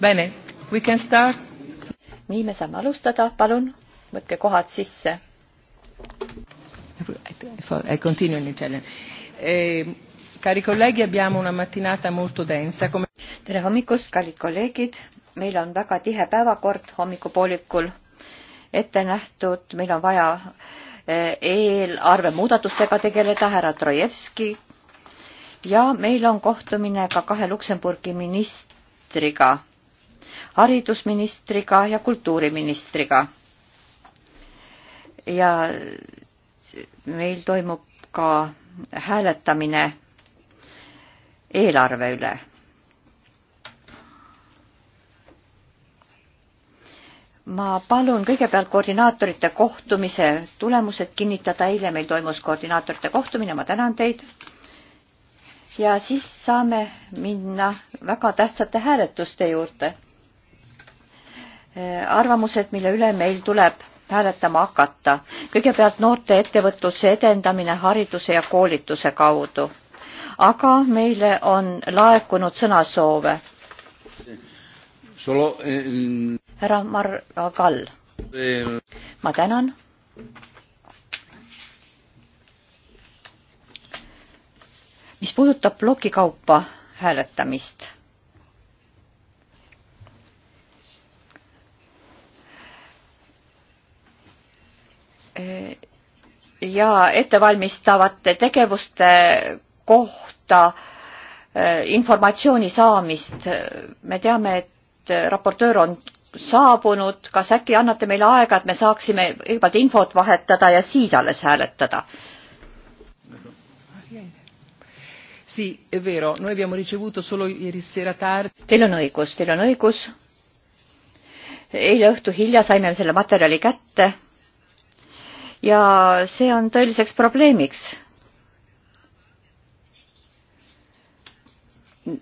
Bene, we can start. nii, me saame alustada, palun võtke kohad sisse. I continue in italian eh,. Cari colleghi, abbiamo una mattinata molto densa come.... tere hommikust, kallid kolleegid, meil on väga tihe päevakord hommikupoolikul ette nähtud, meil on vaja eh, eelarve muudatustega tegeleda, härra Trojevski ja meil on kohtumine ka kahe Luksemburgi ministriga haridusministriga ja kultuuriministriga. ja meil toimub ka hääletamine eelarve üle. ma palun kõigepealt koordinaatorite kohtumise tulemused kinnitada, eile meil toimus koordinaatorite kohtumine, ma tänan teid. ja siis saame minna väga tähtsate hääletuste juurde arvamused, mille üle meil tuleb hääletama hakata. kõigepealt noorte ettevõtluse edendamine hariduse ja koolituse kaudu. aga meile on laekunud sõnasoove. Eh, härra Marga Kall. Eh, ma tänan. mis puudutab plokikaupa hääletamist ja ettevalmistavate tegevuste kohta eh, informatsiooni saamist. me teame, et raportöör on saabunud, kas äkki annate meile aega, et me saaksime kõigepealt infot vahetada ja siis alles hääletada? Teil on õigus, teil on õigus. eile õhtu hilja saime selle materjali kätte ja see on tõeliseks probleemiks.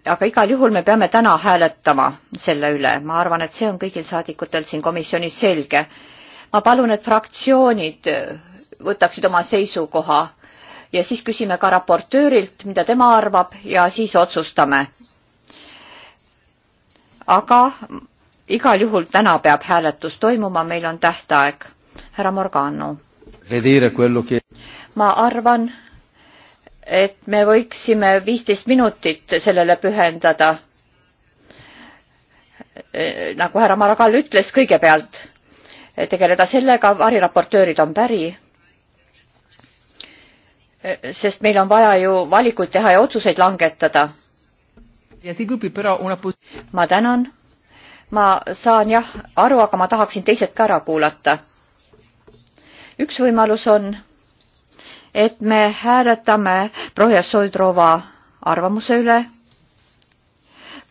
aga igal juhul me peame täna hääletama selle üle, ma arvan, et see on kõigil saadikutel siin komisjonis selge. ma palun, et fraktsioonid võtaksid oma seisukoha ja siis küsime ka raportöörilt, mida tema arvab ja siis otsustame. aga igal juhul täna peab hääletus toimuma, meil on tähtaeg. härra Morgano vedere quello che ma arvan, et me võiksime viisteist minutit sellele pühendada. Eh, nagu härra Maragall ütles, kõigepealt eh, tegeleda sellega, variraportöörid on päri. Eh, sest meil on vaja ju valikuid teha ja otsuseid langetada. ma tänan, ma saan jah aru, aga ma tahaksin teised ka ära kuulata üks võimalus on, et me hääletame Prohja-Soidrova arvamuse üle,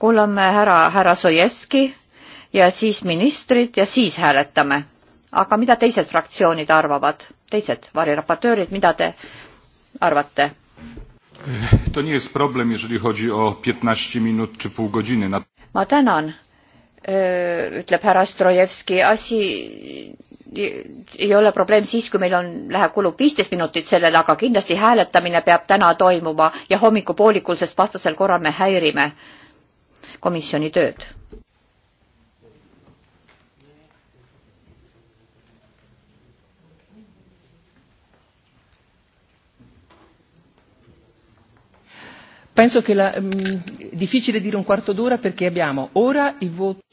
kuulame ära härra Sojeski ja siis ministrid ja siis hääletame. aga mida teised fraktsioonid arvavad, teised variraportöörid, mida te arvate? To nie jest problem, jeżeli chodzi o 15 minut czy pół godziny. Ma tänan, e, ütleb härra Strojevski. Asi ei ole probleem siis, kui meil on, läheb, kulub viisteist minutit sellele, aga kindlasti hääletamine peab täna toimuma ja hommikupoolikul, sest vastasel korral me häirime komisjoni tööd. penso che la mh, mm, difficile dire un quarto d'ora perché abbiamo ora il voto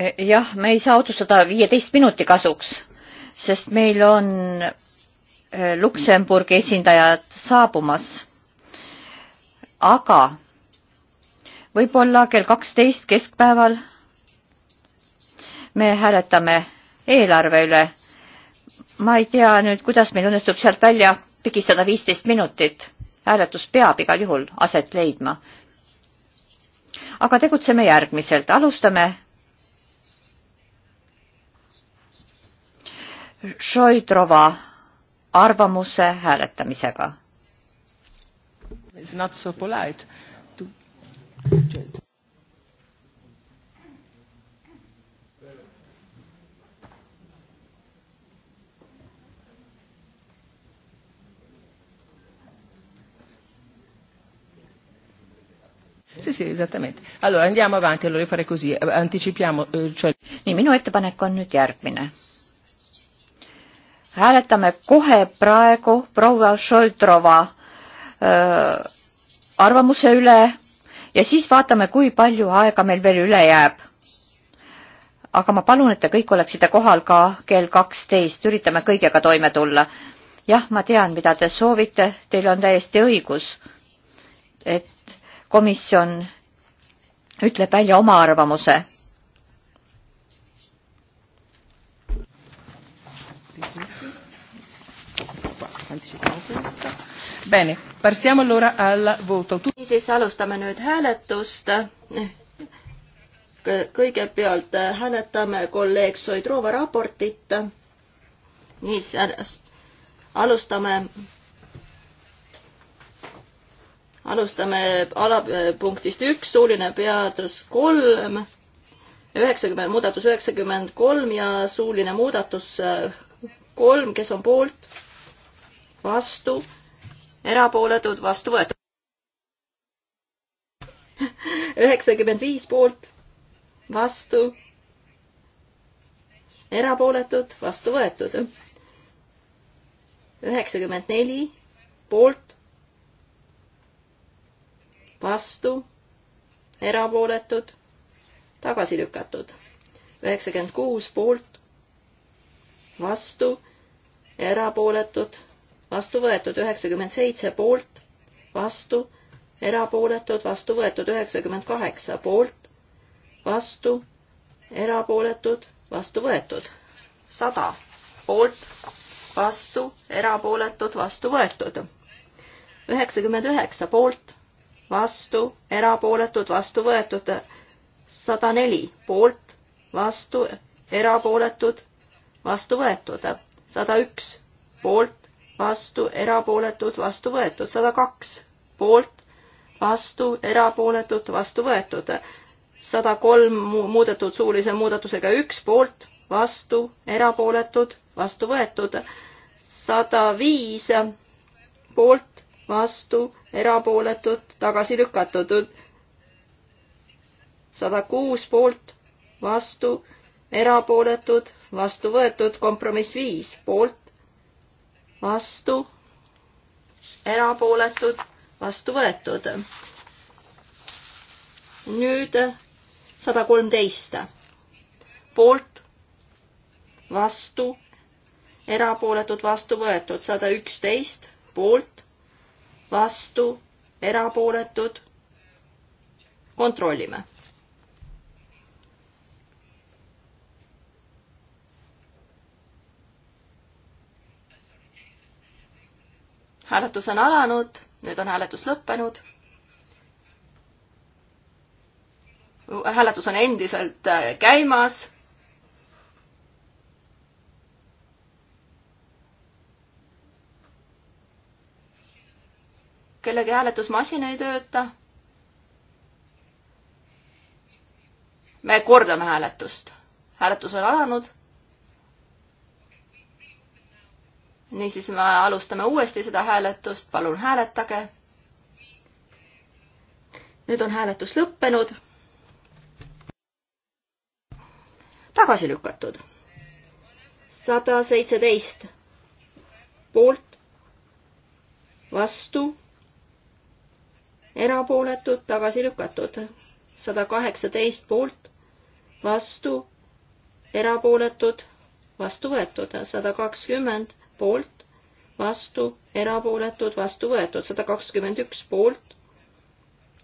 Eh, jah, me ei saa otsustada viieteist minuti kasuks, sest meil on eh, Luksemburgi esindajad saabumas. aga võib-olla kell kaksteist keskpäeval me hääletame eelarve üle. ma ei tea nüüd, kuidas meil õnnestub sealt välja pigistada viisteist minutit. hääletus peab igal juhul aset leidma. aga tegutseme järgmiselt, alustame Šoidrova arvamuse hääletamisega. It's not so polite to Sì, sì, esattamente. Allora andiamo avanti, allora farei così, anticipiamo. Eh, cioè... Nii, minu ettepanek on nüüd järgmine hääletame kohe praegu proua Šoldrova arvamuse üle ja siis vaatame, kui palju aega meil veel üle jääb. aga ma palun, et te kõik oleksite kohal ka kell kaksteist, üritame kõigega toime tulla. jah, ma tean, mida te soovite, teil on täiesti õigus, et komisjon ütleb välja oma arvamuse Bene, passiamo allora al voto. niisiis, alustame nüüd hääletust. kõigepealt äh, hääletame kolleeg Soidrova raportit. niis, äh, alustame, alustame alapunktist üks, suuline peatus kolm, üheksakümmend, muudatus üheksakümmend kolm ja suuline muudatus äh, kolm, kes on poolt, vastu erapooletud, vastu võetud. üheksakümmend viis poolt, vastu, erapooletud, vastu võetud. üheksakümmend neli poolt, vastu, erapooletud, tagasi lükatud. üheksakümmend kuus poolt, vastu, erapooletud vastu võetud üheksakümmend seitse poolt, vastu, erapooletud, vastu võetud üheksakümmend kaheksa poolt, vastu, erapooletud, vastu võetud sada poolt, vastu, erapooletud, vastu võetud üheksakümmend üheksa poolt, vastu, erapooletud, vastu võetud sada neli poolt, vastu, erapooletud, vastu võetud sada üks poolt, vastu, erapooletud, vastu võetud, sada kaks poolt, vastu, erapooletud, vastu võetud, sada kolm muudetud suulise muudatusega üks poolt, vastu, erapooletud, vastu võetud, sada viis poolt, vastu, erapooletud, tagasi lükatud, sada kuus poolt, vastu, erapooletud, vastu võetud, kompromiss viis poolt, vastu, erapooletud, vastu võetud. nüüd sada kolmteist poolt, vastu, erapooletud, vastu võetud, sada üksteist poolt, vastu, erapooletud. kontrollime hääletus on alanud, nüüd on hääletus lõppenud. hääletus on endiselt äh, käimas kellegi hääletusmasin ei tööta. me kordame hääletust. hääletus on alanud. niisiis me alustame uuesti seda hääletust, palun hääletage. nüüd on hääletus lõppenud. tagasi lükatud. sada seitseteist poolt, vastu, erapooletud, tagasi lükatud. sada kaheksateist poolt, vastu, erapooletud, vastu võetud, sada kakskümmend poolt, vastu, erapooletud, vastu võetud, sada kakskümmend üks poolt,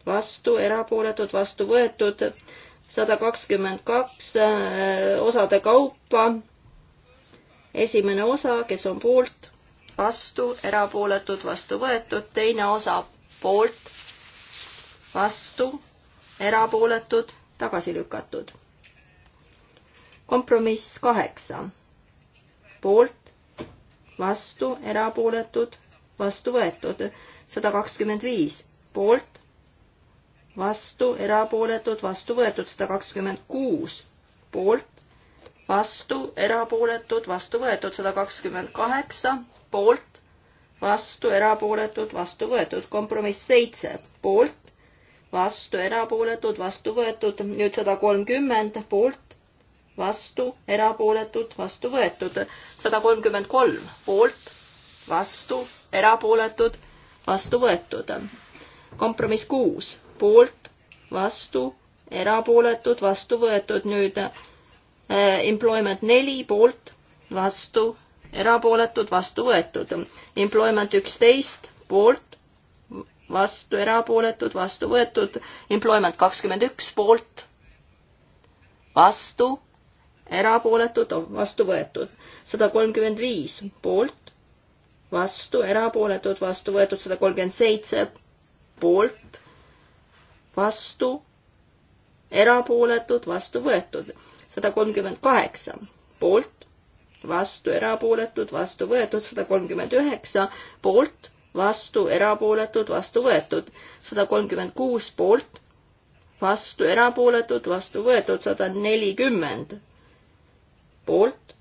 vastu, erapooletud, vastu võetud, sada kakskümmend kaks äh, osade kaupa. esimene osa, kes on poolt, vastu, erapooletud, vastu võetud, teine osa poolt, vastu, erapooletud, tagasi lükatud. kompromiss kaheksa, poolt, vastu, erapooletud, vastu võetud. sada kakskümmend viis poolt, vastu, erapooletud, vastu võetud. sada kakskümmend kuus poolt, vastu, erapooletud, vastu võetud. sada kakskümmend kaheksa poolt, vastu, erapooletud, vastu võetud. kompromiss seitse poolt, vastu, erapooletud, vastu võetud. nüüd sada kolmkümmend poolt vastu, erapooletud, vastu võetud. sada kolmkümmend kolm poolt, vastu, erapooletud, vastu võetud. kompromiss kuus poolt, vastu, erapooletud, vastu võetud. nüüd eh, employment neli poolt, vastu, erapooletud, vastu võetud. employment üksteist poolt, vastu, erapooletud, vastu võetud. employment kakskümmend üks poolt, vastu erapooletud, vastu võetud. sada kolmkümmend viis poolt, vastu, erapooletud, vastu võetud, sada kolmkümmend seitse poolt, vastu, erapooletud, vastu võetud. sada kolmkümmend kaheksa poolt, vastu, erapooletud, vastu võetud, sada kolmkümmend üheksa poolt, vastu, erapooletud, vastu võetud, sada kolmkümmend kuus poolt, vastu, erapooletud, vastu võetud, sada nelikümmend poolt,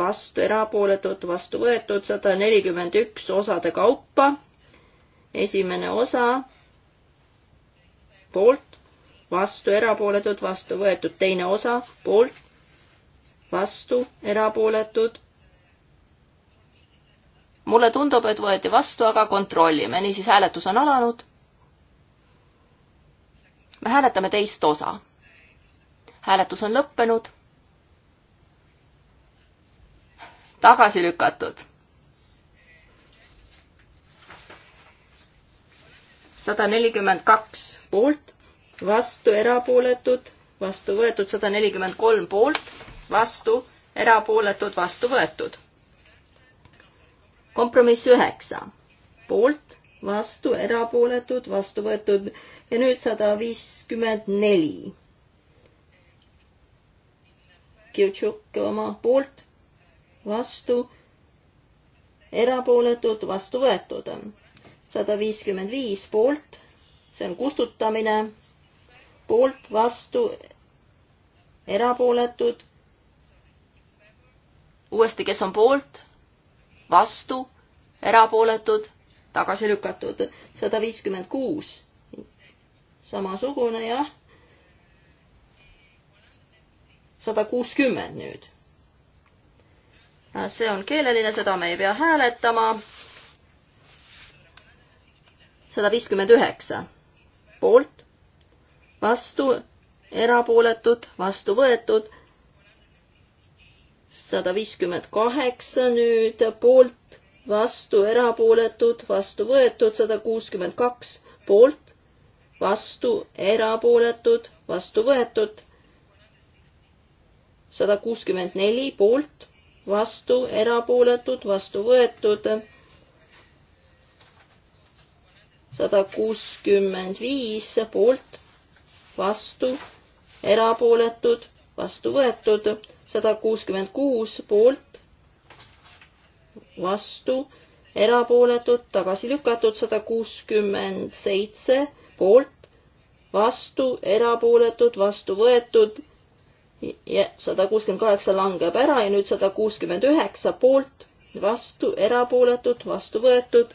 vastu, erapooletud, vastu võetud, sada nelikümmend üks osade kaupa. esimene osa poolt, vastu, erapooletud, vastu võetud, teine osa poolt, vastu, erapooletud. mulle tundub, et võeti vastu, aga kontrollime, niisiis hääletus on alanud. me hääletame teist osa. hääletus on lõppenud tagasi lükatud. sada nelikümmend kaks poolt, vastu erapooletud, vastu võetud, sada nelikümmend kolm poolt, vastu erapooletud, vastu võetud. kompromiss üheksa, poolt, vastu erapooletud, vastu võetud ja nüüd sada viiskümmend neli. Kirtšuk oma poolt vastu, erapooletud, vastu võetud. sada viiskümmend viis poolt, see on kustutamine, poolt, vastu, erapooletud. uuesti, kes on poolt, vastu, erapooletud, tagasi lükatud. sada viiskümmend kuus, samasugune jah. sada kuuskümmend nüüd see on keeleline, seda me ei pea hääletama. sada viiskümmend üheksa poolt, vastu, erapooletud, vastu võetud. sada viiskümmend kaheksa nüüd poolt, vastu, erapooletud, vastu võetud, sada kuuskümmend kaks poolt, vastu, erapooletud, vastu võetud. sada kuuskümmend neli poolt vastu, erapooletud, vastu võetud. sada kuuskümmend viis poolt, vastu, erapooletud, vastu võetud, sada kuuskümmend kuus poolt, vastu, erapooletud, tagasi lükatud, sada kuuskümmend seitse poolt, vastu, erapooletud, vastu võetud sada kuuskümmend kaheksa langeb ära ja nüüd sada kuuskümmend üheksa poolt, vastu, erapooletud, vastu võetud.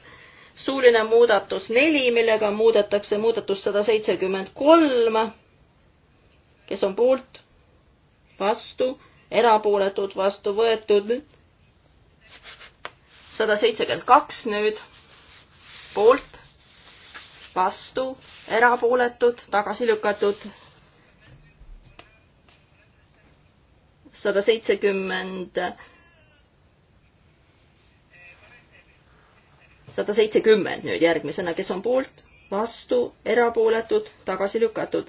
suuline muudatus neli, millega muudetakse muudatus sada seitsekümmend kolm. kes on poolt, vastu, erapooletud, vastu võetud. sada seitsekümmend kaks nüüd, poolt, vastu, erapooletud, tagasi lükatud sada seitsekümmend, sada seitsekümmend nüüd järgmisena, kes on poolt, vastu, erapooletud, tagasi lükatud,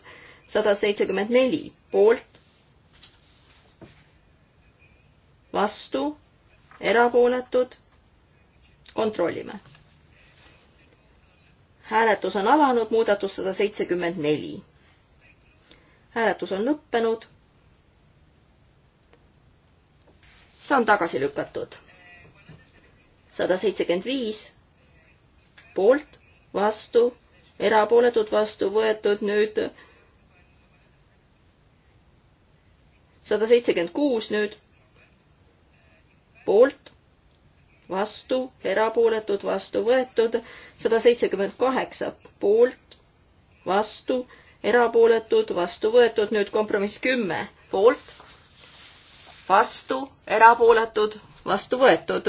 sada seitsekümmend neli poolt, vastu, erapooletud, kontrollime. hääletus on alanud, muudatus sada seitsekümmend neli. hääletus on lõppenud see on tagasi lükatud. sada seitsekümmend viis poolt, vastu, erapooletud, vastu võetud, nüüd sada seitsekümmend kuus nüüd poolt, vastu, erapooletud, vastu võetud, sada seitsekümmend kaheksa poolt, vastu, erapooletud, vastu võetud, nüüd kompromiss kümme poolt vastu, erapooletud, vastu võetud.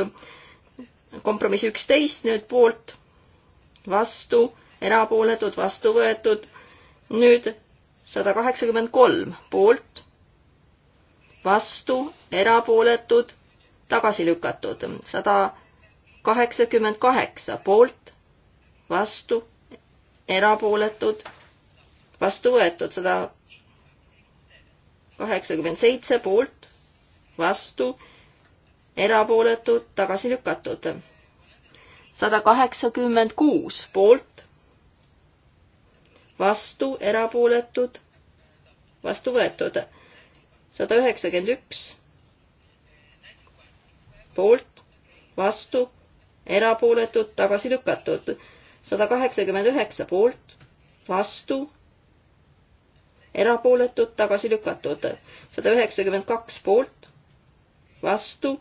kompromiss üksteist nüüd poolt, vastu, erapooletud, vastu võetud. nüüd sada kaheksakümmend kolm poolt, vastu, erapooletud, tagasi lükatud. sada kaheksakümmend kaheksa poolt, vastu, erapooletud, vastu võetud sada kaheksakümmend seitse poolt, vastu, erapooletud, tagasi lükatud. sada kaheksakümmend kuus poolt, vastu, erapooletud, vastu võetud. sada üheksakümmend üks poolt, vastu, erapooletud, tagasi lükatud. sada kaheksakümmend üheksa poolt, vastu, erapooletud, tagasi lükatud. sada üheksakümmend kaks poolt, vastu,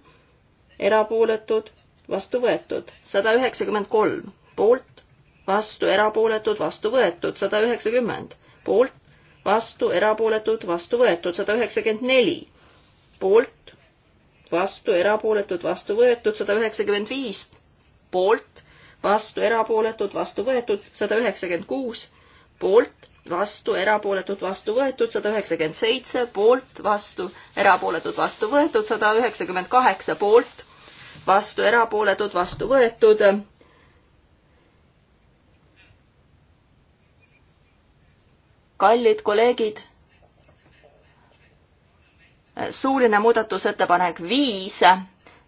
erapooletud, vastu võetud, sada üheksakümmend kolm poolt, vastu, erapooletud, vastu võetud, sada üheksakümmend poolt, vastu, erapooletud, vastu võetud, sada üheksakümmend neli poolt, vastu, erapooletud, vastu võetud, sada üheksakümmend viis poolt, vastu, erapooletud, vastu võetud, sada üheksakümmend kuus poolt, vastu, erapooletud, vastu võetud, sada üheksakümmend seitse poolt, vastu, erapooletud, vastu võetud, sada üheksakümmend kaheksa poolt, vastu, erapooletud, vastu võetud. kallid kolleegid, suuline muudatusettepanek viis,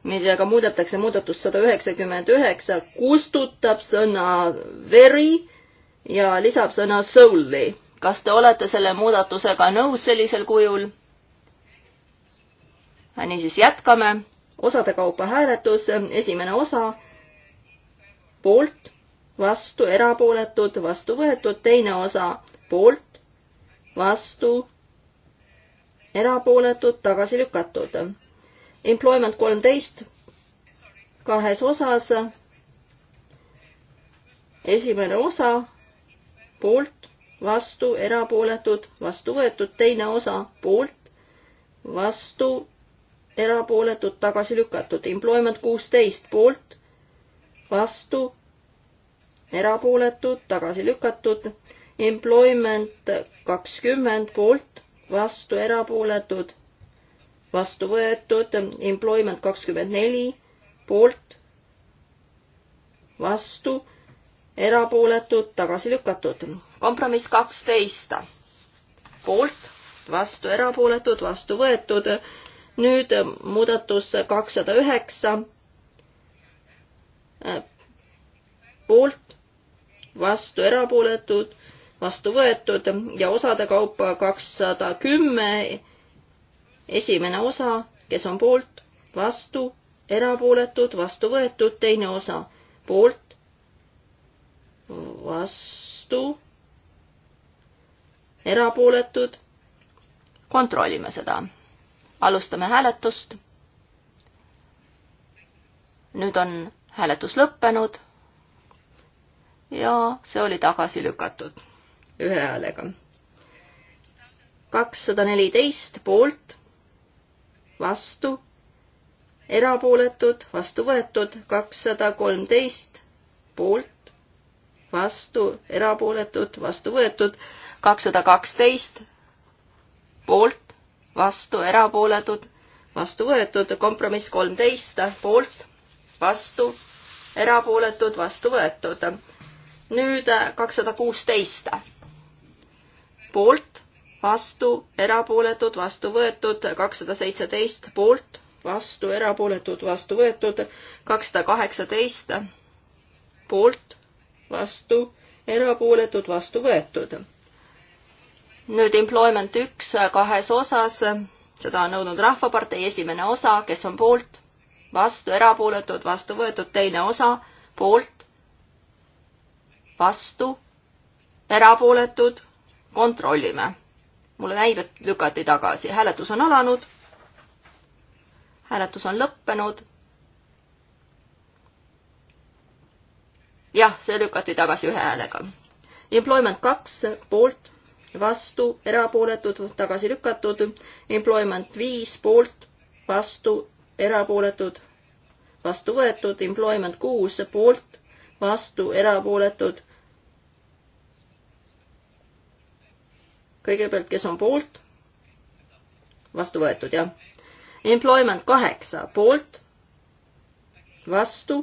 millega muudetakse muudatust sada üheksakümmend üheksa, kustutab sõna very ja lisab sõna solely. kas te olete selle muudatusega nõus sellisel kujul? Äh, niisiis jätkame osade kaupa hääletus, esimene osa poolt, vastu, erapooletud, vastu võetud, teine osa poolt, vastu, erapooletud, tagasi lükatud. Employment kolmteist kahes osas. esimene osa poolt, vastu, erapooletud, vastu võetud, teine osa poolt, vastu, erapooletud, tagasi lükatud. Employment kuusteist poolt, vastu, erapooletud, tagasi lükatud. Employment kakskümmend poolt, vastu, erapooletud, vastu võetud. Employment kakskümmend neli poolt, vastu erapooletud, tagasi lükatud. kompromiss kaksteist, poolt, vastu erapooletud, vastu võetud. nüüd muudatus kakssada üheksa, poolt, vastu erapooletud, vastu võetud ja osade kaupa kakssada kümme, esimene osa, kes on poolt, vastu, erapooletud, vastu võetud, teine osa, poolt, vastu, erapooletud. kontrollime seda. alustame hääletust. nüüd on hääletus lõppenud. ja see oli tagasi lükatud ühe häälega. kakssada neliteist poolt, vastu, erapooletud, vastu võetud, kakssada kolmteist poolt, vastu, erapooletud, vastu võetud, kakssada kaksteist poolt, vastu, erapooletud, vastu võetud, kompromiss kolmteist poolt, vastu, erapooletud, vastu võetud. nüüd kakssada kuusteist poolt, vastu, erapooletud, vastu võetud, kakssada seitseteist poolt, vastu, erapooletud, vastu võetud, kakssada kaheksateist poolt vastu, erapooletud, vastu võetud. nüüd employment üks kahes osas, seda on nõudnud Rahvapartei esimene osa, kes on poolt, vastu, erapooletud, vastu võetud, teine osa, poolt, vastu, erapooletud, kontrollime. mulle näib, et lükati tagasi, hääletus on alanud. hääletus on lõppenud jah, see lükati tagasi ühe häälega. Employment kaks poolt, vastu, erapooletud, tagasi lükatud. Employment viis poolt, vastu, erapooletud, vastu võetud. Employment kuus poolt, vastu, erapooletud. kõigepealt, kes on poolt? vastu võetud, jah. Employment kaheksa poolt, vastu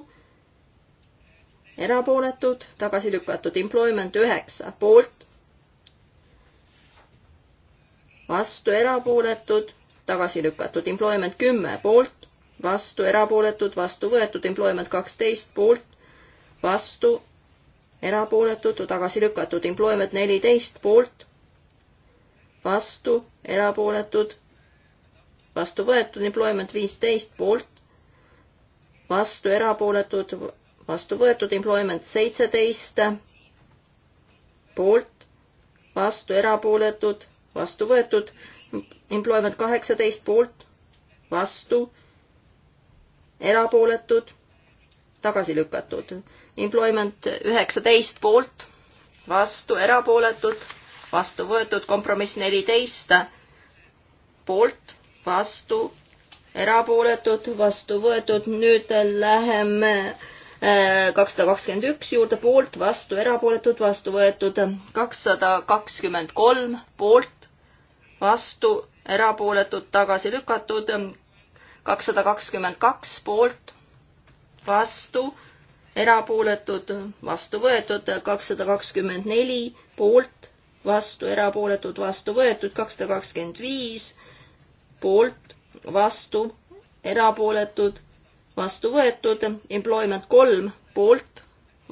erapooletud, tagasi lükatud. Employment üheksa poolt, vastu, erapooletud, tagasi lükatud. Employment kümme poolt, vastu, erapooletud, vastu võetud. Employment kaksteist poolt, vastu, erapooletud, tagasi lükatud. Employment neliteist poolt, vastu, erapooletud, vastu võetud, employment viisteist poolt, vastu erapooletud, vastu võetud, employment seitseteist, poolt, vastu, erapooletud, vastu võetud, employment kaheksateist, poolt, vastu, erapooletud, tagasi lükatud. employment üheksateist, poolt, vastu, erapooletud, vastu võetud, kompromiss neliteist, poolt, vastu, erapooletud, vastu võetud, nüüd läheme Äh, kakssada kakskümmend üks juurde poolt, vastu, erapooletud, vastu võetud kakssada kakskümmend kolm poolt, vastu, erapooletud, tagasi lükatud kakssada kakskümmend kaks poolt, vastu, erapooletud, vastu võetud kakssada kakskümmend neli poolt, vastu, erapooletud, vastu võetud kakssada kakskümmend viis poolt, vastu, erapooletud vastu võetud, employment kolm poolt,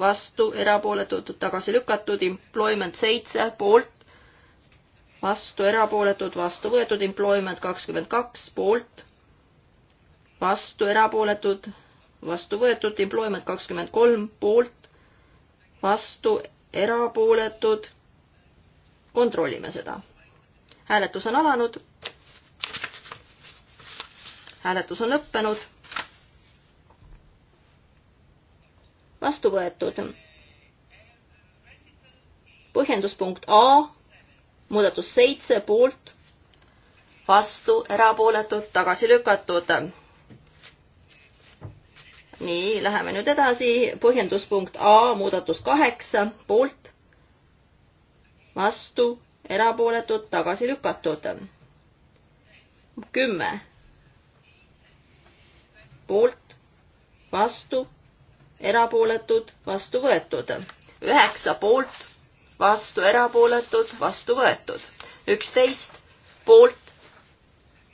vastu, erapooletud, tagasi lükatud, employment seitse poolt, vastu, erapooletud, vastu võetud, employment kakskümmend kaks poolt, vastu, erapooletud, vastu võetud, employment kakskümmend kolm poolt, vastu, erapooletud, kontrollime seda. hääletus on alanud. hääletus on lõppenud vastu võetud. põhjenduspunkt A, muudatus seitse poolt, vastu, erapooletud, tagasi lükatud. nii, läheme nüüd edasi, põhjenduspunkt A, muudatus kaheksa poolt, vastu, erapooletud, tagasi lükatud. kümme poolt, vastu erapooletud, vastu võetud. üheksa poolt, vastu erapooletud, vastu võetud. üksteist poolt,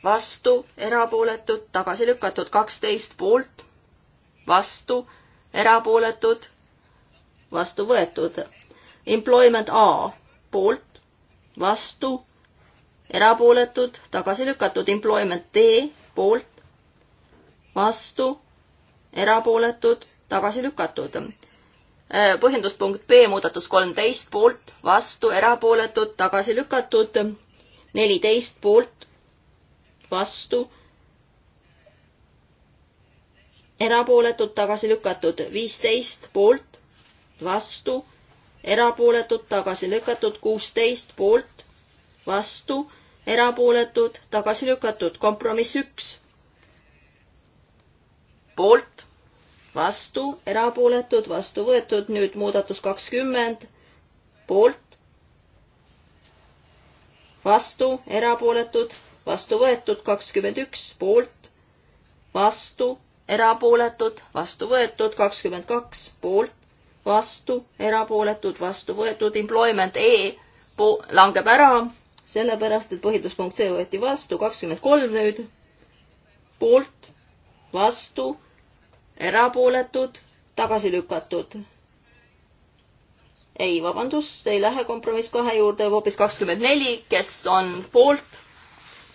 vastu erapooletud, tagasi lükatud. kaksteist poolt, vastu erapooletud, vastu võetud. Employment A poolt, vastu, erapooletud, tagasi lükatud. Employment D poolt, vastu, erapooletud, tagasi lükatud. Äh, põhjenduspunkt B, muudatus kolmteist, poolt, vastu, erapooletud, tagasi lükatud, neliteist poolt, vastu, erapooletud, tagasi lükatud, viisteist poolt, vastu, erapooletud, tagasi lükatud, kuusteist poolt, vastu, erapooletud, tagasi lükatud, kompromiss üks, poolt, vastu, erapooletud, vastu võetud, nüüd muudatus kakskümmend, poolt, vastu, erapooletud, vastu võetud, kakskümmend üks, poolt, vastu, erapooletud, vastu võetud, kakskümmend kaks, poolt, vastu, erapooletud, vastu võetud, employment E po-, langeb ära, sellepärast et põhjenduspunkt C võeti vastu, kakskümmend kolm nüüd, poolt, vastu erapooletud, tagasi lükatud. ei, vabandust, ei lähe kompromiss kahe juurde, hoopis kakskümmend neli, kes on poolt,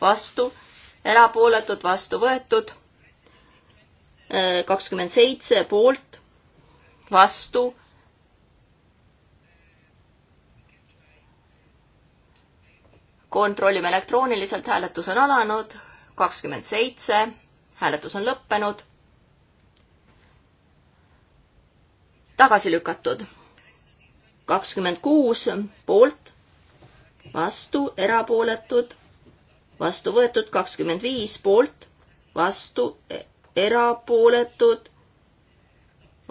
vastu, erapooletud, vastu võetud. Äh, kakskümmend seitse poolt, vastu kontrollime elektrooniliselt, hääletus on alanud, kakskümmend seitse, hääletus on lõppenud tagasi lükatud. kakskümmend kuus poolt, vastu, erapooletud, vastu võetud, kakskümmend viis poolt, vastu, erapooletud,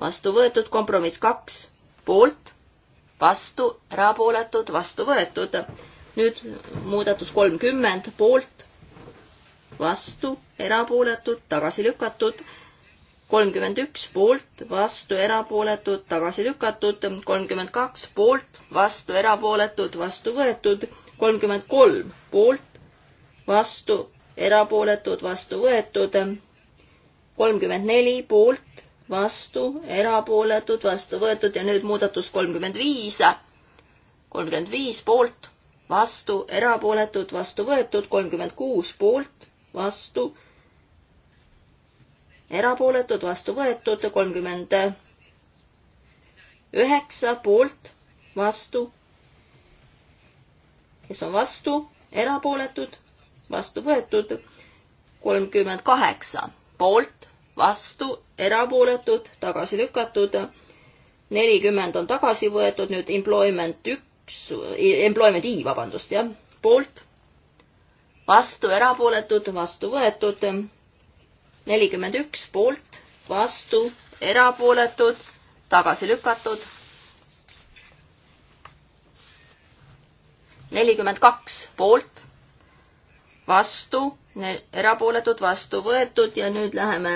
vastu võetud, kompromiss kaks poolt, vastu, erapooletud, vastu võetud. nüüd muudatus kolmkümmend poolt, vastu, erapooletud, tagasi lükatud kolmkümmend üks poolt, vastu erapooletud, tagasi lükatud, kolmkümmend kaks poolt, vastu erapooletud, vastu võetud, kolmkümmend kolm poolt, vastu erapooletud, vastu võetud, kolmkümmend neli poolt, vastu erapooletud, vastu võetud ja nüüd muudatus kolmkümmend viis, kolmkümmend viis poolt, vastu erapooletud, vastu võetud, kolmkümmend kuus poolt, vastu erapooletud, vastu võetud, kolmkümmend üheksa poolt, vastu. kes on vastu, erapooletud, vastu võetud, kolmkümmend kaheksa poolt, vastu, erapooletud, tagasi lükatud, nelikümmend on tagasi võetud, nüüd employment üks, employment i, vabandust, jah, poolt, vastu, erapooletud, vastu võetud nelikümmend üks poolt, vastu, erapooletud, tagasi lükatud. nelikümmend kaks poolt, vastu, erapooletud, vastu võetud ja nüüd läheme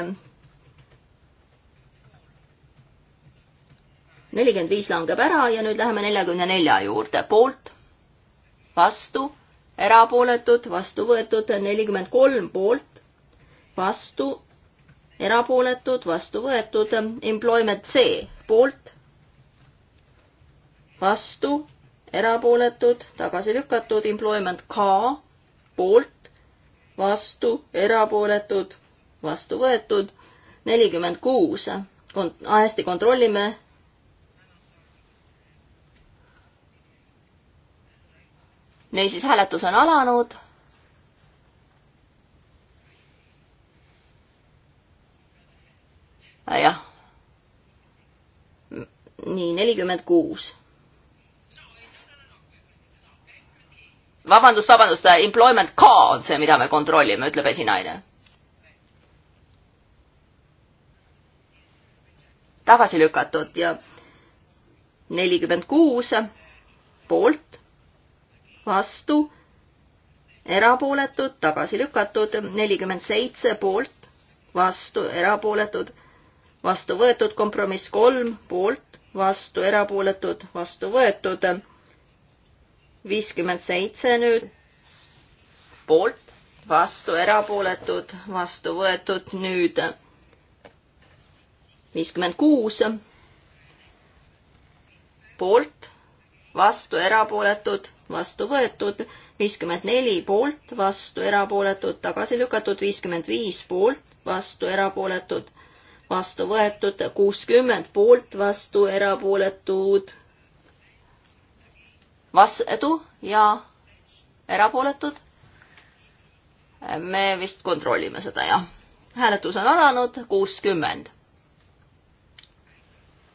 nelikümmend viis langeb ära ja nüüd läheme neljakümne nelja juurde, poolt, vastu, erapooletud, vastu võetud, nelikümmend kolm poolt, vastu, erapooletud, vastu võetud, employment C poolt, vastu, erapooletud, tagasi lükatud, employment K poolt, vastu, erapooletud, vastu võetud, nelikümmend kuus, kont-, hästi kontrollime. niisiis, hääletus on alanud Äh, jah. nii, nelikümmend kuus. vabandust, vabandust, äh, employment ka on see, mida me kontrollime, ütleb esinaine. tagasi lükatud ja nelikümmend kuus poolt, vastu, erapooletud, tagasi lükatud, nelikümmend seitse poolt, vastu, erapooletud vastu võetud, kompromiss kolm poolt, vastu erapooletud, vastu võetud. viiskümmend seitse nüüd poolt, vastu erapooletud, vastu võetud, nüüd viiskümmend kuus poolt, vastu erapooletud, vastu võetud, viiskümmend neli poolt, vastu erapooletud, tagasi lükatud, viiskümmend viis poolt, vastu erapooletud vastu võetud, kuuskümmend poolt vastu, erapooletud, vastu ja erapooletud. me vist kontrollime seda, jah. hääletus on alanud, kuuskümmend.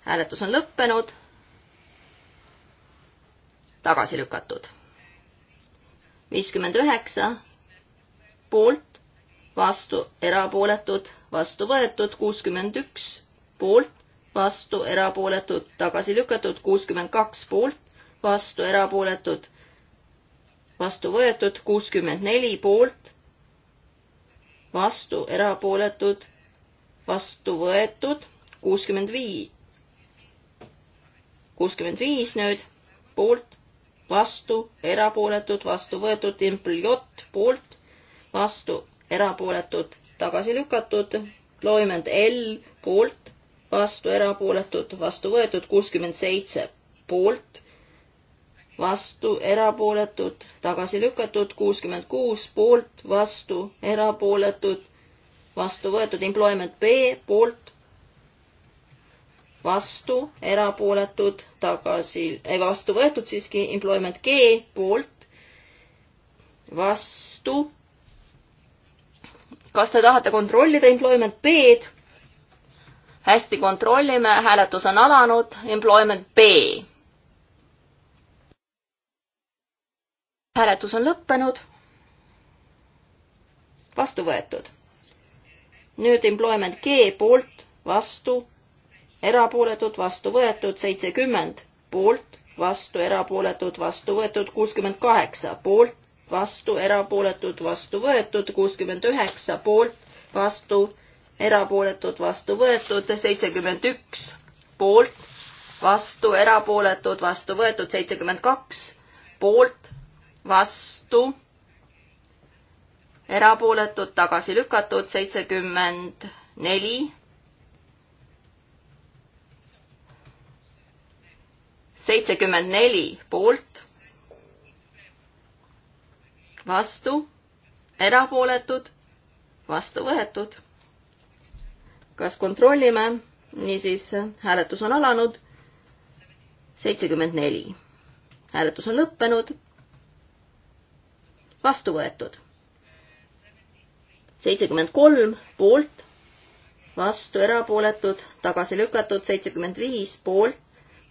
hääletus on lõppenud. tagasi lükatud. viiskümmend üheksa poolt, vastu, erapooletud, vastu võetud, kuuskümmend üks poolt, vastu, erapooletud, tagasi lükatud, kuuskümmend kaks poolt, vastu, erapooletud, vastu võetud, kuuskümmend neli poolt, vastu, erapooletud, vastu võetud, kuuskümmend viis, kuuskümmend viis nüüd, poolt, vastu, erapooletud, vastu võetud, impljott, poolt, vastu, erapooletud, tagasi lükatud, loimend L poolt, vastu erapooletud, vastu võetud, kuuskümmend seitse poolt, vastu erapooletud, tagasi lükatud, kuuskümmend kuus poolt, vastu erapooletud, vastu võetud, employment B poolt, vastu erapooletud, tagasi, ei vastu võetud siiski, employment G poolt, vastu kas te tahate kontrollida employment B-d? hästi, kontrollime, hääletus on alanud, employment B. hääletus on lõppenud. vastu võetud. nüüd employment G poolt, vastu, erapooletud, vastu võetud, seitsekümmend poolt, vastu, erapooletud, vastu võetud, kuuskümmend kaheksa poolt, vastu, erapooletud, vastu võetud, kuuskümmend üheksa poolt, vastu, erapooletud, vastu võetud, seitsekümmend üks poolt, vastu, erapooletud, vastu võetud, seitsekümmend kaks poolt, vastu, erapooletud, tagasi lükatud, seitsekümmend neli seitsekümmend neli poolt, vastu, erapooletud, vastu võetud. kas kontrollime? niisiis, hääletus on alanud. seitsekümmend neli. hääletus on lõppenud. vastu võetud. seitsekümmend kolm poolt, vastu erapooletud, tagasi lükatud, seitsekümmend viis poolt,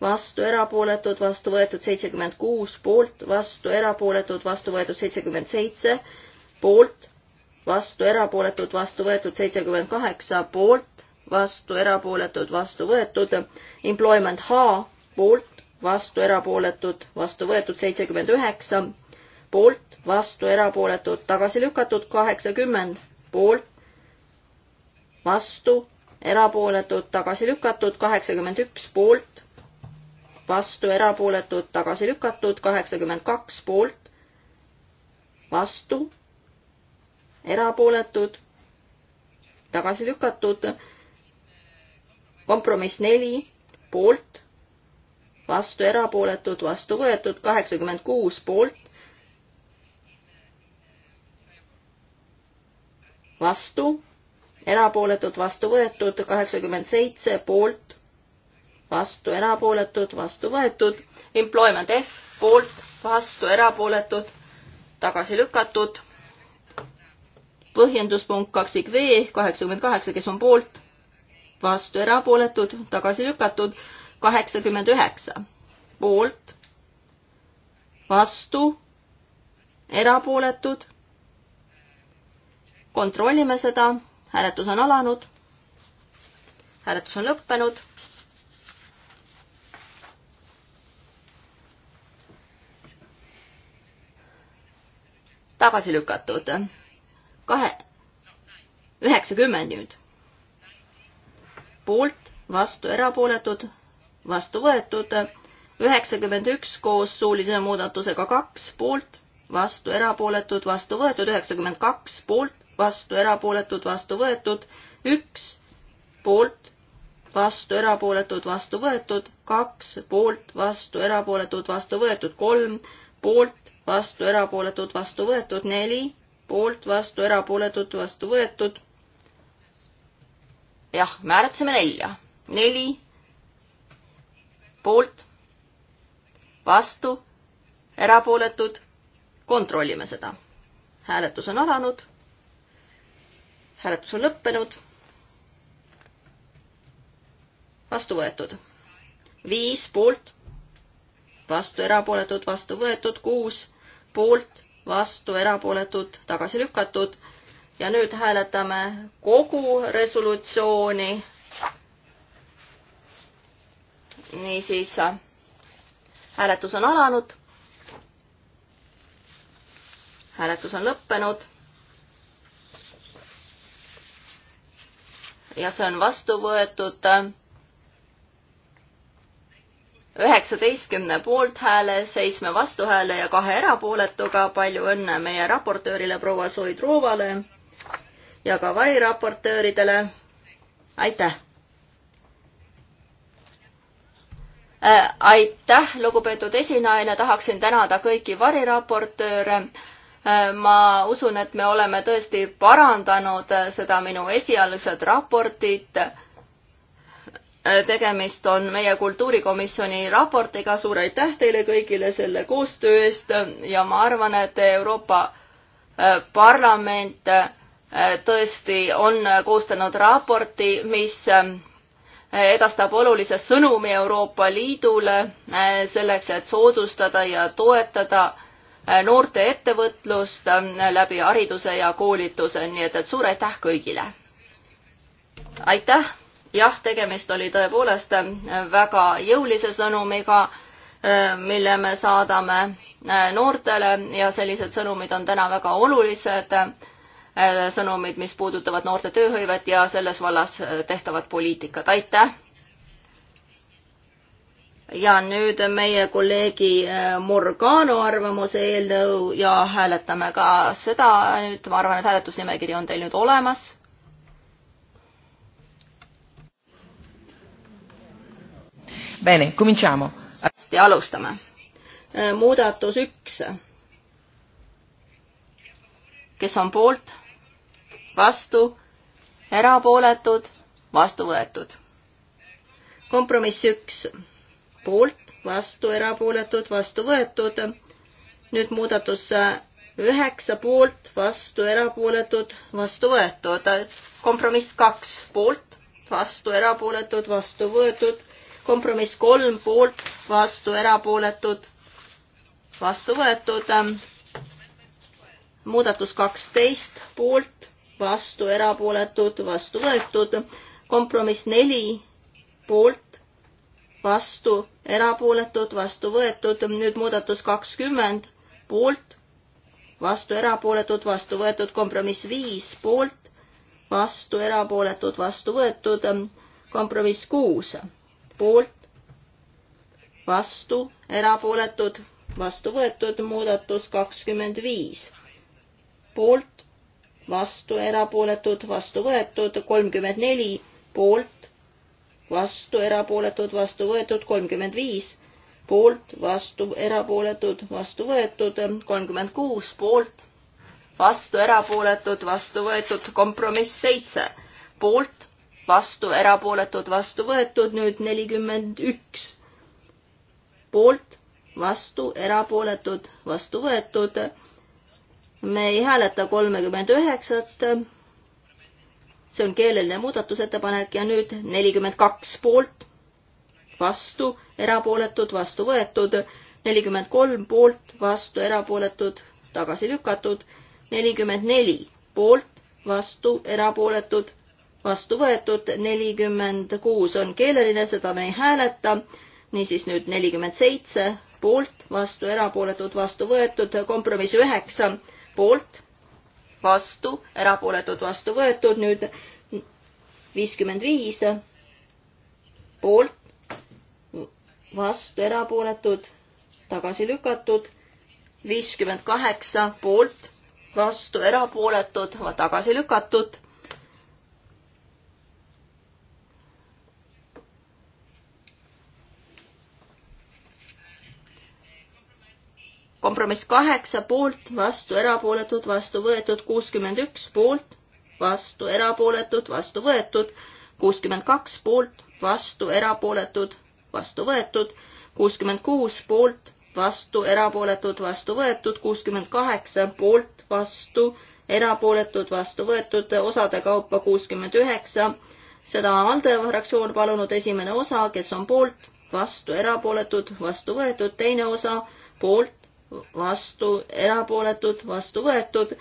vastu erapooletud, vastu võetud seitsekümmend kuus, poolt, vastu erapooletud, vastu võetud seitsekümmend seitse, poolt, vastu erapooletud, vastu võetud seitsekümmend kaheksa, poolt, vastu erapooletud, vastu võetud, employment H, poolt, vastu erapooletud, vastu võetud seitsekümmend üheksa, poolt, vastu erapooletud, tagasi lükatud kaheksakümmend, poolt, vastu erapooletud, tagasi lükatud kaheksakümmend üks, poolt, vastu, erapooletud, tagasi lükatud, kaheksakümmend kaks poolt, vastu, erapooletud, tagasi lükatud, kompromiss neli poolt, vastu, erapooletud, vastu võetud, kaheksakümmend kuus poolt, vastu, erapooletud, vastu võetud, kaheksakümmend seitse poolt vastu erapooletud, vastu võetud. Employment F poolt, vastu erapooletud, tagasi lükatud. põhjenduspunkt kaksik V kaheksakümmend kaheksa, kes on poolt, vastu erapooletud, tagasi lükatud. kaheksakümmend üheksa poolt, vastu, erapooletud. kontrollime seda, hääletus on alanud hääletus on lõppenud tagasi lükatud. kahe, üheksakümmend nüüd. poolt, vastu, erapooletud, vastu võetud, üheksakümmend üks koos suulise muudatusega kaks poolt, vastu, erapooletud, vastu võetud, üheksakümmend kaks poolt, vastu, erapooletud, vastu võetud, üks poolt, vastu, erapooletud, vastu võetud, kaks poolt, vastu, erapooletud, vastu võetud, kolm poolt, vastu, erapooletud, vastu võetud, neli poolt, vastu, erapooletud, vastu võetud. jah, me hääletasime nelja, neli poolt, vastu, erapooletud, kontrollime seda. hääletus on alanud. hääletus on lõppenud. vastu võetud. viis poolt, vastu erapooletud, vastu võetud, kuus poolt, vastu, erapooletud, tagasi lükatud. ja nüüd hääletame kogu resolutsiooni. niisiis, hääletus on alanud. hääletus on lõppenud. ja see on vastu võetud üheksateistkümne poolthääle, seitsme vastuhääle ja kahe erapooletuga. palju õnne meie raportöörile proua Soidrovale ja ka variraportööridele. aitäh! Äh, aitäh, lugupeetud esinaine, tahaksin tänada kõiki variraportööre. Äh, ma usun, et me oleme tõesti parandanud seda minu esialgset raportit Äh, tegemist on meie kultuurikomisjoni raportiga, suur aitäh teile kõigile selle koostöö eest ja ma arvan, et Euroopa äh, Parlament äh, tõesti on koostanud raporti, mis edastab olulise sõnumi Euroopa Liidule selleks, et soodustada ja toetada noorte ettevõtlust läbi hariduse ja koolituse, nii et, et suur aitäh kõigile! aitäh! jah, tegemist oli tõepoolest äh, väga jõulise sõnumiga, äh, mille me saadame äh, noortele ja sellised sõnumid on täna väga olulised, sõnumid, mis puudutavad noorte tööhõivet ja selles vallas tehtavat poliitikat, aitäh! ja nüüd meie kolleegi Morgano arvamuse eelnõu ja hääletame ka seda, nüüd ma arvan, et hääletusnimekiri on teil nüüd olemas Bene, cominciamo. hästi, alustame. Äh, muudatus üks. kes on poolt? vastu? erapooletud? vastu võetud. kompromiss üks. poolt, vastu, erapooletud, vastu võetud. nüüd muudatus äh, üheksa poolt, vastu, erapooletud, vastu võetud. kompromiss kaks poolt, vastu, erapooletud, vastu võetud kompromiss kolm poolt, vastu erapooletud, vastu võetud. muudatus kaksteist poolt, vastu erapooletud, vastu võetud. kompromiss neli poolt, vastu erapooletud, vastu võetud. nüüd muudatus kakskümmend poolt, vastu erapooletud, vastu võetud. kompromiss viis poolt, vastu erapooletud, vastu võetud. kompromiss kuus poolt, vastu, erapooletud, vastu võetud, muudatus kakskümmend viis, poolt, vastu, erapooletud, vastu võetud, kolmkümmend neli, poolt, vastu, erapooletud, vastu võetud, kolmkümmend viis, poolt, vastu, erapooletud, vastu võetud, kolmkümmend kuus, poolt, vastu, erapooletud, vastu võetud, kompromiss seitse, poolt vastu, erapooletud, vastu võetud, nüüd nelikümmend üks. poolt, vastu, erapooletud, vastu võetud. me ei hääleta kolmekümmend üheksat. see on keeleline muudatusettepanek ja nüüd nelikümmend kaks poolt, vastu, erapooletud, vastu võetud, nelikümmend kolm poolt, vastu, erapooletud, tagasi lükatud, nelikümmend neli poolt, vastu, erapooletud vastu võetud, nelikümmend kuus on keeleline, seda me ei hääleta. niisiis nüüd nelikümmend seitse poolt, vastu erapooletud, vastu võetud, kompromiss üheksa poolt, vastu, erapooletud, vastu võetud, nüüd viiskümmend viis poolt, vastu, erapooletud, tagasi lükatud, viiskümmend kaheksa poolt, vastu, erapooletud, tagasi lükatud kompromiss kaheksa poolt, vastu erapooletud, vastu võetud kuuskümmend üks poolt, vastu erapooletud, vastu võetud kuuskümmend kaks poolt, vastu erapooletud, vastu võetud kuuskümmend kuus poolt, vastu erapooletud, vastu võetud kuuskümmend kaheksa poolt, vastu erapooletud, vastu võetud osade kaupa kuuskümmend üheksa. seda on ALDE fraktsioon palunud esimene osa, kes on poolt, vastu erapooletud, vastu võetud teine osa poolt, vastu, erapooletud, vastu võetud,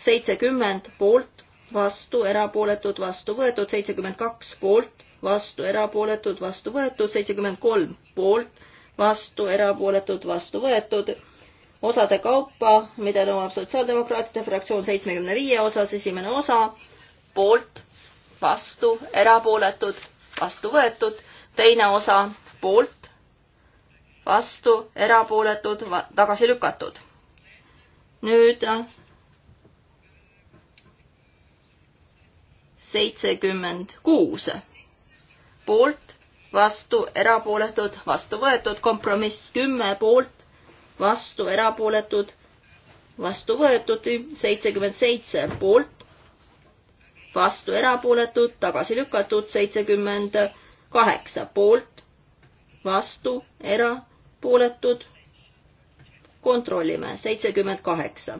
seitsekümmend poolt, vastu, erapooletud, vastu võetud, seitsekümmend kaks poolt, vastu, erapooletud, vastu võetud, seitsekümmend kolm poolt, vastu, erapooletud, vastu võetud, osade kaupa, mida nõuab Sotsiaaldemokraatide fraktsioon seitsmekümne viie osas, esimene osa, poolt, vastu, erapooletud, vastu võetud, teine osa, poolt, vastu, erapooletud, tagasi lükatud. nüüd seitsekümmend kuus poolt, vastu, erapooletud, vastu võetud, kompromiss kümme poolt, vastu, erapooletud, vastu võetud, seitsekümmend seitse poolt, vastu, erapooletud, tagasi lükatud, seitsekümmend kaheksa poolt, vastu, era-, pooletud. kontrollime, seitsekümmend kaheksa.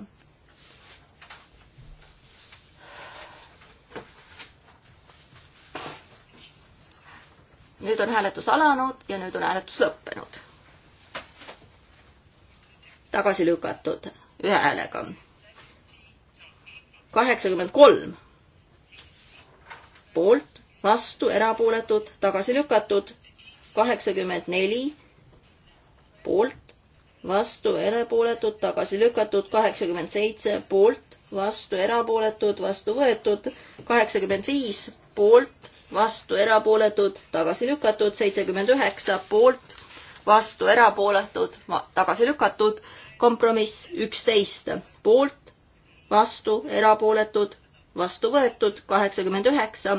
nüüd on hääletus alanud ja nüüd on hääletus lõppenud. tagasi lükatud ühe häälega. kaheksakümmend kolm poolt, vastu, erapooletud, tagasi lükatud, kaheksakümmend neli poolt, vastu, erapooletud, tagasi lükatud, kaheksakümmend seitse poolt, vastu, erapooletud, vastu võetud, kaheksakümmend viis poolt, vastu, erapooletud, tagasi lükatud, seitsekümmend üheksa poolt, vastu, erapooletud, tagasi lükatud, kompromiss üksteist poolt, vastu, erapooletud, vastu võetud, kaheksakümmend üheksa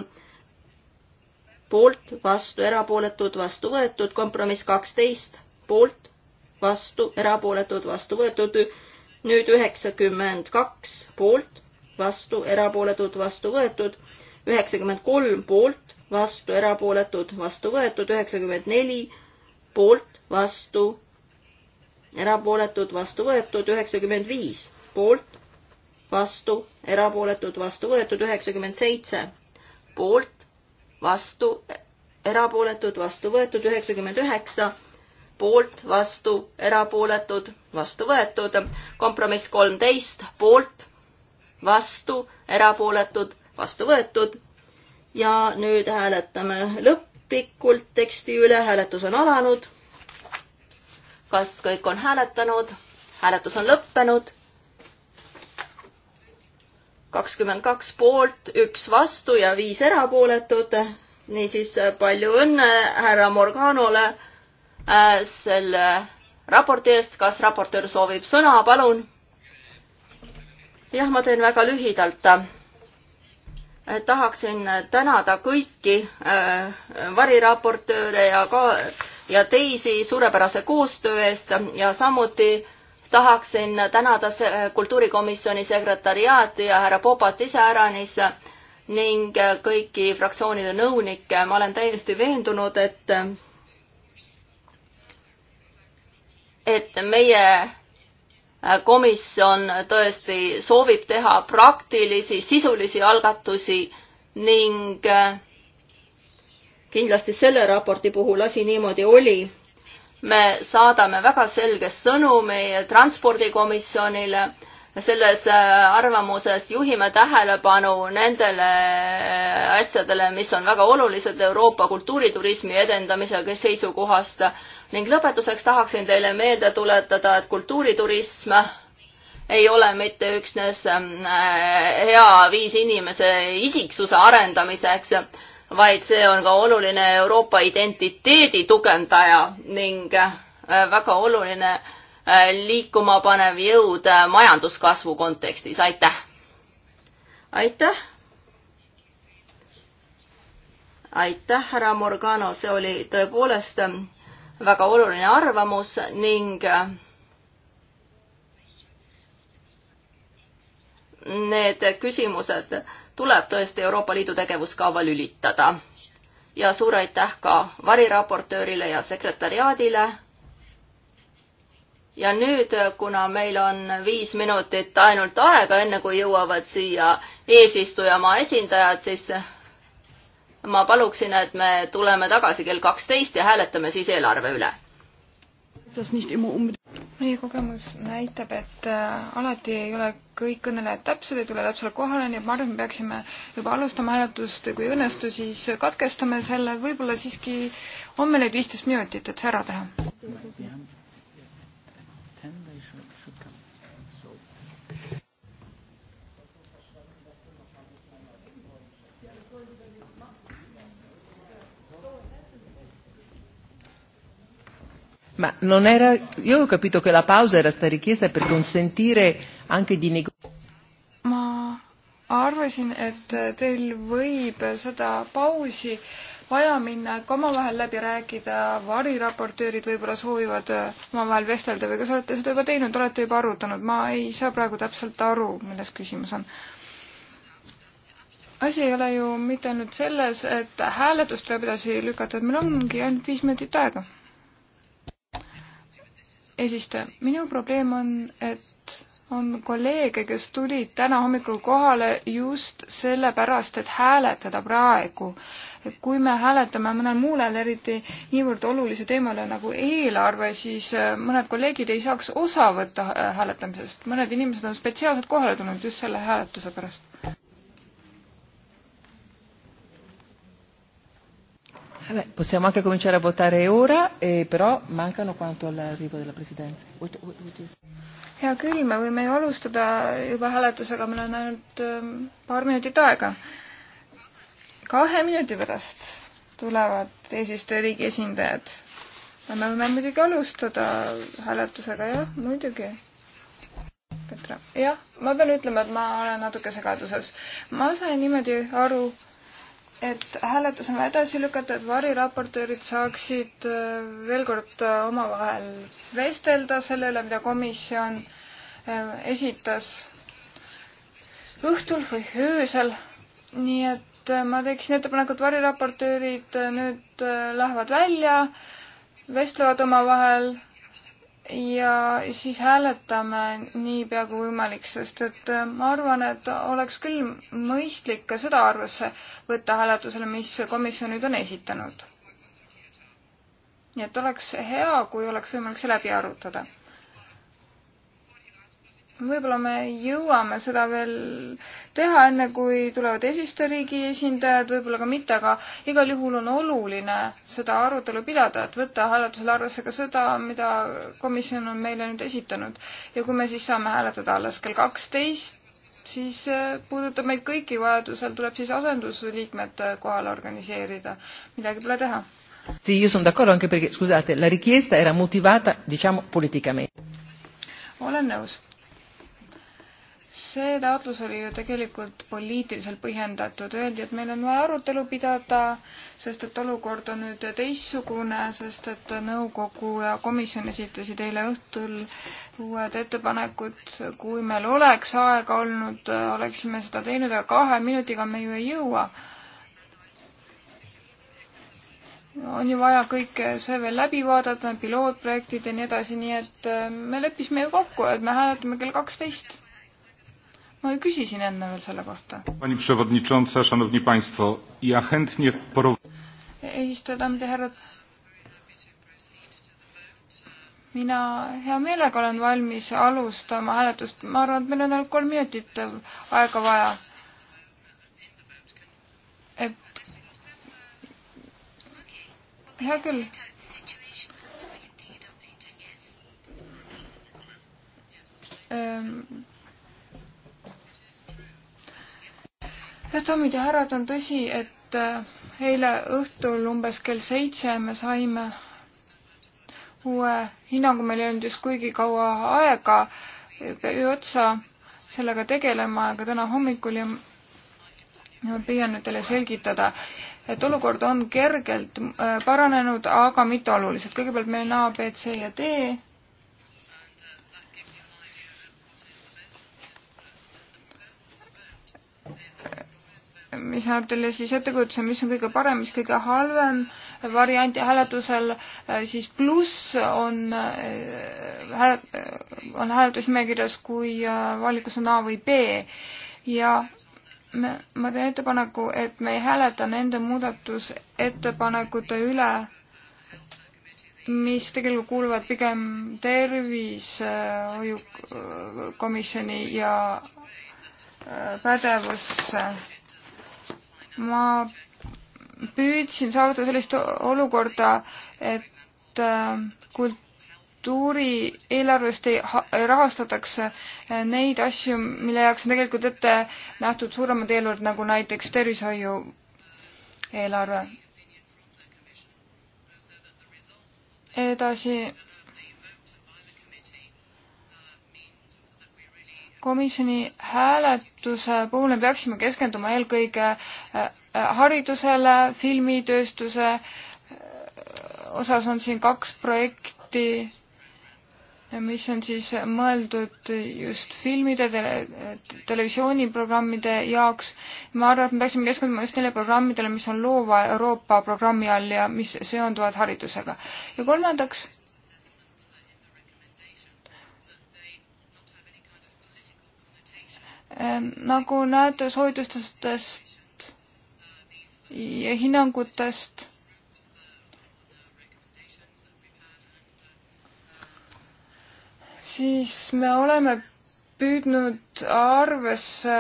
poolt, vastu, erapooletud, vastu võetud, kompromiss kaksteist poolt, vastu, erapooletud, vastu võetud. nüüd üheksakümmend kaks poolt, vastu, erapooletud, vastu võetud. üheksakümmend kolm poolt, vastu, erapooletud, vastu võetud. üheksakümmend neli poolt, vastu, erapooletud, vastu võetud. üheksakümmend viis poolt, vastu, erapooletud, vastu võetud. üheksakümmend seitse poolt, vastu, erapooletud, vastu võetud. üheksakümmend üheksa poolt, vastu, erapooletud, vastu võetud. kompromiss kolmteist, poolt, vastu, erapooletud, vastu võetud. ja nüüd hääletame lõplikult teksti üle, hääletus on alanud. kas kõik on hääletanud? hääletus on lõppenud. kakskümmend kaks poolt, üks vastu ja viis erapooletut. niisiis palju õnne härra Morganole Äh, selle raporti eest. kas raportöör soovib sõna, palun? jah, ma teen väga lühidalt. Äh, tahaksin tänada kõiki äh, variraportööre ja ka ja teisi suurepärase koostöö eest ja samuti tahaksin tänada kultuurikomisjoni sekretariaati ja härra Popat iseäranis ning kõiki fraktsioonide nõunikke. ma olen täiesti veendunud, et et meie komisjon tõesti soovib teha praktilisi, sisulisi algatusi ning äh, kindlasti selle raporti puhul asi niimoodi oli. me saadame väga selge sõnumi transpordikomisjonile selles äh, arvamuses juhime tähelepanu nendele äh, asjadele, mis on väga olulised Euroopa kultuuriturismi edendamise seisukohast ning lõpetuseks tahaksin teile meelde tuletada, et kultuuriturism ei ole mitte üksnes äh, hea viis inimese isiksuse arendamiseks, vaid see on ka oluline Euroopa identiteedi tugevdaja ning väga oluline äh, Äh, liikuma panev jõud äh, majanduskasvu kontekstis, aitäh! aitäh! aitäh, härra Morgano, see oli tõepoolest ähm, väga oluline arvamus ning äh, need küsimused tuleb tõesti Euroopa Liidu tegevuskava lülitada. ja suur aitäh ka variraportöörile ja sekretäriaadile ja nüüd, kuna meil on viis minutit ainult aega, enne kui jõuavad siia eesistujamaa esindajad, siis ma paluksin, et me tuleme tagasi kell kaksteist ja hääletame siis eelarve üle. meie kogemus näitab, et äh, alati ei ole kõik kõnelejad täpsed, ei tule täpsele kohale, nii et ma arvan, et me peaksime juba alustama hääletust, kui ei õnnestu, siis katkestame selle, võib-olla siiski homme need viisteist minutit, et see ära teha. Ma non era, io ho capito che la pausa era stata richiesta per consentire anche di negoziare. Ma arvasin, et teil võib seda pausi vaja minna, et omavahel läbi rääkida, variraportöörid võib-olla soovivad omavahel vestelda või kas olete seda juba teinud, olete juba arutanud, ma ei saa praegu täpselt aru, milles küsimus on. asi ei ole ju mitte ainult selles, et hääletust tuleb edasi lükata, et meil ongi ainult viis minutit aega eesistuja, minu probleem on, et on kolleege, kes tulid täna hommikul kohale just sellepärast, et hääletada praegu. et kui me hääletame mõnel muul ajal, eriti niivõrd olulise teemale nagu eelarve, siis äh, mõned kolleegid ei saaks osa võtta äh, hääletamisest. mõned inimesed on spetsiaalselt kohale tulnud just selle hääletuse pärast. Vabbè, possiamo anche cominciare a votare ora, e però mancano quanto all'arrivo della Presidenza. hea küll, me võime ju alustada juba hääletusega, meil on ainult ähm, paar minutit aega. kahe minuti pärast tulevad eesistujariigi esindajad. me võime muidugi alustada hääletusega, jah, muidugi Petra. jah, ma pean ütlema, et ma olen natuke segaduses. ma sain niimoodi aru, et hääletus on edasi lükatud, variraportöörid saaksid äh, veel kord äh, omavahel vestelda selle üle, mida komisjon äh, esitas õhtul või öösel. nii et ma teeksin ettepaneku, et variraportöörid nüüd lähevad välja, vestlevad omavahel ja siis hääletame niipea kui võimalik, sest et äh, ma arvan, et oleks küll mõistlik ka seda arvesse võtta hääletusele, mis komisjon nüüd on esitanud. nii et oleks hea, kui oleks võimalik see läbi arutada võib-olla me jõuame seda veel teha, enne kui tulevad eesistujariigi esindajad, võib-olla ka mitte, aga igal juhul on oluline seda arutelu pidada, et võtta hääletusel arvesse ka seda, mida komisjon on meile nüüd esitanud. ja kui me siis saame hääletada alles kell kaksteist, siis äh, puudutab meid kõiki, vajadusel tuleb siis asendusliikmed kohale organiseerida, midagi pole teha. Sì, io sono d'accordo anche perché, scusate, la richiesta era motivata, diciamo, politicamente. Olen nõus see taotlus oli ju tegelikult poliitiliselt põhjendatud, öeldi, et meil on vaja arutelu pidada, sest et olukord on nüüd teistsugune, sest et nõukogu ja komisjon esitasid eile õhtul uued ettepanekud. kui meil oleks aega olnud, oleksime seda teinud, aga kahe minutiga me ju ei jõua. on ju vaja kõik see veel läbi vaadata, pilootprojektid ja nii edasi, nii et me leppisime ju kokku, et me hääletame kell kaksteist ma ju küsisin enne veel selle kohta. eesistuja, daamid ja härrad. mina hea meelega olen valmis alustama hääletust, ma arvan, et meil on ainult kolm minutit aega vaja. et hea küll ähm head daamid ja härrad, on tõsi, et äh, eile õhtul umbes kell seitse me saime uue hinnangu, meil ei olnud just kuigi kaua aega otsa sellega tegelema, aga täna hommikul ja ma püüan nüüd teile selgitada, et olukord on kergelt äh, paranenud, aga mitte oluliselt. kõigepealt meil on A, B, C ja D mis annab teile siis ettekujutuse, mis on kõige parem, mis kõige halvem variant ja hääletusel äh, siis pluss on äh, hääl-, äh, on hääletusnimekirjas kui valikusõna või B ja me, ma teen ettepaneku, et me ei hääleta nende muudatusettepanekute üle, mis tegelikult kuuluvad pigem tervishoiukomisjoni ja pädevusse ma püüdsin saavutada sellist olukorda, et äh, kultuuri eelarvest ei rahastataks äh, neid asju, mille jaoks on tegelikult ette nähtud suuremad eelarved, nagu näiteks tervishoiu eelarve. edasi komisjoni hääletuse puhul me peaksime keskenduma eelkõige äh, äh, haridusele, filmitööstuse äh, osas on siin kaks projekti, mis on siis mõeldud just filmide tele,, televisiooniprogrammide jaoks. ma arvan, et me peaksime keskenduma just neile programmidele, mis on loova Euroopa programmi all ja mis seonduvad haridusega. ja kolmandaks Ähm, nagu näete soovitustest ja hinnangutest, siis me oleme püüdnud arvesse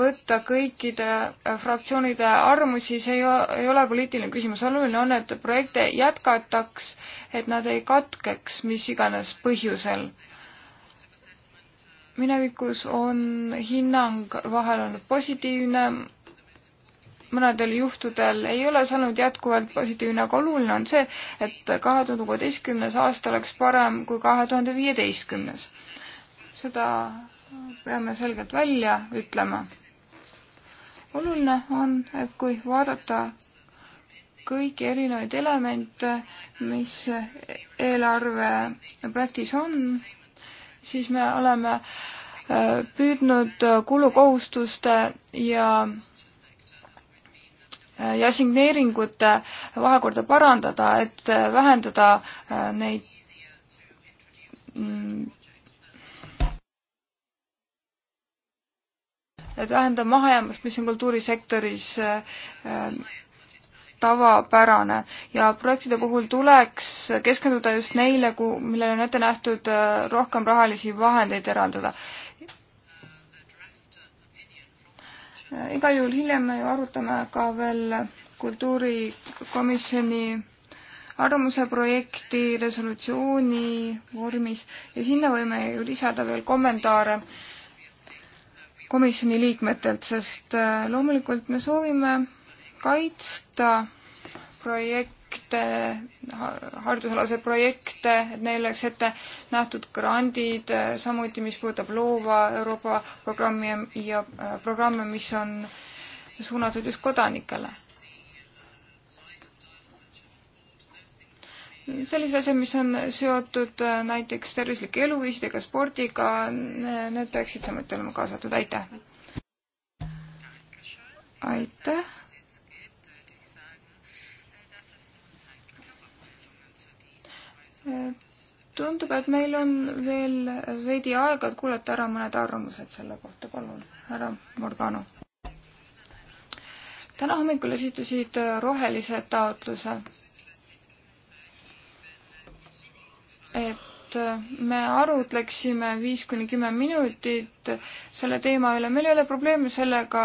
võtta kõikide äh, fraktsioonide arvamusi, see ei, ei ole poliitiline küsimus, oluline on, et projekte jätkataks, et nad ei katkeks mis iganes põhjusel minevikus on hinnang vahel olnud positiivne, mõnedel juhtudel ei ole see olnud jätkuvalt positiivne, aga oluline on see, et kahe tuhande kuueteistkümnes aasta oleks parem kui kahe tuhande viieteistkümnes. seda peame selgelt välja ütlema. oluline on, et kui vaadata kõiki erinevaid elemente, mis eelarve projektis on, siis me oleme äh, püüdnud äh, kulukohustuste ja äh, ja signeeringute vahekorda parandada, et vähendada neid mm, et vähendada mahajäämust, mis on kultuurisektoris tavapärane ja projektide puhul tuleks keskenduda just neile, millele on ette nähtud äh, rohkem rahalisi vahendeid eraldada. Äh, igal juhul hiljem me ju arutame ka veel kultuurikomisjoni arvamuse projekti resolutsiooni vormis ja sinna võime ju lisada veel kommentaare komisjoni liikmetelt, sest äh, loomulikult me soovime kaitsta projekte, haridusalaseid projekte, et neil oleks ette nähtud grandid, äh, samuti mis puudutab loova Euroopa programmi ja äh, programme, mis on suunatud just kodanikele. sellised asjad, mis on seotud äh, näiteks tervislike eluviisidega, spordiga, need peaksid samuti olema kaasatud, aitäh! aitäh! tundub, et meil on veel veidi aega, et kuulata ära mõned arvamused selle kohta, palun, härra Morgano. täna hommikul esitasid rohelised taotluse, et me arutleksime viis kuni kümme minutit selle teema üle, meil ei ole probleemi sellega,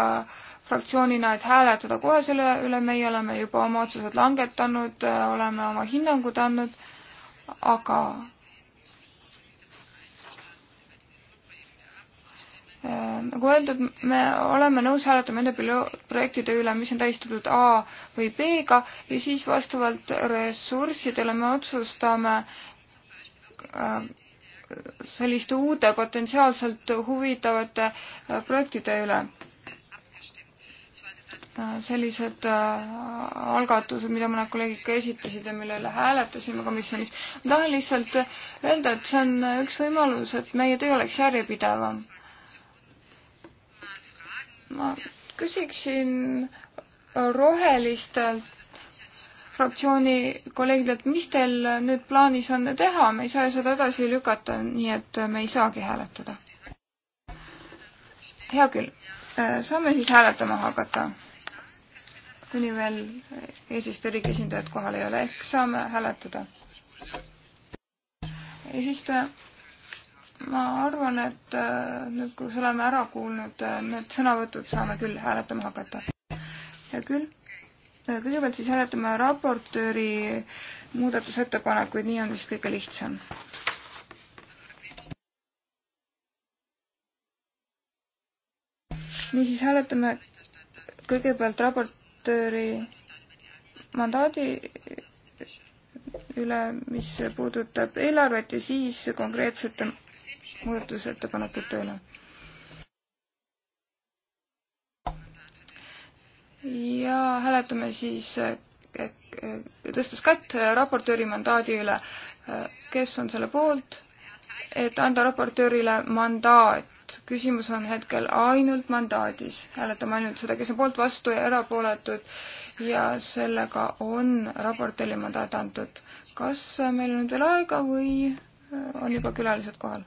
fraktsioonina, et hääletada kohe selle üle, meie oleme juba oma otsused langetanud, oleme oma hinnangud andnud aga äh, nagu öeldud, me oleme nõus hääletama nende pilootprojektide üle, mis on tähistatud A või B-ga ja siis vastavalt ressurssidele me otsustame äh, selliste uute potentsiaalselt huvitavate äh, projektide üle sellised äh, algatused, mida mõned kolleegid ka esitasid ja mille üle hääletasime komisjonis. ma tahan lihtsalt öelda, et see on üks võimalus, et meie töö oleks järjepidevam. ma küsiksin rohelistelt fraktsiooni kolleegidelt, mis teil nüüd plaanis on teha, me ei saa seda edasi lükata, nii et me ei saagi hääletada. hea küll, äh, saame siis hääletama hakata kuni veel eesistujariigi esindajad kohal ei ole, ehk saame hääletada. eesistuja, ma arvan, et äh, nüüd, kus oleme ära kuulnud äh, need sõnavõtud, saame küll hääletama hakata. hea küll. Äh, kõigepealt siis hääletame raportööri muudatusettepanekuid, nii on vist kõige lihtsam. niisiis hääletame kõigepealt raport raportööri mandaadi üle, mis puudutab eelarvet ja siis konkreetsete muudatusettepanekute üle. ja hääletame siis eh, eh, tõstes kätt raportööri mandaadi üle. Eh, kes on selle poolt, et anda raportöörile mandaat et küsimus on hetkel ainult mandaadis, hääletame ainult seda, kes on poolt, vastu ja erapooletud ja sellega on raportile mandaat antud. kas meil on nüüd veel aega või äh, on juba külalised kohal?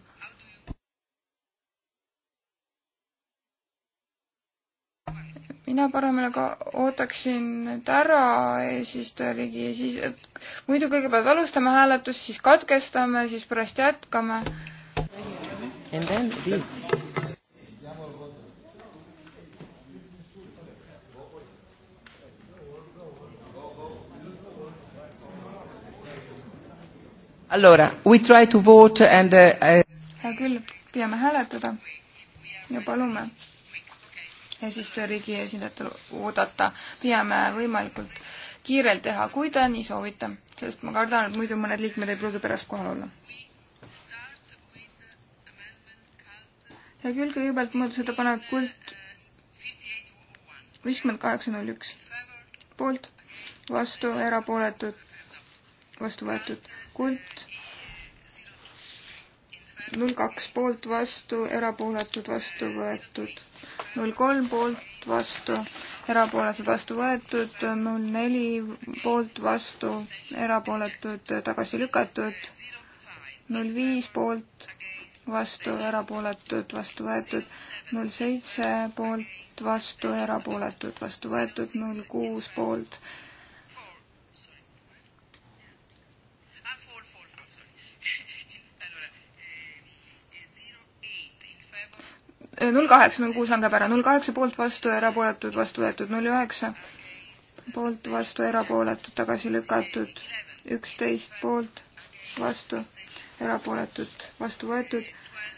mina parem meelega ootaksin nüüd ära eesistujariigi ja siis, et muidu kõigepealt alustame hääletust, siis katkestame, siis pärast jätkame and then this. Allora, we try to vote and uh, uh hea küll, püüame hääletada ja palume eesistujariigi esindajatel oodata, püüame võimalikult kiirelt teha, kui te nii soovite, sest ma kardan, et muidu mõned liikmed ei pruugi pärast kohal olla. hea küll, kõigepealt muudatusettepanek kuld viiskümmend kaheksa null üks. poolt, vastu, erapooletud, vastu võetud. kuld null kaks poolt, vastu, erapooletud, vastu võetud. null kolm poolt, vastu, erapooletud, vastu võetud. null neli poolt, vastu, erapooletud, tagasi lükatud. null viis poolt vastu, erapooletud, vastu võetud, null seitse poolt, vastu, erapooletud, vastu võetud, null kuus poolt. null kaheksa, null kuus langeb ära, null kaheksa poolt, vastu, erapooletud, vastu võetud, null üheksa poolt, vastu, erapooletud, tagasi lükatud, üksteist poolt, vastu erapooletud, vastu võetud,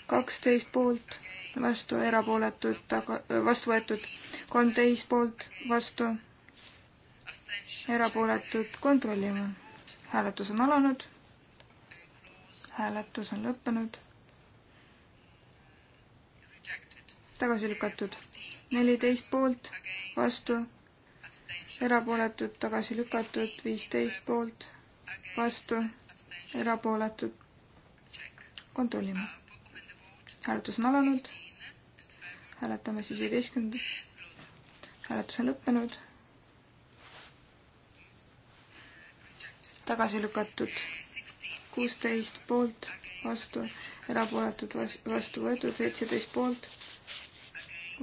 kaksteist poolt, vastu erapooletud, taga, vastu võetud, kolmteist poolt, vastu erapooletud, kontrollime. hääletus on alanud. hääletus on lõppenud. tagasi lükatud, neliteist poolt, vastu erapooletud, tagasi lükatud, viisteist poolt, vastu, erapooletud, kontrollime. hääletus on alanud. hääletame siis viieteistkümnendat. hääletus on lõppenud. tagasi lükatud kuusteist poolt, vastu, erapooletud, vastu võetud, seitseteist poolt,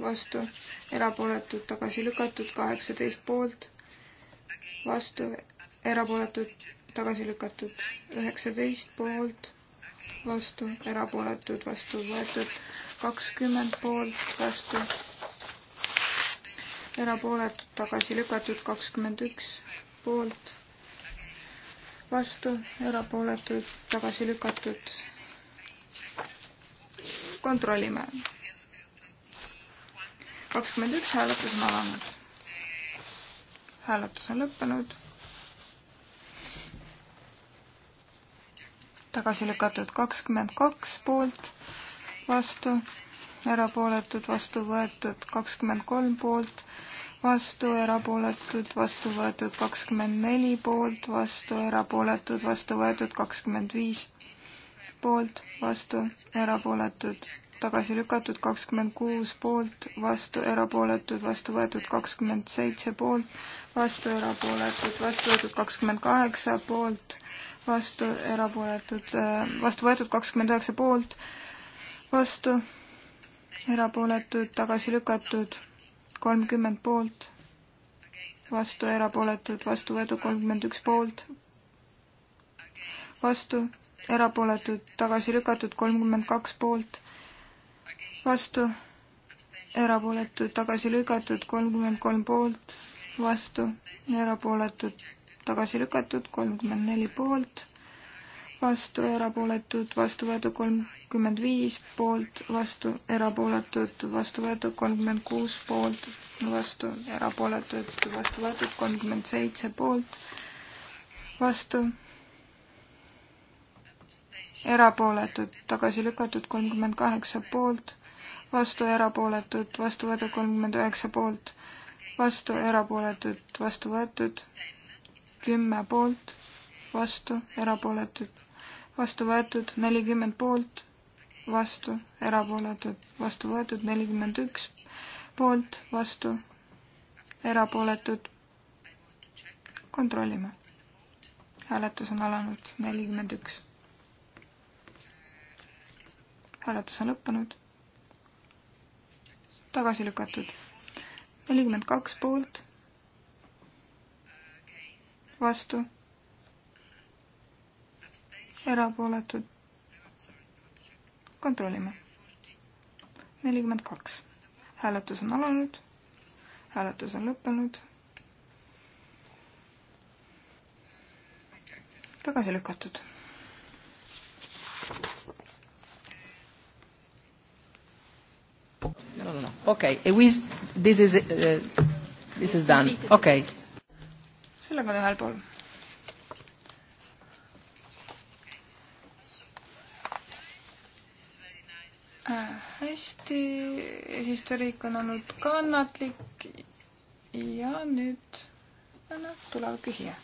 vastu, erapooletud, tagasi lükatud, kaheksateist poolt, vastu, erapooletud, tagasi lükatud, üheksateist poolt vastu, erapooletud, vastu võetud, kakskümmend poolt, vastu, erapooletud, tagasi lükatud, kakskümmend üks poolt, vastu, erapooletud, tagasi lükatud. kontrollime. kakskümmend üks hääletus on alanud. hääletus on lõppenud tagasi lükatud kakskümmend kaks poolt, vastu, erapooletud, vastu võetud kakskümmend kolm poolt, vastu, erapooletud, vastu võetud kakskümmend neli poolt, vastu, erapooletud, vastu võetud kakskümmend viis poolt, vastu, erapooletud, tagasi lükatud kakskümmend kuus poolt, vastu erapooletud, vastu võetud kakskümmend seitse poolt, vastu erapooletud, vastu võetud kakskümmend kaheksa poolt, vastu, erapooletud, äh, vastu võetud kakskümmend üheksa poolt, vastu, erapooletud, tagasi lükatud, kolmkümmend poolt, vastu, erapooletud, vastu võetud kolmkümmend üks poolt, vastu, erapooletud, tagasi lükatud, kolmkümmend kaks poolt, vastu, erapooletud, tagasi lükatud, kolmkümmend kolm poolt, vastu, erapooletud, tagasi lükatud, kolmkümmend neli poolt, vastu erapooletud, vastu võetud kolmkümmend viis poolt, vastu erapooletud, vastu võetud kolmkümmend kuus poolt, vastu erapooletud, vastu võetud kolmkümmend seitse poolt, vastu erapooletud, tagasi lükatud kolmkümmend kaheksa poolt, vastu erapooletud, vastu võetud kolmkümmend üheksa poolt, vastu erapooletud, vastu võetud kümme poolt, vastu, erapooletud, vastu võetud nelikümmend poolt, vastu, erapooletud, vastu võetud nelikümmend üks poolt, vastu, erapooletud. kontrollime. hääletus on alanud nelikümmend üks. hääletus on lõppenud. tagasi lükatud nelikümmend kaks poolt vastu, erapooletud. kontrollime. nelikümmend kaks. hääletus on alanud, hääletus on lõppenud. tagasi lükatud no, no, no. Okay, we, this is uh, this is done. Okay, sellega on ühel pool. Äh, hästi, eesistujariik on olnud kannatlik ja nüüd annan tuleva küsija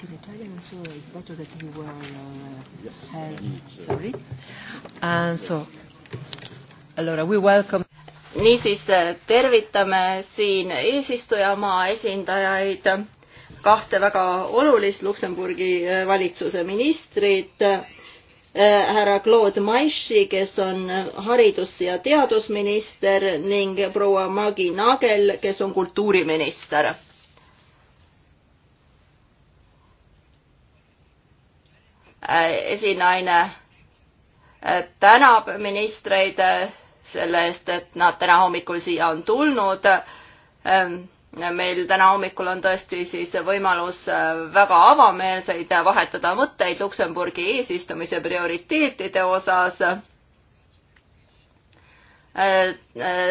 it in Italian, so it's better that you were uh, yes. held. Sorry. And so, allora, we welcome niisiis äh, tervitame siin eesistujamaa esindajaid, kahte väga olulist Luksemburgi äh, valitsuse ministrit, äh, härra Claude Maischi, kes on haridus- ja teadusminister ning proua Magi Nagel, kes on kultuuriminister Äh, esinaine äh, tänab ministreid äh, selle eest, et nad täna hommikul siia on tulnud. Ähm, meil täna hommikul on tõesti siis võimalus väga avameelseid vahetada mõtteid Luksemburgi eesistumise prioriteetide osas.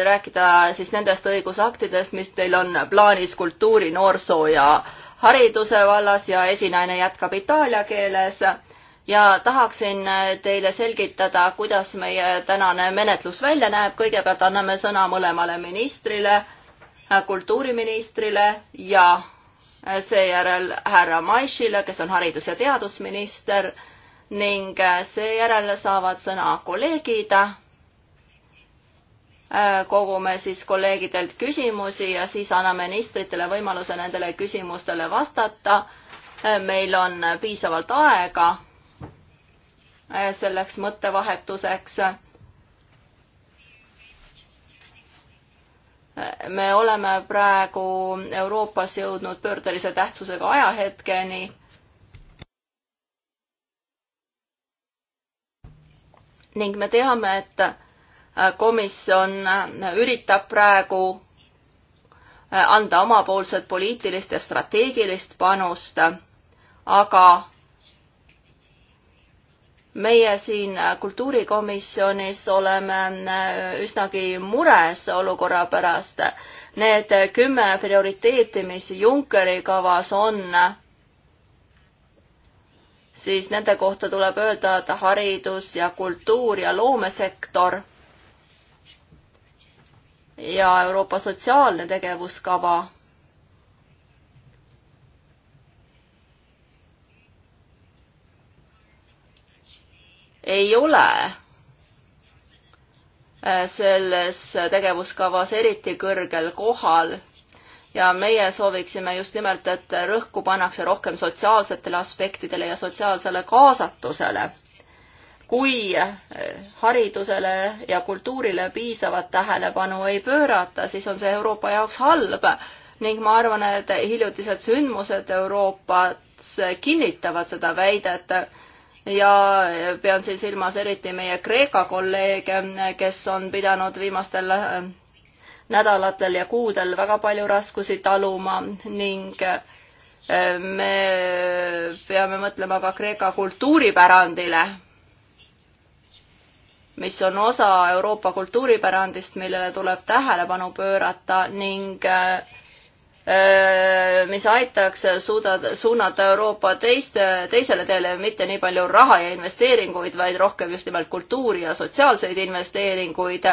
rääkida siis nendest õigusaktidest, mis teil on plaanis kultuuri, noorsoo ja hariduse vallas ja esinaine jätkab itaalia keeles ja tahaksin äh, teile selgitada, kuidas meie tänane menetlus välja näeb. kõigepealt anname sõna mõlemale ministrile, äh, kultuuriministrile ja äh, seejärel härra Maišile, kes on haridus- ja teadusminister ning seejärel saavad sõna kolleegid. kogume siis kolleegidelt küsimusi ja siis anname ministritele võimaluse nendele küsimustele vastata. meil on piisavalt aega Äh, selleks mõttevahetuseks. me oleme praegu Euroopas jõudnud pöördelise tähtsusega ajahetkeni ning me teame, et komisjon üritab praegu anda omapoolset poliitilist ja strateegilist panust, aga meie siin kultuurikomisjonis oleme äh, üsnagi mures olukorra pärast. Need kümme prioriteeti, mis Junckeri kavas on, siis nende kohta tuleb öelda, et haridus ja kultuur ja loomesektor ja Euroopa sotsiaalne tegevuskava ei ole äh, selles tegevuskavas eriti kõrgel kohal ja meie sooviksime just nimelt, et rõhku pannakse rohkem sotsiaalsetele aspektidele ja sotsiaalsele kaasatusele. kui äh, haridusele ja kultuurile piisavat tähelepanu ei pöörata, siis on see Euroopa jaoks halb ning ma arvan, et hiljutised sündmused Euroopas kinnitavad seda väidet ja pean siin silmas eriti meie Kreeka kolleege, kes on pidanud viimastel äh, nädalatel ja kuudel väga palju raskusi taluma ning äh, me peame mõtlema ka Kreeka kultuuripärandile, mis on osa Euroopa kultuuripärandist, millele tuleb tähelepanu pöörata ning äh, mis aitaks suuda, suunada Euroopa teiste, teisele teele mitte nii palju raha ja investeeringuid, vaid rohkem just nimelt kultuuri ja sotsiaalseid investeeringuid.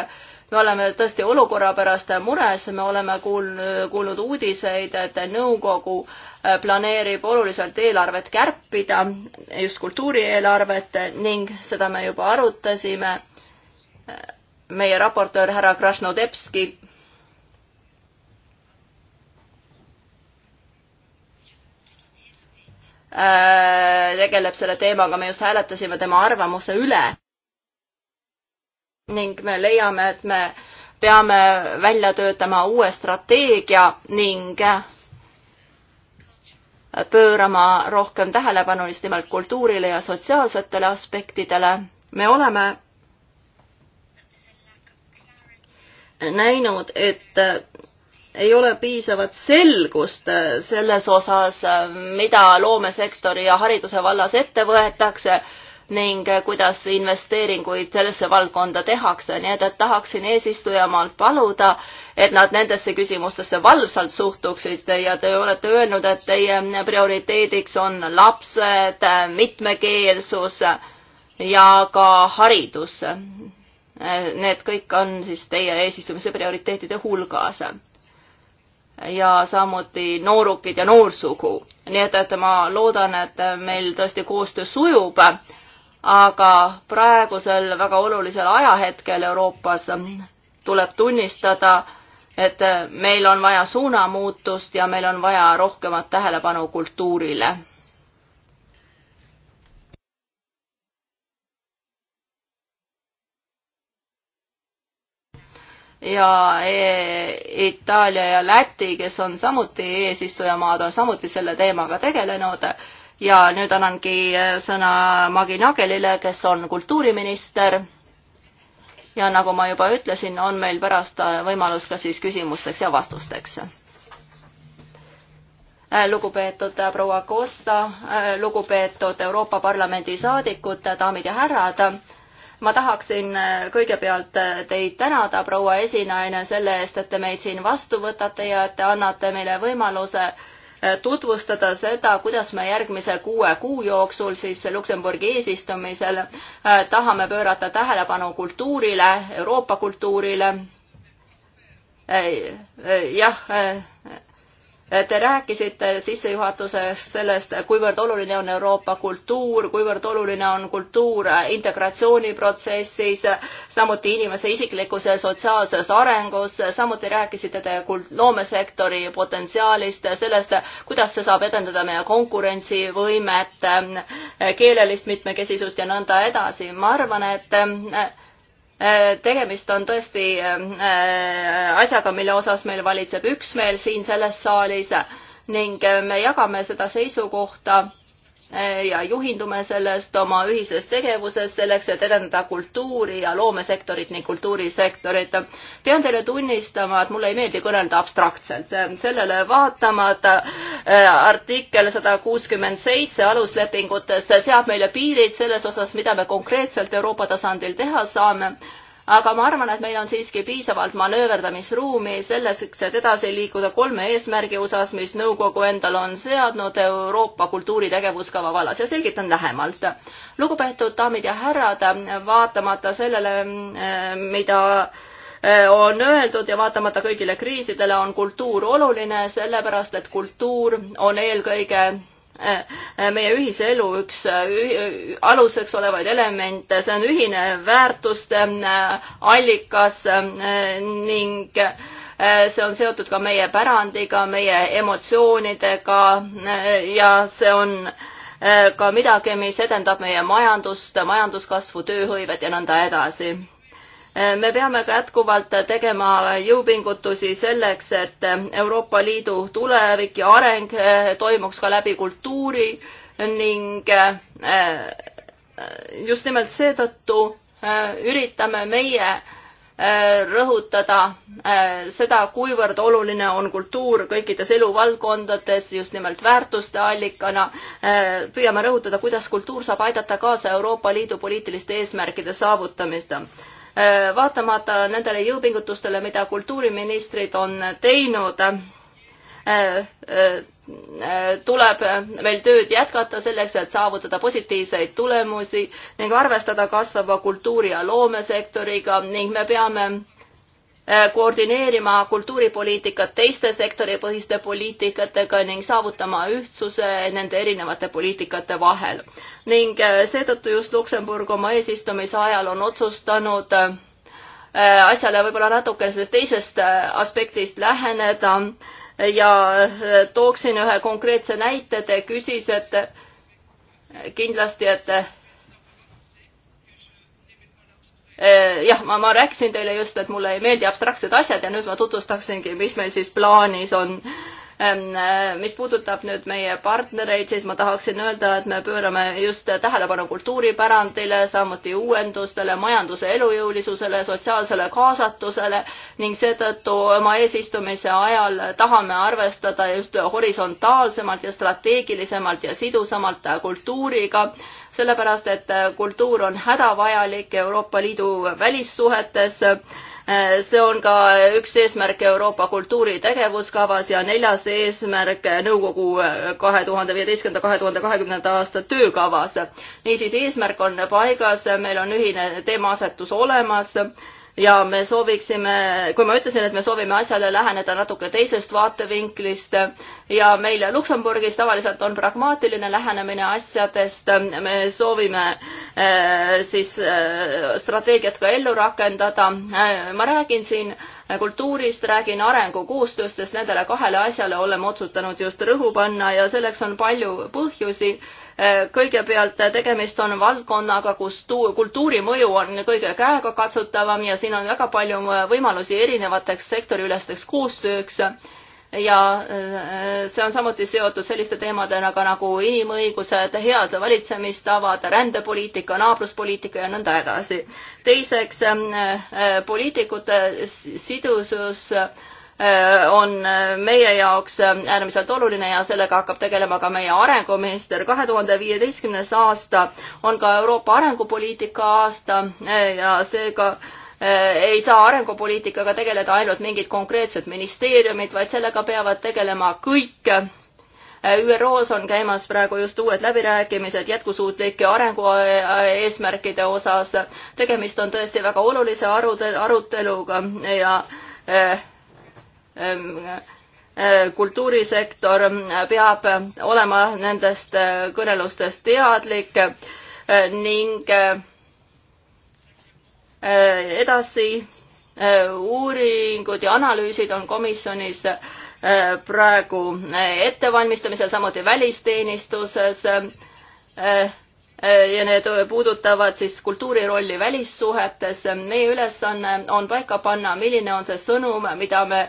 me oleme tõesti olukorra pärast mures, me oleme kuul-, kuulnud uudiseid, et nõukogu äh, planeerib oluliselt eelarvet kärpida, just kultuurieelarvet ning seda me juba arutasime. Äh, meie raportöör härra Krasnodebski Äh, tegeleb selle teemaga, me just hääletasime tema arvamuse üle. ning me leiame, et me peame välja töötama uue strateegia ning pöörama rohkem tähelepanu just nimelt kultuurile ja sotsiaalsetele aspektidele. me oleme näinud, et ei ole piisavat selgust äh, selles osas, äh, mida loomesektori ja hariduse vallas ette võetakse ning äh, kuidas investeeringuid sellesse valdkonda tehakse, nii et, et tahaksin eesistujamaalt paluda, et nad nendesse küsimustesse valvsalt suhtuksid ja te olete öelnud, et teie prioriteediks on lapsed, mitmekeelsus ja ka haridus. Need kõik on siis teie eesistumise prioriteetide hulgas ja samuti noorukid ja noorsugu. nii et, et ma loodan, et meil tõesti koostöö sujub, aga praegusel väga olulisel ajahetkel Euroopas tuleb tunnistada, et meil on vaja suunamuutust ja meil on vaja rohkemat tähelepanu kultuurile ja e, Itaalia ja Läti, kes on samuti eesistujamaad, on samuti selle teemaga tegelenud. ja nüüd annangi e, sõna Magi Nagelile, kes on kultuuriminister. ja nagu ma juba ütlesin, on meil pärast e, võimalus ka siis küsimusteks ja vastusteks. lugupeetud proua Costa, lugupeetud Euroopa Parlamendi saadikud, daamid ja härrad ma tahaksin äh, kõigepealt äh, teid tänada, proua esinaine, selle eest, et te meid siin vastu võtate ja et te annate meile võimaluse äh, tutvustada seda, kuidas me järgmise kuue kuu jooksul siis Luksemburgi eesistumisel tahame pöörata tähelepanu kultuurile, Euroopa kultuurile. jah Te rääkisite sissejuhatuses sellest, kuivõrd oluline on Euroopa kultuur, kuivõrd oluline on kultuur integratsiooniprotsessis, samuti inimese isiklikus ja sotsiaalses arengus, samuti rääkisite te loomesektori potentsiaalist, sellest, kuidas see saab edendada meie konkurentsivõimet, keelelist mitmekesisust ja nõnda edasi. ma arvan, et Äh, tegemist on tõesti äh, asjaga, mille osas meil valitseb üksmeel siin selles saalis ning äh, me jagame seda seisukohta Eh, ja juhindume sellest oma ühises tegevuses selleks, et edendada kultuuri ja loomesektorit ning kultuurisektorit. pean teile tunnistama, et mulle ei meeldi kõnelda abstraktselt. sellele vaatamata eh, artikkel sada kuuskümmend seitse aluslepingutes seab meile piirid selles osas, mida me konkreetselt Euroopa tasandil teha saame aga ma arvan, et meil on siiski piisavalt manööverdamisruumi selleks, et edasi liikuda kolme eesmärgi osas, mis nõukogu endal on seadnud Euroopa kultuuritegevuskava vallas ja selgitan lähemalt. lugupeetud daamid ja härrad, vaatamata sellele, eh, mida eh, on öeldud ja vaatamata kõigile kriisidele on kultuur oluline, sellepärast et kultuur on eelkõige meie ühise elu üks aluseks olevaid elemente, see on ühine väärtuste äh, allikas äh, ning äh, see on seotud ka meie pärandiga, meie emotsioonidega ja see on ka midagi, mis edendab meie majandust, majanduskasvu, tööhõivet ja nõnda edasi me peame ka jätkuvalt tegema jõupingutusi selleks, et Euroopa Liidu tulevik ja areng eh, toimuks ka läbi kultuuri ning eh, just nimelt seetõttu eh, üritame meie rõhutada seda, kuivõrd oluline on kultuur kõikides eluvaldkondades just nimelt väärtuste allikana. püüame rõhutada, kuidas kultuur saab aidata kaasa Euroopa Liidu poliitiliste eesmärkide saavutamist. Äh, vaatamata nendele jõupingutustele, mida kultuuriministrid on teinud, äh, äh, tuleb meil tööd jätkata selleks, et saavutada positiivseid tulemusi ning arvestada kasvava kultuuri- ja loomesektoriga ning me peame Äh, koordineerima kultuuripoliitikat teiste sektoripõhiste poliitikatega ning saavutama ühtsuse nende erinevate poliitikate vahel. ning äh, seetõttu just Luksemburg oma eesistumise ajal on otsustanud äh, asjale võib-olla natuke sellest teisest aspektist läheneda ja tooksin ühe konkreetse näite, te küsisite kindlasti, et Eh, jah, ma, ma rääkisin teile just, et mulle ei meeldi abstraktsed asjad ja nüüd ma tutvustaksingi, mis meil siis plaanis on Ehm, äh, mis puudutab nüüd meie partnereid, siis ma tahaksin öelda, et me pöörame just tähelepanu kultuuripärandile, samuti uuendustele, majanduse elujõulisusele, sotsiaalsele kaasatusele ning seetõttu oma eesistumise ajal tahame arvestada just horisontaalsemalt ja strateegilisemalt ja sidusamalt kultuuriga sellepärast, et kultuur on hädavajalik Euroopa Liidu välissuhetes see on ka üks eesmärk Euroopa kultuuritegevuskavas ja neljas eesmärk nõukogu kahe tuhande viieteistkümnenda, kahe tuhande kahekümnenda aasta töökavas. niisiis, eesmärk on paigas, meil on ühine teemaasetus olemas ja me sooviksime, kui ma ütlesin, et me soovime asjale läheneda natuke teisest vaatevinklist ja meil Luksemburgis tavaliselt on pragmaatiline lähenemine asjadest, me soovime eh, siis eh, strateegiat ka ellu rakendada. Eh, ma räägin siin kultuurist, räägin arengukoostööst, sest nendele kahele asjale oleme otsustanud just rõhu panna ja selleks on palju põhjusi kõigepealt tegemist on valdkonnaga, kus kultuuri mõju on kõige käegakatsutavam ja siin on väga palju võimalusi erinevateks sektoriülesteks koostööks ja äh, see on samuti seotud selliste teemadega nagu inimõigused, head valitsemistavad, rändepoliitika, naabruspoliitika ja nõnda edasi. teiseks, äh, äh, poliitikute sidusus äh, Äh, on äh, meie jaoks äh, äärmiselt oluline ja sellega hakkab tegelema ka meie arenguminister. kahe tuhande viieteistkümnes aasta on ka Euroopa arengupoliitika aasta ja seega ei saa arengupoliitikaga tegeleda ainult mingid konkreetsed ministeeriumid, vaid sellega peavad tegelema kõik ÜRO-s on käimas praegu just uued läbirääkimised jätkusuutlike arengueesmärkide osas. tegemist on tõesti väga olulise aruteluga ja eh, Ehm, ehm, kultuurisektor peab olema nendest eh, kõnelustest teadlik eh, ning eh, edasi uuringud ja analüüsid on komisjonis praegu ettevalmistamisel, samuti välisteenistuses. ja need puudutavad siis kultuuri rolli välissuhetes. meie ülesanne on paika panna, milline on see sõnum, mida me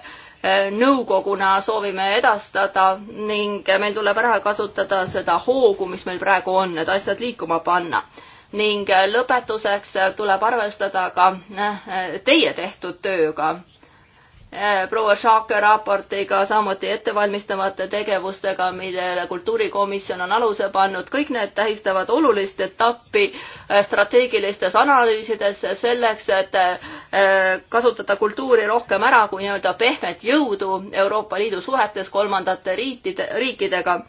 nõukoguna soovime edastada ning meil tuleb ära kasutada seda hoogu, mis meil praegu on, et asjad liikuma panna. ning lõpetuseks tuleb arvestada ka eh, teie tehtud tööga Eh, proua Šaake raportiga, samuti ettevalmistavate tegevustega, millele kultuurikomisjon on aluse pannud, kõik need tähistavad olulist etappi eh, strateegilistes analüüsides selleks, et eh, kasutada kultuuri rohkem ära kui nii-öelda pehmet jõudu Euroopa Liidu suhetes kolmandate riikide, riikidega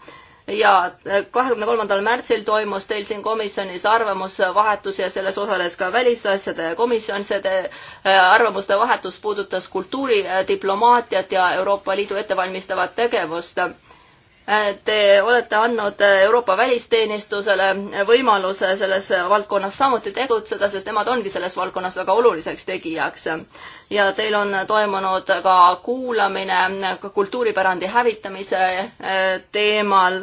ja kahekümne kolmandal märtsil toimus teil siin komisjonis arvamusvahetus ja selles osales ka välisasjade komisjon, see äh, arvamuste vahetus puudutas kultuuridiplomaatiat ja Euroopa Liidu ettevalmistavat tegevust Äh, te olete andnud äh, Euroopa välisteenistusele äh, võimaluse selles valdkonnas samuti tegutseda, sest nemad ongi selles valdkonnas väga oluliseks tegijaks. ja teil on toimunud ka kuulamine kultuuripärandi hävitamise teemal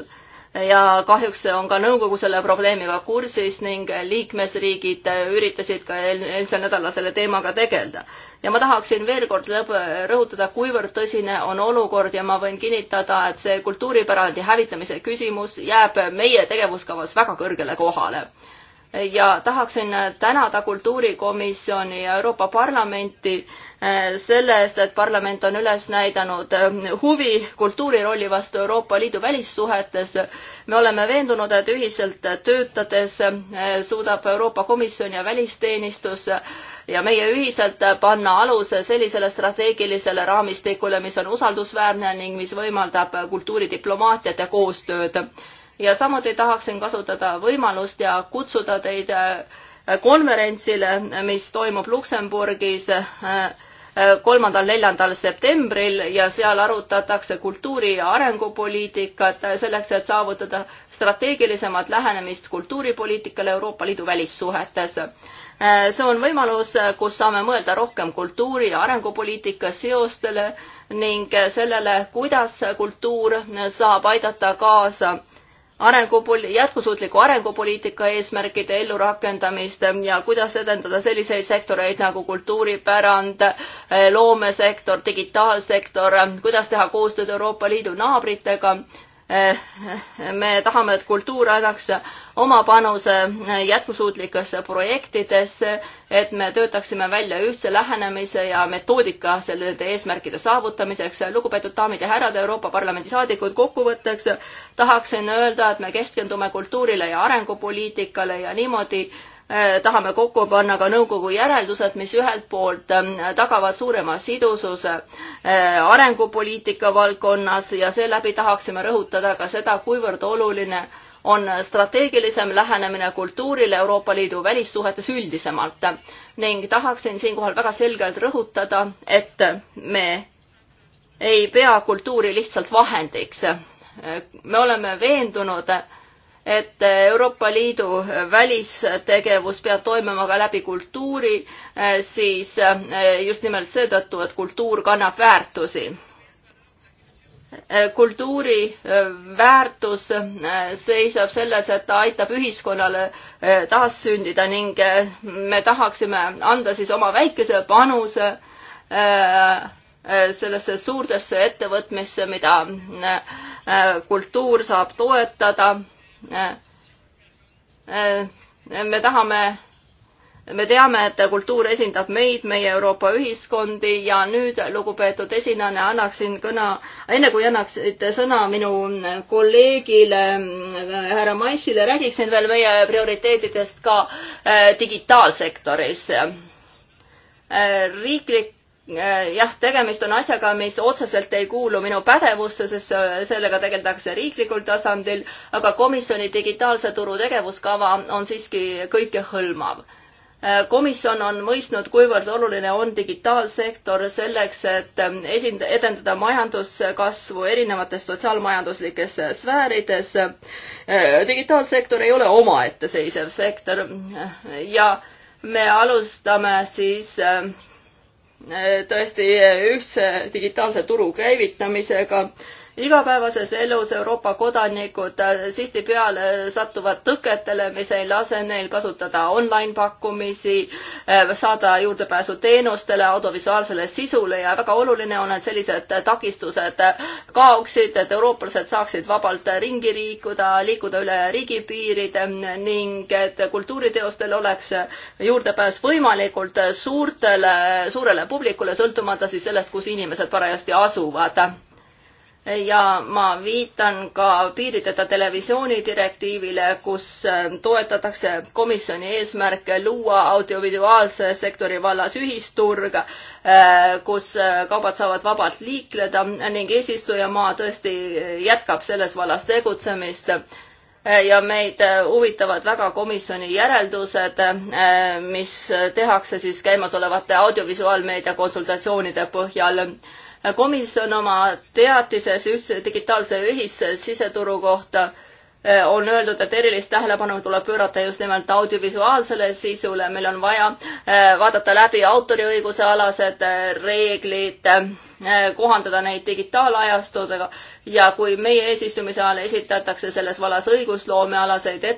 ja kahjuks on ka nõukogu selle probleemiga kursis ning liikmesriigid üritasid ka eelmisel nädalal selle teemaga tegeleda ja ma tahaksin veel kord rõhutada, kuivõrd tõsine on olukord ja ma võin kinnitada, et see kultuuripärandi hävitamise küsimus jääb meie tegevuskavas väga kõrgele kohale ja tahaksin tänada Kultuurikomisjoni ja Euroopa Parlamenti eh, selle eest, et parlament on üles näidanud eh, huvi kultuuri rolli vastu Euroopa Liidu välissuhetes. me oleme veendunud, et ühiselt töötades eh, suudab Euroopa Komisjon ja välisteenistus ja meie ühiselt panna aluse sellisele strateegilisele raamistikule, mis on usaldusväärne ning mis võimaldab kultuuridiplomaatiat ja koostööd. ja samuti tahaksin kasutada võimalust ja kutsuda teid konverentsile, mis toimub Luksemburgis kolmandal-neljandal septembril ja seal arutatakse kultuuri ja arengupoliitikat selleks, et saavutada strateegilisemat lähenemist kultuuripoliitikale Euroopa Liidu välissuhetes. see on võimalus, kus saame mõelda rohkem kultuuri ja arengupoliitika seostele ning sellele, kuidas kultuur saab aidata kaasa arengupol-, jätkusuutliku arengupoliitika eesmärkide ellurakendamist ja kuidas edendada selliseid sektoreid nagu kultuuripärand, loomesektor, digitaalsektor, kuidas teha koostööd Euroopa Liidu naabritega Eh, me tahame, et kultuur annaks oma panuse eh, jätkusuutlikesse projektidesse, et me töötaksime välja ühtse lähenemise ja metoodika selle eesmärkide saavutamiseks. lugupeetud daamid ja härrad, Euroopa Parlamendi saadikud, kokkuvõtteks tahaksin öelda, et me keskendume kultuurile ja arengupoliitikale ja niimoodi Äh, tahame kokku panna ka nõukogu järeldused, mis ühelt poolt ähm, tagavad suurema sidususe äh, arengupoliitika valdkonnas ja seeläbi tahaksime rõhutada ka seda, kuivõrd oluline on strateegilisem lähenemine kultuurile Euroopa Liidu välissuhetes üldisemalt ning tahaksin siinkohal väga selgelt rõhutada, et me ei pea kultuuri lihtsalt vahendiks. Äh, me oleme veendunud, et Euroopa Liidu välistegevus peab toimuma ka läbi kultuuri, eh, siis eh, just nimelt seetõttu, et kultuur kannab väärtusi. Eh, kultuuri väärtus seisab selles, et ta aitab ühiskonnale taassündida ning me tahaksime anda siis oma väikese panuse sellesse suurdesse ettevõtmisse, mida kultuur saab toetada Äh, äh, me tahame, me teame, et kultuur esindab meid, meie Euroopa ühiskondi ja nüüd, lugupeetud esinejana, annaksin kõna, enne kui annaksite sõna minu kolleegile äh, härra Maissile, räägiksin veel meie prioriteetidest ka digitaalsektoris riiklik Äh, jah, tegemist on asjaga, mis otseselt ei kuulu minu pädevusse, sest äh, sellega tegeldakse riiklikul tasandil, aga komisjoni digitaalse turu tegevuskava on siiski kõikehõlmav. Äh, komisjon on mõistnud, kuivõrd oluline on digitaalsektor selleks, et ähm, esind-, edendada majanduskasvu erinevates sotsiaalmajanduslikes sfäärides. digitaalsektor ei ole omaette seisev sektor ja me alustame siis äh, tõesti ühtse digitaalse turu käivitamisega igapäevases elus Euroopa kodanikud äh, sihti peale äh, satuvad tõketele, mis ei lase neil kasutada online pakkumisi, äh, saada juurdepääsu teenustele, audiovisuaalsele sisule ja väga oluline on, et sellised takistused kaoksid, et eurooplased saaksid vabalt ringi liikuda, liikuda üle riigipiiride ning et kultuuriteostel oleks juurdepääs võimalikult suurtele, suurele publikule, sõltumata siis sellest, kus inimesed parajasti asuvad ja ma viitan ka piirideta televisiooni direktiivile, kus ähm, toetatakse komisjoni eesmärke luua audiovisuaalse sektori vallas ühisturg, äh, kus äh, kaubad saavad vabalt liikleda ning eesistujamaa tõesti jätkab selles vallas tegutsemist äh, ja meid huvitavad väga komisjoni järeldused, mis tehakse siis käimasolevate audiovisuaalmeedia konsultatsioonide põhjal komisjon oma teatises ühtse digitaalse ühisse siseturu kohta äh, Eh, on öeldud, et erilist tähelepanu tuleb pöörata just nimelt audiovisuaalsele sisule, meil on vaja eh, vaadata läbi autoriõiguse alased eh, reeglid, kohandada neid digitaalajastudega ja kui meie eesistumise ajal esitatakse selles vallas õigusloomealaseid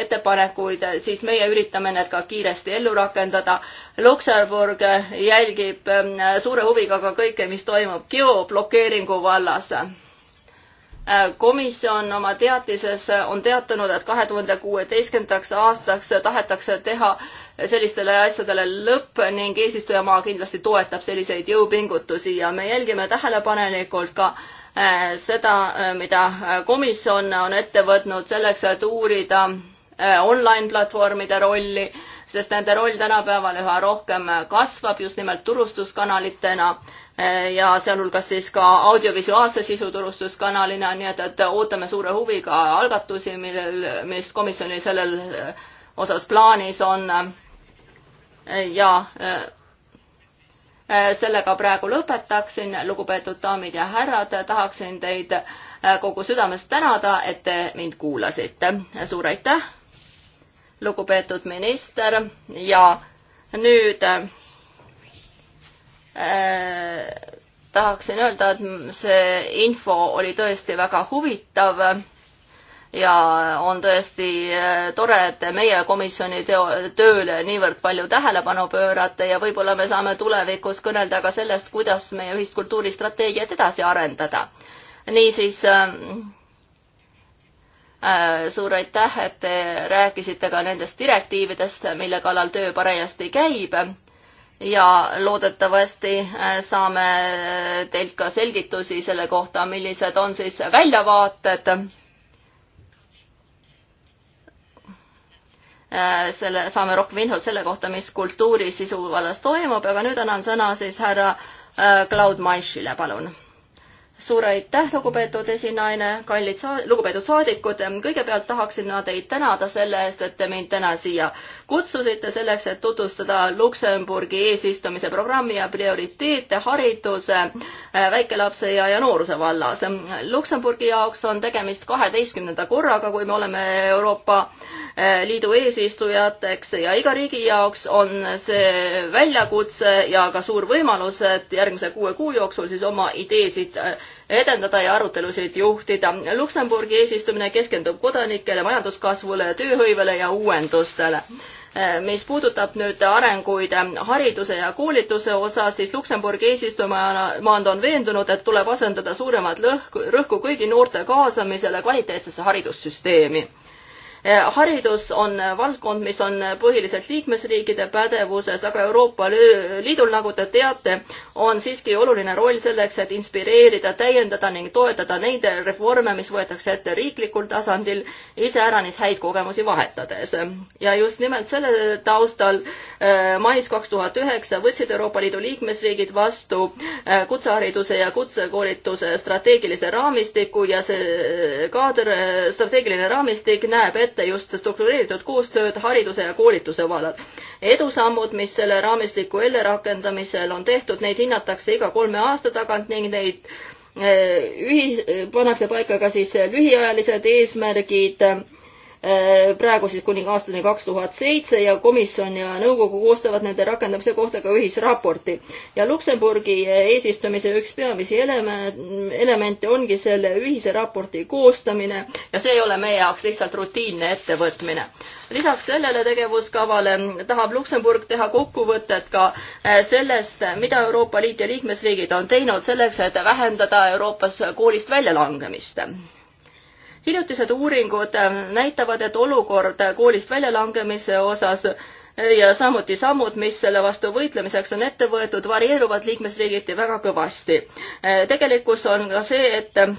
ettepanekuid, siis meie üritame need ka kiiresti ellu rakendada. Luksemburg jälgib suure huviga ka kõike, mis toimub geoblokeeringu vallas Äh, komisjon oma teatises on teatanud, et kahe tuhande kuueteistkümnendaks aastaks tahetakse teha sellistele asjadele lõpp ning eesistujamaa kindlasti toetab selliseid jõupingutusi ja me jälgime tähelepanelikult ka äh, seda, äh, mida komisjon on ette võtnud selleks, et uurida online platvormide rolli, sest nende roll tänapäeval üha rohkem kasvab just nimelt turustuskanalitena Eh, ja sealhulgas siis ka audiovisuaalse sisuturustuskanalina, nii et, et ootame suure huviga algatusi, millel, mis komisjonil sellel eh, osas plaanis on. Eh, ja sellega praegu lõpetaksin, lugupeetud daamid ja härrad, tahaksin teid kogu südamest tänada, et te mind kuulasite. suur aitäh, lugupeetud minister ja nüüd Äh, tahaksin öelda, et see info oli tõesti väga huvitav ja on tõesti äh, tore, et te meie komisjoni teo, tööle niivõrd palju tähelepanu pöörate ja võib-olla me saame tulevikus kõnelda ka sellest, kuidas meie ühist kultuuristrateegiat edasi arendada. niisiis äh, äh, suur aitäh, et te rääkisite ka nendest direktiividest, mille kallal töö parajasti käib ja loodetavasti äh, saame äh, teilt ka selgitusi selle kohta, millised on siis väljavaated äh, selle, saame rohkem infot selle kohta, mis kultuuri sisu vallas toimub, aga nüüd annan sõna siis härra Cloud Maischile, palun suur aitäh, lugupeetud esinaine, kallid saa-, lugupeetud saadikud, kõigepealt tahaksin ma teid tänada selle eest, et te mind täna siia kutsusite selleks, et tutvustada Luksemburgi eesistumise programmi ja prioriteete hariduse Äh, väikelapse ja, ja nooruse vallas. Luksemburgi jaoks on tegemist kaheteistkümnenda korraga, kui me oleme Euroopa äh, Liidu eesistujateks ja iga riigi jaoks on see väljakutse ja ka suur võimalus, et järgmise kuue kuu jooksul siis oma ideesid äh, edendada ja arutelusid juhtida. Luksemburgi eesistumine keskendub kodanikele, majanduskasvule, tööhõivele ja uuendustele Äh, mis puudutab nüüd arenguid äh, hariduse ja koolituse osas, siis Luksemburgi eesistujamaand on veendunud, et tuleb asendada suuremat lõhku, rõhku kõigi noorte kaasamisele kvaliteetsesse haridussüsteemi Eh, haridus on eh, valdkond, mis on eh, põhiliselt liikmesriikide pädevuses, aga Euroopa Liidul, nagu te teate, on siiski oluline roll selleks, et inspireerida, täiendada ning toetada neid reforme, mis võetakse ette riiklikul tasandil, iseäranis häid kogemusi vahetades. ja just nimelt selle taustal mais kaks tuhat üheksa võtsid Euroopa Liidu liikmesriigid vastu kutsehariduse ja kutsekoolituse strateegilise raamistiku ja see kaader, strateegiline raamistik näeb ette, ette just struktureeritud koostööd hariduse ja koolituse vallal. edusammud, mis selle raamistiku ellerakendamisel on tehtud, neid hinnatakse iga kolme aasta tagant ning neid eh, ühi-, pannakse paika ka siis lühiajalised eesmärgid Äh, praegu siis kuni aastani kaks tuhat seitse ja komisjon ja nõukogu koostavad nende rakendamise kohta ka ühisraporti. ja Luksemburgi eesistumise üks peamisi elemente, elemente ongi selle ühise raporti koostamine ja see ei ole meie jaoks lihtsalt rutiinne ettevõtmine. lisaks sellele tegevuskavale tahab Luksemburg teha kokkuvõtet ka äh, sellest, mida Euroopa Liit ja liikmesriigid on teinud selleks, et vähendada Euroopas koolist väljalangemist hiljutised uuringud ähm, näitavad, et olukord koolist väljalangemise osas äh, ja samuti sammud, mis selle vastu võitlemiseks on ette võetud, varieeruvad liikmesriigiti väga kõvasti. Äh, tegelikkus on ka see, et äh,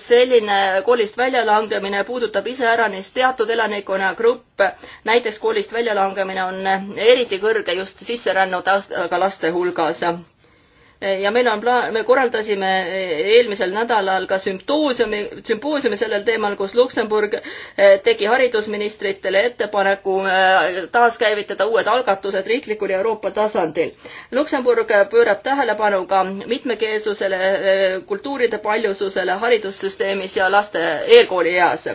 selline koolist väljalangemine puudutab iseäranis teatud elanikkonnagruppe, näiteks koolist väljalangemine on eriti kõrge just sisserännu taustaga laste hulgas ja meil on plaan, me korraldasime eelmisel nädalal ka sümpoosiumi, sümpoosiumi sellel teemal, kus Luksemburg eh, tegi haridusministritele ettepaneku eh, taaskäivitada uued algatused riiklikul ja Euroopa tasandil. Luksemburg pöörab tähelepanu ka mitmekeelsusele, eh, kultuuride paljususele haridussüsteemis ja laste eelkoolieas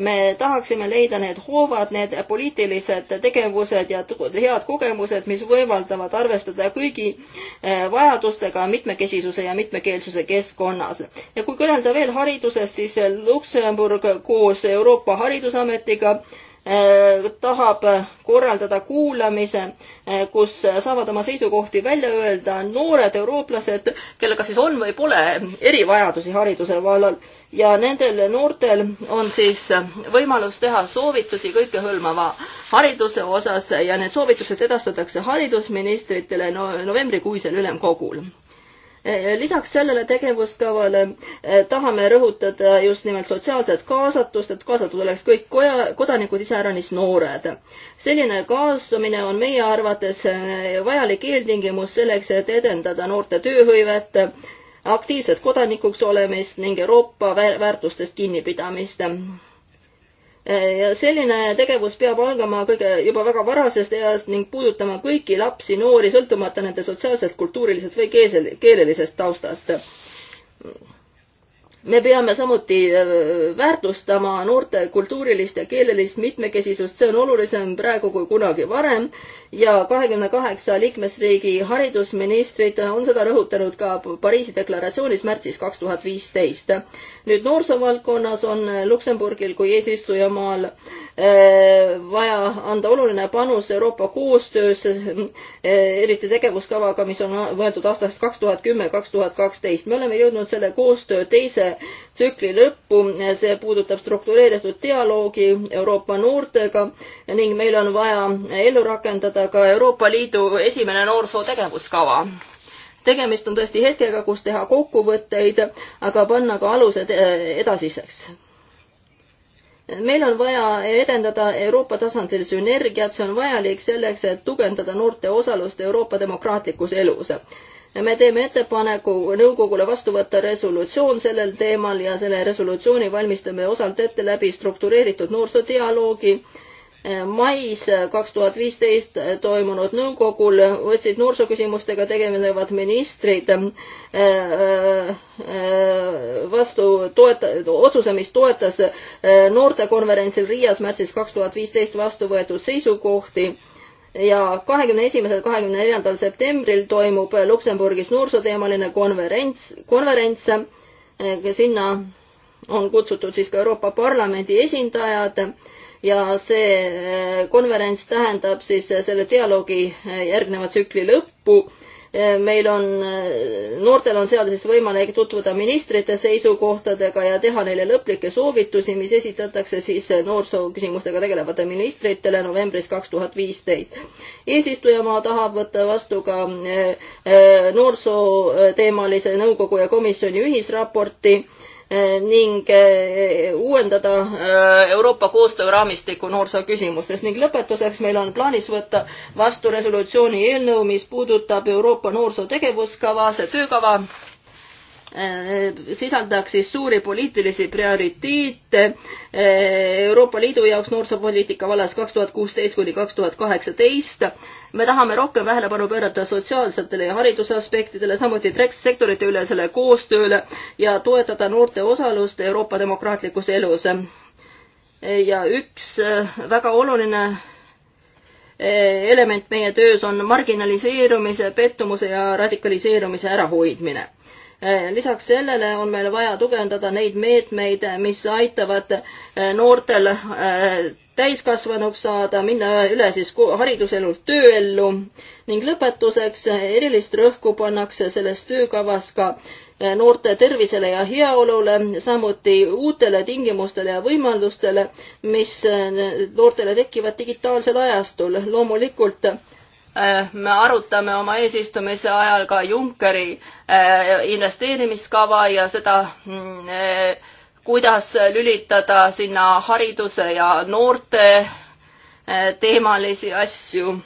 me tahaksime leida need hoovad, need poliitilised tegevused ja head kogemused, mis võimaldavad arvestada kõigi eh, vajadustega mitmekesisuse ja mitmekeelsuse keskkonnas. ja kui kõnelda veel haridusest, siis Luksemburg koos Euroopa Haridusametiga Äh, tahab korraldada kuulamise, äh, kus saavad oma seisukohti välja öelda noored eurooplased, kellega siis on või pole erivajadusi hariduse vallal ja nendel noortel on siis võimalus teha soovitusi kõikehõlmava hariduse osas ja need soovitused edastatakse haridusministritele no novembrikuisel ülemkogul Eh, lisaks sellele tegevuskavale eh, tahame rõhutada just nimelt sotsiaalset kaasatust, et kaasatud oleks kõik koja, kodanikud, iseäranis noored. selline kaasumine on meie arvates eh, vajalik eeltingimus selleks, et edendada noorte tööhõivet, aktiivset kodanikuks olemist ning Euroopa väärtustest kinnipidamist ja selline tegevus peab algama kõige, juba väga varasest east ning puudutama kõiki lapsi, noori, sõltumata nende sotsiaalsest, kultuurilisest või keesel, keelelisest taustast. me peame samuti äh, väärtustama noorte kultuurilist ja keelelist mitmekesisust, see on olulisem praegu kui kunagi varem ja kahekümne kaheksa liikmesriigi haridusministrid on seda rõhutanud ka Pariisi deklaratsioonis märtsis kaks tuhat viisteist. nüüd noorsoovaldkonnas on Luksemburgil kui eesistujamaal eh, vaja anda oluline panus Euroopa koostöösse, eh, eriti tegevuskavaga, mis on mõeldud aastast kaks tuhat kümme, kaks tuhat kaksteist. me oleme jõudnud selle koostöö teise tsükli lõppu. see puudutab struktureeritud dialoogi Euroopa noortega ning meil on vaja ellu rakendada ka Euroopa Liidu esimene noorsootegevuskava tegemist on tõesti hetkega, kus teha kokkuvõtteid, aga panna ka alused eh, edasiseks meil on vaja edendada Euroopa tasandil sünergiat, see on vajalik selleks, et tugevdada noorte osalust Euroopa demokraatlikus elus me teeme ettepaneku nõukogule vastu võtta resolutsioon sellel teemal ja selle resolutsiooni valmistame osalt ette läbi struktureeritud noorsoodialoogi. mais kaks tuhat viisteist toimunud nõukogul võtsid noorsooküsimustega tegelevad ministrid äh, äh, vastu toeta-, otsuse, mis toetas äh, noortekonverentsil Riias märtsis kaks tuhat viisteist vastu võetud seisukohti ja kahekümne esimesel, kahekümne neljandal septembril toimub Luksemburgis noorsooteemaline konverents, konverents. Eh, sinna on kutsutud siis ka Euroopa Parlamendi esindajad ja see eh, konverents tähendab siis selle dialoogi eh, järgneva tsükli lõppu Eh, meil on, eh, noortel on seal siis võimalik tutvuda ministrite seisukohtadega ja teha neile lõplikke soovitusi, mis esitatakse siis eh, noorsooküsimustega tegelevate ministritele novembris kaks tuhat viisteist. eesistujamaa tahab võtta vastu ka noorsooteemalise nõukogu ja komisjoni ühisraporti Eh, ning eh, uuendada eh, Euroopa koostööraamistiku noorsooküsimustes ning lõpetuseks meil on plaanis võtta vastu resolutsiooni eelnõu, mis puudutab Euroopa noorsootegevuskava, see töökava Äh, sisaldaks siis suuri poliitilisi prioriteete äh, Euroopa Liidu jaoks noorsoopoliitika vallas kaks tuhat kuusteist kuni kaks tuhat kaheksateist. me tahame rohkem tähelepanu pöörata sotsiaalsetele ja hariduse aspektidele, samuti sektorite ülesele koostööle ja toetada noorte osalust Euroopa demokraatlikus elus. Äh, ja üks väga oluline element meie töös on marginaliseerumise, pettumuse ja radikaliseerumise ärahoidmine Äh, lisaks sellele on meil vaja tugevdada neid meetmeid, mis aitavad äh, noortel äh, täiskasvanuks saada, minna üle siis hariduselult tööellu ning lõpetuseks erilist rõhku pannakse selles töökavas ka noorte tervisele ja heaolule, samuti uutele tingimustele ja võimalustele, mis noortele tekivad digitaalsel ajastul. loomulikult Äh, me arutame oma eesistumise ajal ka Junckeri äh, investeerimiskava ja seda, mm, äh, kuidas lülitada sinna hariduse ja noorte teemalisi asju.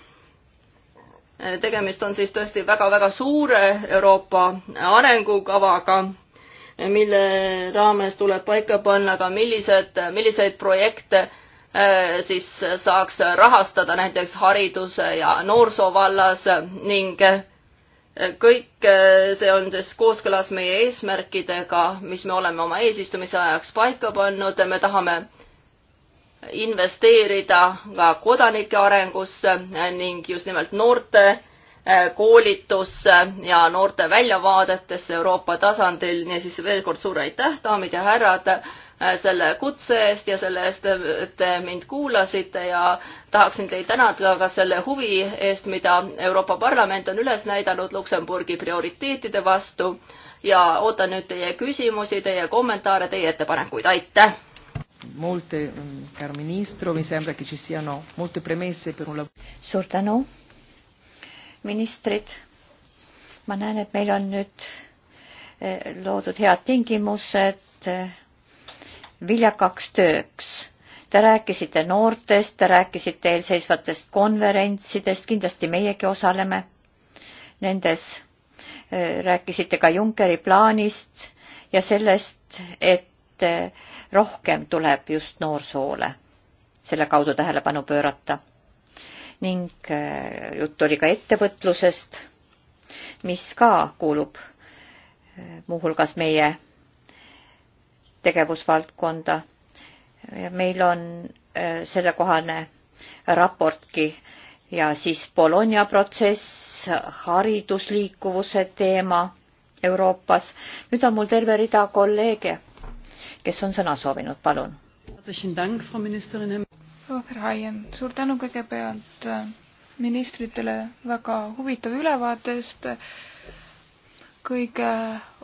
tegemist on siis tõesti väga-väga suure Euroopa arengukavaga mille raames tuleb paika panna ka millised, milliseid projekte Äh, siis saaks rahastada näiteks hariduse ja noorsoo vallas ning äh, kõik äh, see on siis kooskõlas meie eesmärkidega, mis me oleme oma eesistumise ajaks paika pannud, me tahame investeerida ka kodanike arengusse ning just nimelt noorte koolitusse ja noorte väljavaadetesse Euroopa tasandil, niisiis veel kord suur aitäh, daamid ja härrad Äh, selle kutse eest ja selle eest, et te mind kuulasite ja tahaksin teid tänada ka selle huvi eest, mida Euroopa Parlament on üles näidanud Luksemburgi prioriteetide vastu ja ootan nüüd teie küsimusi, teie kommentaare, teie ettepanekuid, aitäh! Molte, mm, caro ministro, mi sembra che ci siano molte premesse per un lavoro. suur tänu, ministrid. ma näen, et meil on nüüd eh, loodud head tingimused eh, viljakaks tööks. Te rääkisite noortest, te rääkisite eelseisvatest konverentsidest, kindlasti meiegi osaleme nendes. rääkisite ka Junckeri plaanist ja sellest, et rohkem tuleb just noorsoole selle kaudu tähelepanu pöörata. ning äh, jutt oli ka ettevõtlusest, mis ka kuulub äh, muuhulgas meie tegevusvaldkonda. meil on äh, sellekohane raportki ja siis Bologna protsess, haridusliikuvuse teema Euroopas. nüüd on mul terve rida kolleege, kes on sõna soovinud, palun. suur tänu kõigepealt ministritele väga huvitava ülevaate eest kõige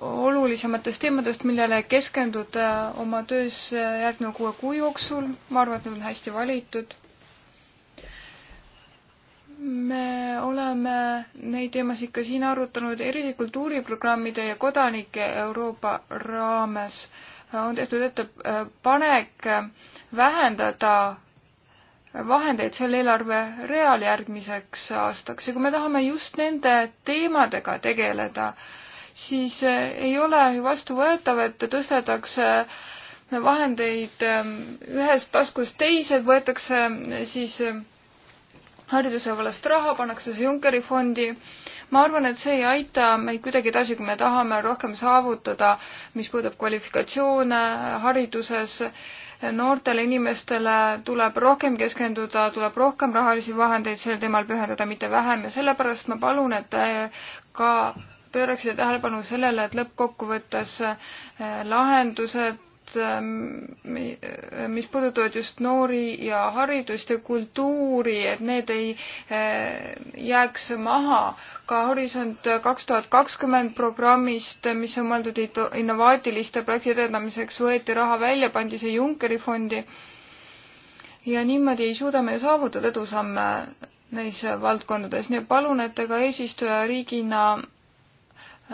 olulisematest teemadest, millele keskenduda äh, oma töös äh, järgneva kuue kuu jooksul. ma arvan, et need on hästi valitud. me oleme neid teemasid ka siin arutanud eriti kultuuriprogrammide ja kodanike Euroopa raames. Äh, on tehtud ettepanek vähendada vahendeid selle eelarve real järgmiseks aastaks ja kui me tahame just nende teemadega tegeleda, siis eh, ei ole ju vastuvõetav, et tõstetakse eh, vahendeid eh, ühest taskust teise, võetakse siis hariduse vallast raha, pannakse see Junckeri fondi. ma arvan, et see ei aita meid kuidagi edasi, kui me tahame rohkem saavutada, mis puudutab kvalifikatsioone hariduses. noortele inimestele tuleb rohkem keskenduda, tuleb rohkem rahalisi vahendeid sel teemal pühendada, mitte vähem ja sellepärast ma palun, et ka pööraksid tähelepanu sellele, et lõppkokkuvõttes eh, lahendused, eh, eh, mis puudutavad just noori ja haridust ja kultuuri, et need ei jääks maha ka Horisont kaks tuhat kakskümmend programmist, mis on mõeldud innovaatiliste projektide edendamiseks, võeti raha välja, pandi see Junckeri fondi. ja niimoodi ei suuda me ju saavutada edusamme neis valdkondades, nii et palun, et te ka eesistujariigina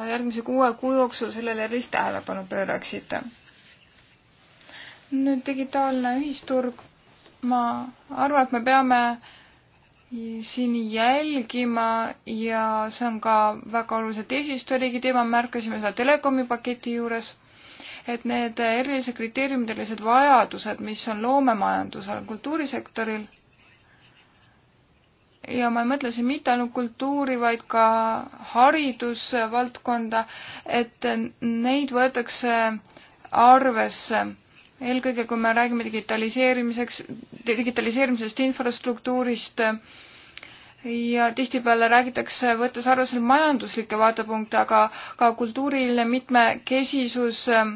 järgmise kuue kuu jooksul sellele erilist tähelepanu pööraksite. nüüd digitaalne ühisturg. ma arvan, et me peame siin jälgima ja see on ka väga oluliselt eesistujariigi teema, märkasime seda telekomi paketi juures, et need erilised kriteeriumid, erilised vajadused, mis on loomemajandusel, kultuurisektoril ja ma ei mõtle siin mitte ainult kultuuri, vaid ka haridusvaldkonda, et neid võetakse arvesse. eelkõige, kui me räägime digitaliseerimiseks, digitaliseerimisest, infrastruktuurist ja tihtipeale räägitakse, võttes arvesse majanduslikke vaatepunkte, aga ka kultuuriline mitmekesisus ähm,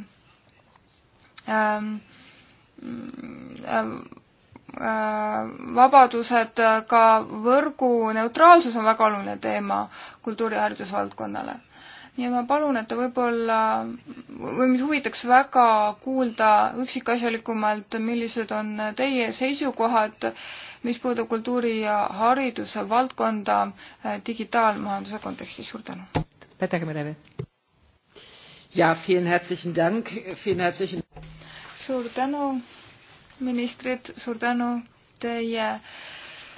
ähm, Äh, vabadused, äh, ka võrgu neutraalsus on väga oluline teema kultuuri- ja haridusvaldkonnale. nii et ma palun, et te võib-olla, või mind huvitaks väga kuulda üksikasjalikumalt, millised on teie seisukohad, mis puudub kultuuri ja hariduse valdkonda äh, digitaalmajanduse kontekstis. suur tänu! suur tänu! ministrid, suur tänu teie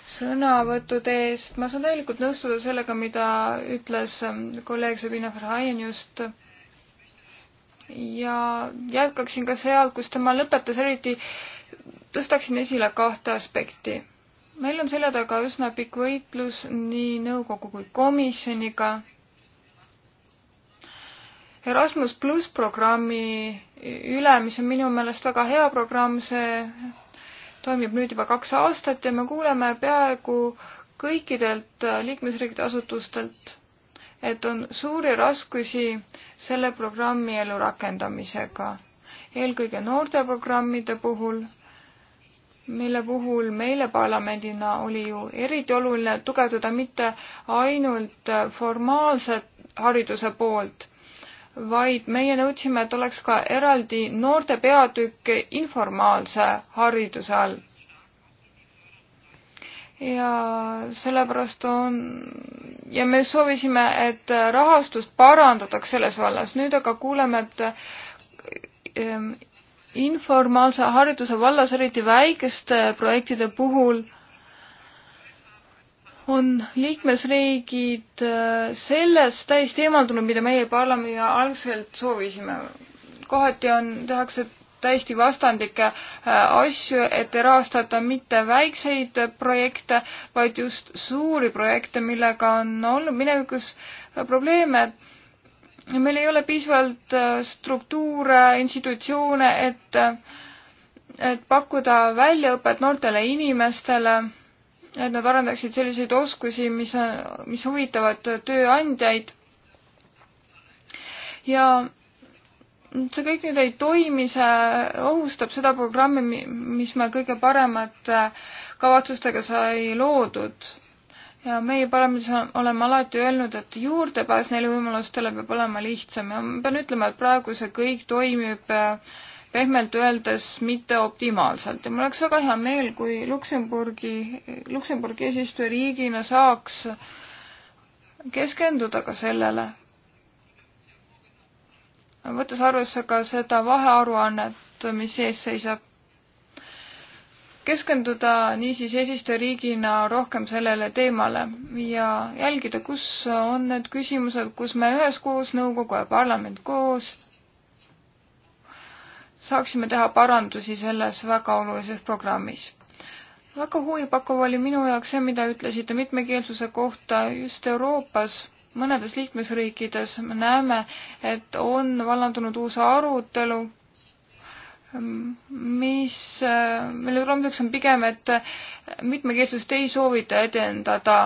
sõnavõttude eest. ma saan täielikult nõustuda sellega, mida ütles ähm, kolleeg Sabina Farhaien just. ja jätkaksin ka seal, kus tema lõpetas, eriti tõstaksin esile kahte aspekti. meil on selja taga üsna pikk võitlus nii nõukogu kui komisjoniga Erasmus pluss programmi üle, mis on minu meelest väga hea programm, see toimib nüüd juba kaks aastat ja me kuuleme peaaegu kõikidelt liikmesriikide asutustelt, et on suuri raskusi selle programmi elu rakendamisega, eelkõige noorteprogrammide puhul, mille puhul meile parlamendina oli ju eriti oluline tugevdada mitte ainult formaalset hariduse poolt vaid meie nõudsime, et oleks ka eraldi noorte peatükk informaalse hariduse all. ja sellepärast on ja me soovisime, et rahastust parandataks selles vallas, nüüd aga kuuleme, et informaalse hariduse vallas, eriti väikeste projektide puhul on liikmesriigid äh, sellest täiesti eemaldunud, mida meie parlamendi algselt soovisime. kohati on, tehakse täiesti vastandlikke äh, asju, et ei rahastata mitte väikseid projekte, vaid just suuri projekte, millega on olnud minevikus äh, probleeme, et meil ei ole piisavalt struktuure, institutsioone, et, et pakkuda väljaõpet noortele inimestele et nad arendaksid selliseid oskusi, mis, mis huvitavad tööandjaid. ja see kõik nüüd ei toimi, see ohustab seda programmi, mis me kõige paremate äh, kavatsustega sai loodud. ja meie parlamendis oleme alati öelnud, et juurdepääs neile võimalustele peab olema lihtsam ja ma pean ütlema, et praegu see kõik toimib äh, pehmelt öeldes mitte optimaalselt ja mul oleks väga hea meel, kui Luksemburgi, Luksemburgi eesistujariigina saaks keskenduda ka sellele, võttes arvesse ka seda vahearuannet, mis ees seisab, keskenduda niisiis eesistujariigina rohkem sellele teemale ja jälgida, kus on need küsimused, kus me üheskoos, nõukogu ja parlament koos saaksime teha parandusi selles väga olulises programmis. väga huvipakkuv oli minu jaoks see, mida ütlesite mitmekeelsuse kohta just Euroopas mõnedes liikmesriikides me näeme, et on vallandunud uus arutelu, mis, mille tulemuseks on pigem, et mitmekeelsust ei soovita edendada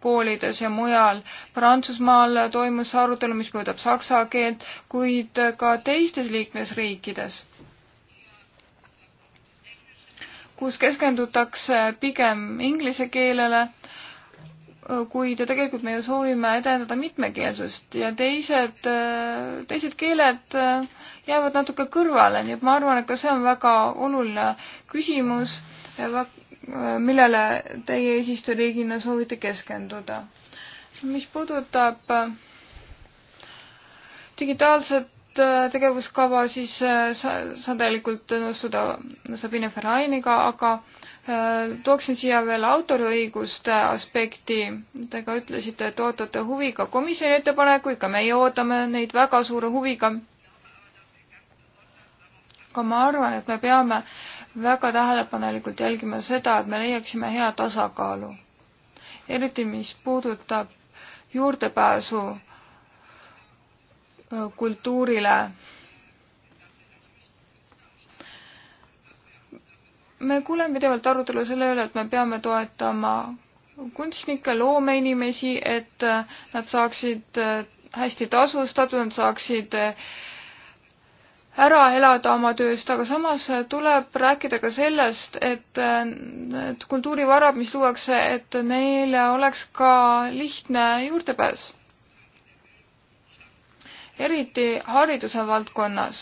koolides ja mujal. Prantsusmaal toimus arutelu, mis puudutab saksa keelt, kuid ka teistes liikmesriikides kus keskendutakse pigem inglise keelele, kuid tegelikult me ju soovime edendada mitmekeelsust ja teised, teised keeled jäävad natuke kõrvale, nii et ma arvan, et ka see on väga oluline küsimus, millele teie eesistujariigina soovite keskenduda. mis puudutab digitaalset Äh, tegevuskava, siis äh, saan täielikult nõustuda Sabine Ferrainiga, aga äh, tooksin siia veel autoriõiguste aspekti. Te ka ütlesite, et ootate huviga komisjoni ettepanekuid, ka meie ootame neid väga suure huviga. aga ma arvan, et me peame väga tähelepanelikult jälgima seda, et me leiaksime hea tasakaalu. eriti, mis puudutab juurdepääsu äh, Äh, kultuurile. me kuuleme pidevalt arutelu selle üle, et me peame toetama kunstnikke, loomeinimesi, et äh, nad saaksid äh, hästi tasustatud, nad saaksid ära elada oma tööst, aga samas tuleb rääkida ka sellest, et need kultuurivarad, mis luuakse, et neile oleks ka lihtne juurdepääs eriti hariduse valdkonnas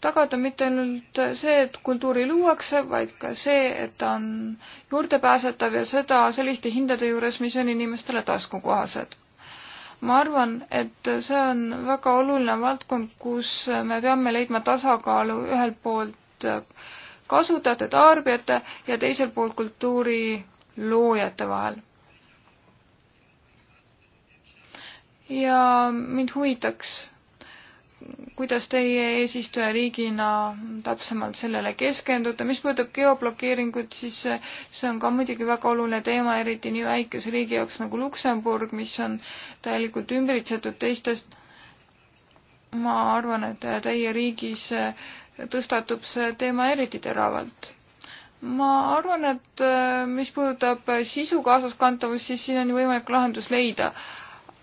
tagada mitte ainult see, et kultuuri luuakse, vaid ka see, et ta on juurdepääsetav ja seda selliste hindade juures, mis on inimestele taskukohased. ma arvan, et see on väga oluline valdkond, kus me peame leidma tasakaalu ühelt poolt kasutajate, tarbijate ja teiselt poolt kultuuri loojate vahel ja mind huvitaks, kuidas teie eesistujariigina täpsemalt sellele keskendute, mis puudutab geoblokeeringut, siis see on ka muidugi väga oluline teema, eriti nii väikese riigi jaoks nagu Luksemburg, mis on täielikult ümbritsetud teistest. ma arvan, et teie riigis tõstatub see teema eriti teravalt ma arvan, et mis puudutab sisu kaasaskantavust, siis siin on ju võimalik lahendus leida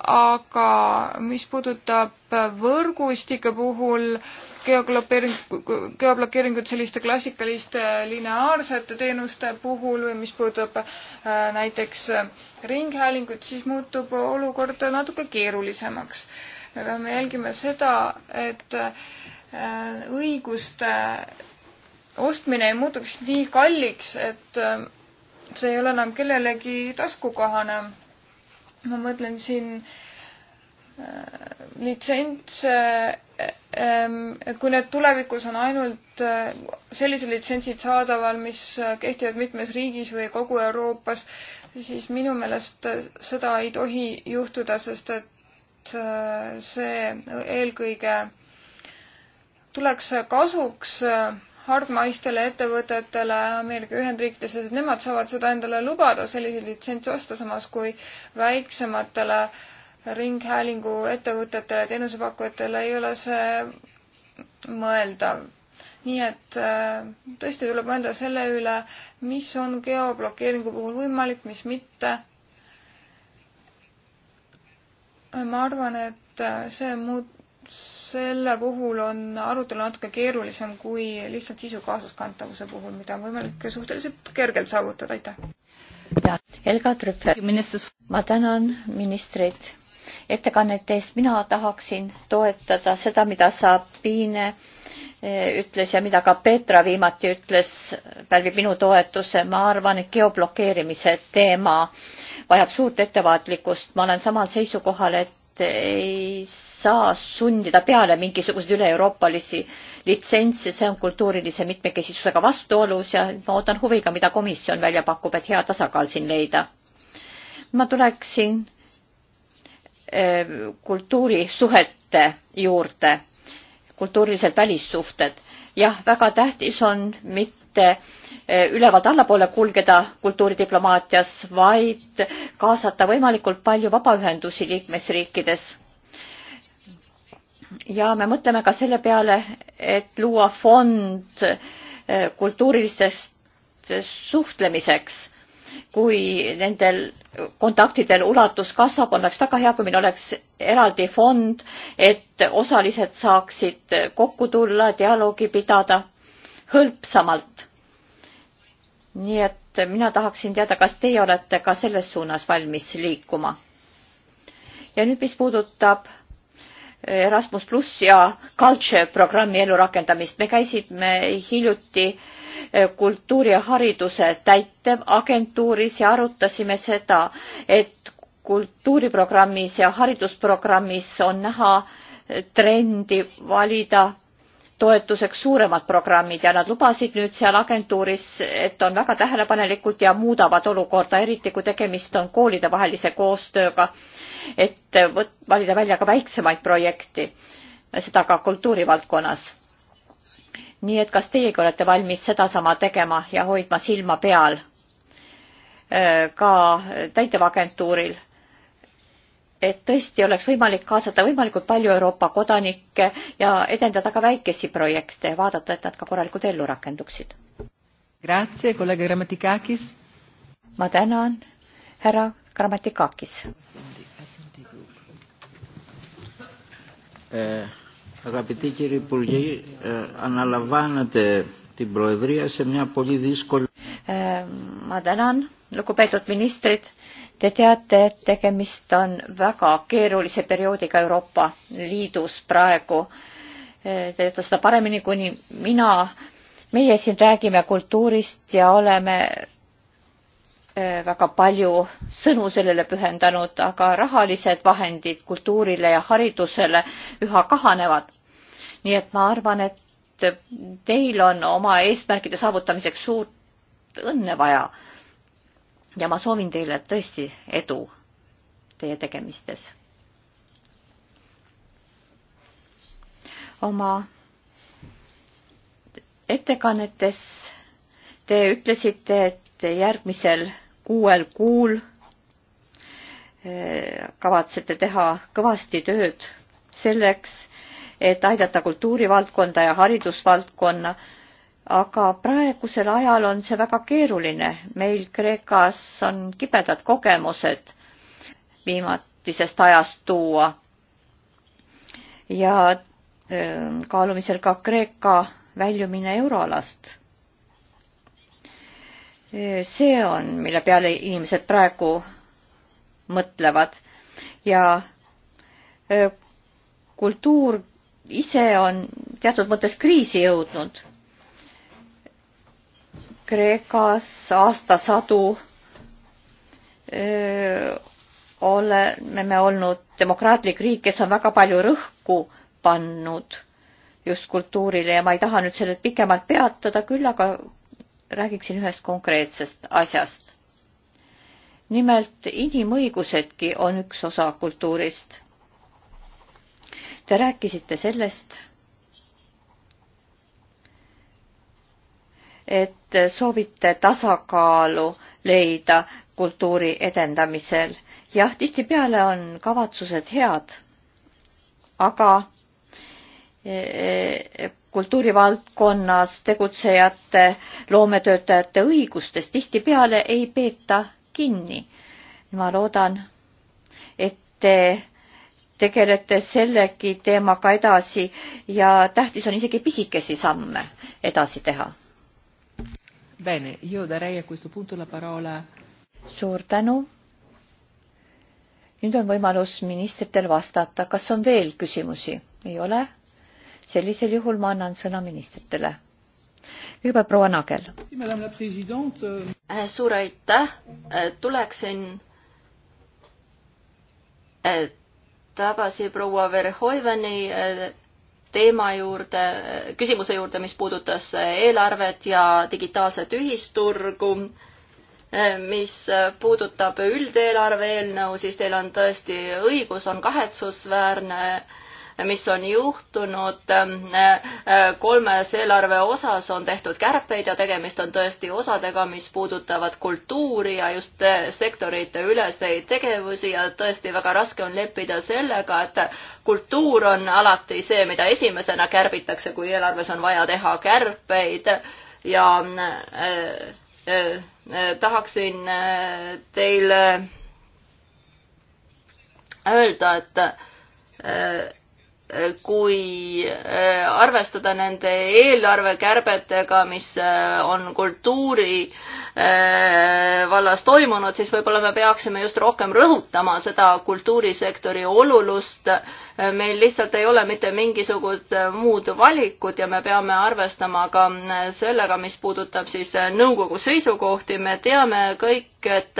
aga mis puudutab võrgustike puhul geoblokeeringut, geoblokeeringut selliste klassikaliste lineaarsete teenuste puhul või mis puudutab äh, näiteks äh, ringhäälingut, siis muutub olukord natuke keerulisemaks. me peame jälgima seda, et äh, õiguste ostmine ei muutuks nii kalliks, et see ei ole enam kellelegi taskukohane ma mõtlen siin äh, litsentse, äh, ähm, kui need tulevikus on ainult äh, sellised litsentsid saadaval, mis kehtivad mitmes riigis või kogu Euroopas, siis minu meelest seda ei tohi juhtuda, sest et see eelkõige tuleks kasuks hargmaistele ettevõtetele Ameerika Ühendriikides, sest nemad saavad seda endale lubada, selliseid litsentse osta, samas kui väiksematele ringhäälingu ettevõtetele, teenusepakkujatele ei ole see mõeldav. nii et äh, tõesti tuleb mõelda selle üle, mis on geoblokeeringu puhul võimalik, mis mitte. ma arvan, et äh, see muud-, selle puhul on arutelu natuke keerulisem kui lihtsalt sisu kaasaskantavuse puhul, mida on võimalik suhteliselt kergelt saavutada, aitäh. ja Helga Trüpper, ma tänan ministrit ettekannete eest, mina tahaksin toetada seda, mida Sabine eh, ütles ja mida ka Petra viimati ütles, pälvib minu toetuse, ma arvan, et geoblokeerimise teema vajab suurt ettevaatlikkust, ma olen samal seisukohal, et et ei saa sundida peale mingisuguseid üle-euroopalisi litsentse, see on kultuurilise mitmekesisusega vastuolus ja ma ootan huviga, mida komisjon välja pakub, et hea tasakaal siin leida. ma tuleksin äh, kultuurisuhete juurde, kultuurilised välissuhted. jah, väga tähtis on mitte mitte eh, ülevalt allapoole kulgeda kultuuridiplomaatias, vaid kaasata võimalikult palju vabaühendusi liikmesriikides. ja me mõtleme ka selle peale, et luua fond eh, kultuurilistest suhtlemiseks kui nendel kontaktidel ulatus kasvab, oleks väga hea, kui meil oleks eraldi fond, et osalised saaksid kokku tulla, dialoogi pidada hõlpsamalt. nii et mina tahaksin teada, kas teie olete ka selles suunas valmis liikuma. ja nüüd, mis puudutab Erasmus pluss ja Culture programmi elurakendamist. me käisime hiljuti kultuuri ja hariduse täitevagentuuris ja arutasime seda, et kultuuriprogrammis ja haridusprogrammis on näha trendi valida toetuseks suuremad programmid ja nad lubasid nüüd seal agentuuris, et on väga tähelepanelikud ja muudavad olukorda, eriti kui tegemist on koolidevahelise koostööga, et valida välja ka väiksemaid projekti, seda ka kultuurivaldkonnas. nii et kas teiegi olete valmis sedasama tegema ja hoidma silma peal äh, ka täitevagentuuril et tõesti oleks võimalik kaasata võimalikult palju Euroopa kodanikke ja edendada ka väikesi projekte ja vaadata, et nad ka korralikult ellu rakenduksid. Grazie, kolleeg Grammatikakis. ma tänan, härra Grammatikakis. Eh, αγαπητοί κύριοι Υπουργοί, ε, αναλαμβάνετε την Προεδρία σε μια πολύ δύσκολη... Ε, μα τανάν, λουκουπέτωτ μινίστριτ, Te teate, et tegemist on väga keerulise perioodiga Euroopa Liidus praegu. Te teate seda paremini kuni mina. meie siin räägime kultuurist ja oleme e, väga palju sõnu sellele pühendanud, aga rahalised vahendid kultuurile ja haridusele üha kahanevad. nii et ma arvan, et teil on oma eesmärkide saavutamiseks suurt õnne vaja ja ma soovin teile tõesti edu teie tegemistes. oma ettekannetes te ütlesite, et järgmisel kuuel kuul eh, kavatsete teha kõvasti tööd selleks, et aidata kultuurivaldkonda ja haridusvaldkonna aga praegusel ajal on see väga keeruline. meil Kreekas on kibedad kogemused viimatisest ajast tuua. ja kaalumisel ka Kreeka väljumine euroalast. see on, mille peale inimesed praegu mõtlevad ja kultuur ise on teatud mõttes kriisi jõudnud Kreekas aastasadu öö, oleme me olnud demokraatlik riik, kes on väga palju rõhku pannud just kultuurile ja ma ei taha nüüd sellel pikemalt peatada, küll aga räägiksin ühest konkreetsest asjast. nimelt inimõigusedki on üks osa kultuurist. Te rääkisite sellest, et soovite tasakaalu leida kultuuri edendamisel. jah, tihtipeale on kavatsused head, aga eh, kultuurivaldkonnas tegutsejate, loometöötajate õigustest tihtipeale ei peeta kinni. ma loodan, et te tegelete sellegi teemaga edasi ja tähtis on isegi pisikesi samme edasi teha Bene, io darei a questo punto la parola. suur tänu. nüüd on võimalus ministritel vastata, kas on veel küsimusi? ei ole? sellisel juhul ma annan sõna ministritele. kõigepealt proua Nagel. Äh, suur aitäh, äh, tuleksin äh, tagasi proua Verhoiveni teema juurde, küsimuse juurde, mis puudutas eelarvet ja digitaalset ühisturgu. mis puudutab üldeelarve eelnõu, siis teil on tõesti õigus, on kahetsusväärne mis on juhtunud. Ähm, äh, kolmes eelarve osas on tehtud kärpeid ja tegemist on tõesti osadega, mis puudutavad kultuuri ja just äh, sektorite üleseid tegevusi ja tõesti väga raske on leppida sellega, et kultuur on alati see, mida esimesena kärbitakse, kui eelarves on vaja teha kärpeid ja äh, äh, äh tahaksin teile öelda, et äh, kui äh, arvestada nende eelarvekärbetega, mis äh, on kultuuri äh, vallas toimunud, siis võib-olla me peaksime just rohkem rõhutama seda kultuurisektori olulust. meil lihtsalt ei ole mitte mingisugust muud valikut ja me peame arvestama ka sellega, mis puudutab siis nõukogu seisukohti. me teame kõik, risk, et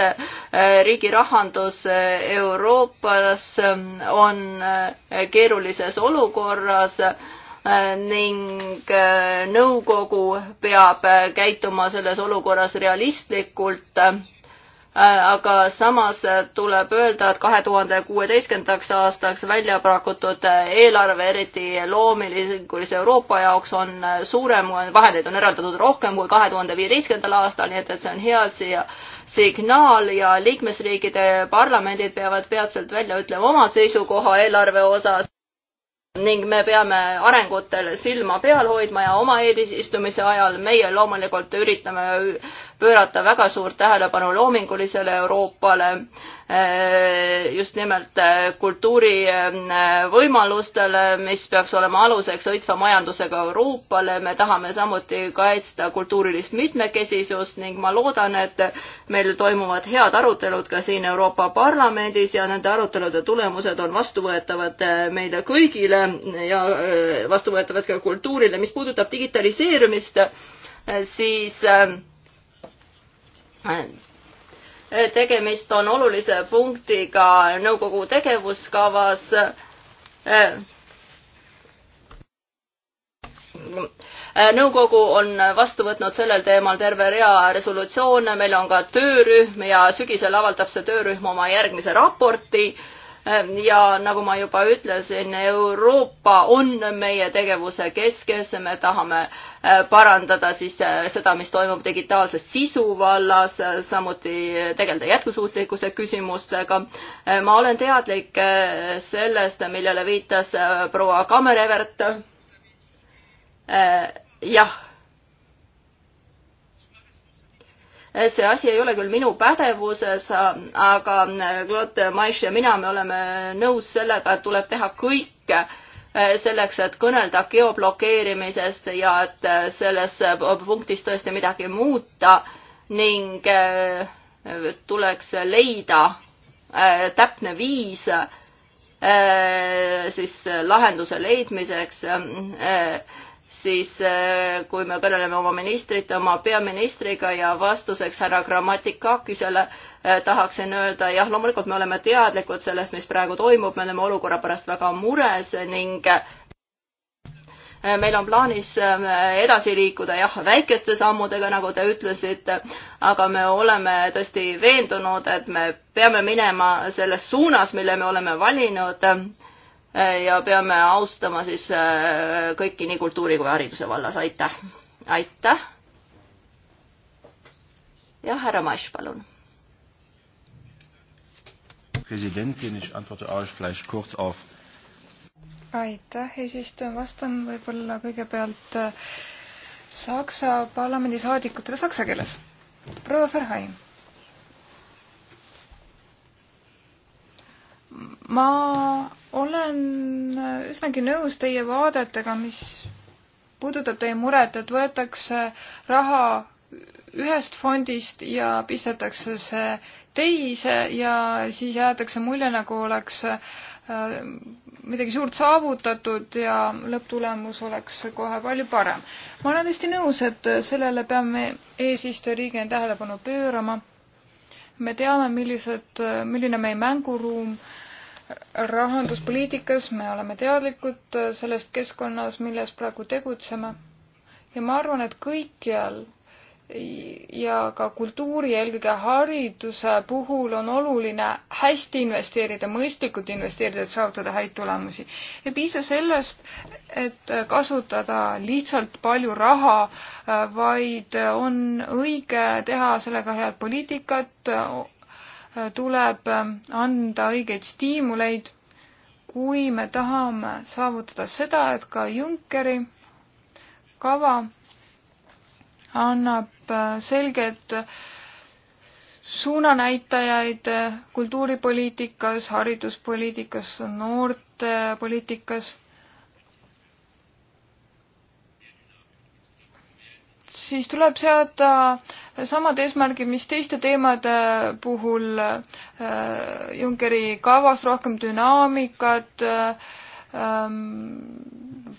äh, riigi rahandus äh, Euroopas ähm, on äh, keerulises olukorras ning nõukogu peab käituma selles olukorras realistlikult aga samas tuleb öelda, et kahe tuhande kuueteistkümnendaks aastaks välja pakutud eelarve, eriti loomingulis Euroopa jaoks, on suurem, vahendeid on eraldatud rohkem kui kahe tuhande viieteistkümnendal aastal, nii et, et see on hea siia signaal ja liikmesriikide parlamendid peavad peatselt välja ütlema oma seisukoha eelarve osas ning me peame arengutel silma peal hoidma ja oma eelistumise ajal meie loomulikult üritame pöörata väga suurt tähelepanu loomingulisele Euroopale äh, Äh, just nimelt äh, kultuurivõimalustele, äh, mis peaks olema aluseks õitsva majandusega Euroopale. me tahame samuti kaitsta kultuurilist mitmekesisust ning ma loodan, et meil toimuvad head arutelud ka siin Euroopa Parlamendis ja nende arutelude tulemused on vastuvõetavad meile kõigile ja vastuvõetavad ka kultuurile. mis puudutab digitaliseerimist, siis tegemist on olulise punktiga nõukogu tegevuskavas. nõukogu on vastu võtnud sellel teemal terve rea resolutsioone, meil on ka töörühm ja sügisel avaldab see töörühm oma järgmise raporti Äh, ja nagu ma juba ütlesin, Euroopa on meie tegevuse keskes, me tahame äh, parandada siis äh, seda, mis toimub digitaalses sisu vallas, samuti tegeleda jätkusuutlikkuse küsimustega. ma olen teadlik sellest, millele viitas proua Kammerevert. jah see asi ei ole küll minu pädevuses, aga Claude Maish ja mina, me oleme nõus sellega, et tuleb teha kõike eh, selleks, et kõnelda geoblokeerimisest ja et eh, selles eh, punktis tõesti midagi muuta ning tuleks leida täpne viis siis lahenduse leidmiseks siis äh, kui me kõneleme oma ministrit, oma peaministriga ja vastuseks härra Grammatikakisele äh, tahaksin öelda, jah, loomulikult me oleme teadlikud sellest, mis praegu toimub, me oleme olukorra pärast väga mures ning äh, meil on plaanis edasi liikuda jah, väikeste sammudega, nagu te ütlesite, aga me oleme tõesti veendunud, et me peame minema selles suunas, mille me oleme valinud Äh, ja peame austama siis äh, kõiki nii kultuuri kui hariduse vallas, aitäh. aitäh. jah, härra Maš, palun. presidentin, ich antworte auch vielleicht kurz auf. aitäh, eesistuja, vastan võib-olla kõigepealt äh, Saksa parlamendi saadikutele saksa keeles. proua Verheim ma olen üsnagi nõus teie vaadetega, mis puudutab teie muret, et võetakse raha ühest fondist ja pistetakse see teise ja siis jäetakse mulje, nagu oleks äh, midagi suurt saavutatud ja lõpptulemus oleks kohe palju parem. ma olen hästi nõus, et sellele peame eesistujariigina tähelepanu pöörama. me teame, millised, milline meie mänguruum äh, rahanduspoliitikas, me oleme teadlikud äh, sellest keskkonnas, milles praegu tegutseme. ja ma arvan, et kõikjal ja ka kultuuri, eelkõige hariduse puhul on oluline hästi investeerida, mõistlikult investeerida, et saavutada häid tulemusi. ei piisa sellest, et kasutada lihtsalt palju raha, äh, vaid on õige teha sellega head poliitikat, tuleb äh, anda õigeid stiimuleid, kui me tahame saavutada seda, et ka Junckeri kava annab äh, selged suunanäitajaid äh, kultuuripoliitikas, hariduspoliitikas, noortepoliitikas siis tuleb seada samad eesmärgid, mis teiste teemade puhul äh, Junckeri kavas, rohkem dünaamikat, ähm,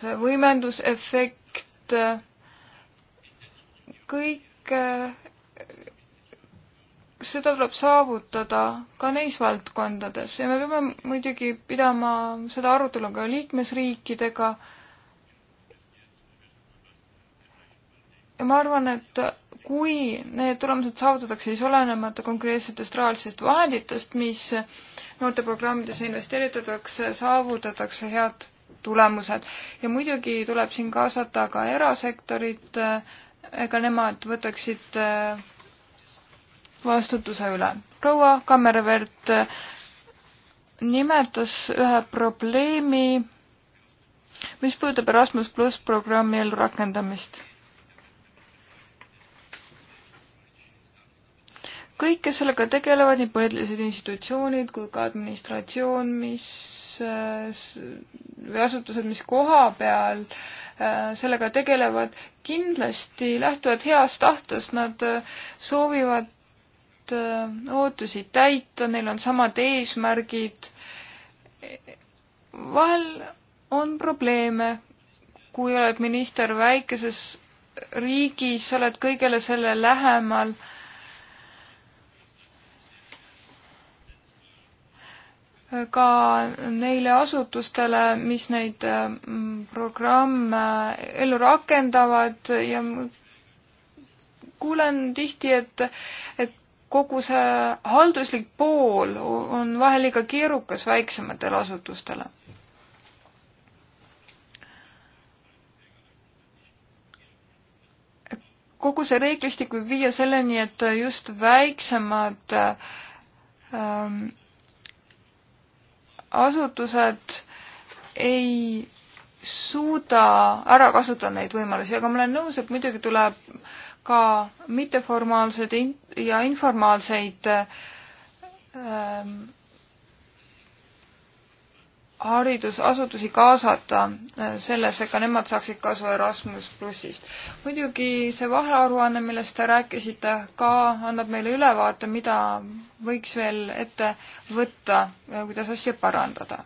see võimendusefekt, kõik äh, seda tuleb saavutada ka neis valdkondades ja me peame muidugi pidama seda arutelu ka liikmesriikidega ja ma arvan, et kui need tulemused saavutatakse, siis olenemata konkreetsetest rahalistest vahenditest, mis noorteprogrammidesse investeeritakse, saavutatakse head tulemused. ja muidugi tuleb siin kaasata ka erasektorit, ega nemad võtaksid äh, vastutuse üle. proua Kammervert äh, nimetas ühe probleemi, mis puudutab Erasmus pluss programmi ellurakendamist kõik, kes sellega tegelevad, nii poliitilised institutsioonid kui ka administratsioon, mis äh, või asutused, mis koha peal äh, sellega tegelevad, kindlasti lähtuvad heast tahtest, nad äh, soovivad ootusi täita, neil on samad eesmärgid. vahel on probleeme, kui oled minister väikeses riigis, sa oled kõigele selle lähemal ka neile asutustele, mis neid äh, programme äh, ellu rakendavad ja kuulen tihti, et, et kogu see halduslik pool on vahel liiga keerukas väiksematele asutustele. kogu see reeglistik võib viia selleni, et just väiksemad äh, ähm, asutused ei suuda ära kasutada neid võimalusi, aga ma olen nõus, et muidugi tuleb ka mitteformaalseid ja informaalseid ähm, haridusasutusi kaasata äh, sellesse, ka nemad saaksid kasu Erasmus plussist. muidugi see vahearuanne, millest te rääkisite, ka annab meile ülevaate, mida võiks veel ette võtta ja kuidas asja parandada.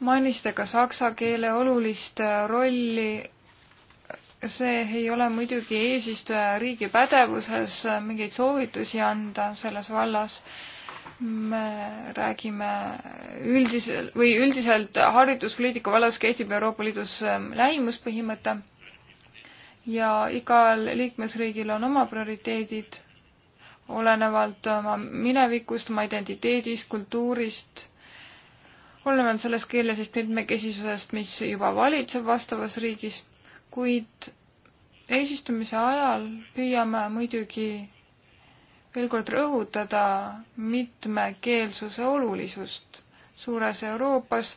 mainisite ka saksa keele olulist rolli. see ei ole muidugi eesistuja riigi pädevuses mingeid soovitusi anda selles vallas me räägime üldisel või üldiselt hariduspoliitika vallas kehtib Euroopa Liidus ähm, lähimuspõhimõte ja igal liikmesriigil on oma prioriteedid, olenevalt oma minevikust, oma identiteedist, kultuurist, olenevalt sellest keelesest mitmekesisusest, mis juba valitseb vastavas riigis, kuid eesistumise ajal püüame muidugi veel kord rõhutada mitmekeelsuse olulisust suures Euroopas,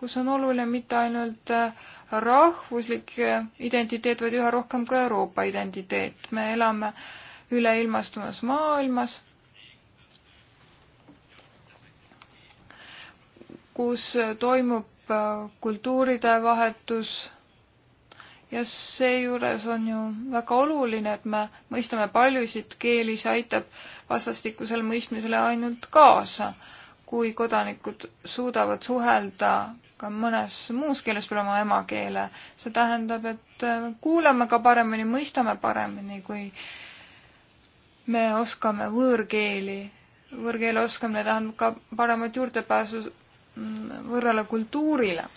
kus on oluline mitte ainult äh, rahvuslik äh, identiteet, vaid üha rohkem ka Euroopa identiteet. me elame üleilmastumas maailmas, kus toimub äh, kultuuride vahetus ja seejuures on ju väga oluline, et me mõistame paljusid keeli, see aitab vastastikusele mõistmisele ainult kaasa. kui kodanikud suudavad suhelda ka mõnes muus keeles peale oma emakeele, see tähendab, et kuuleme ka paremini, mõistame paremini, kui me oskame võõrkeeli. võõrkeele oskamine tähendab ka paremat juurdepääsu mm, võrrele kultuurile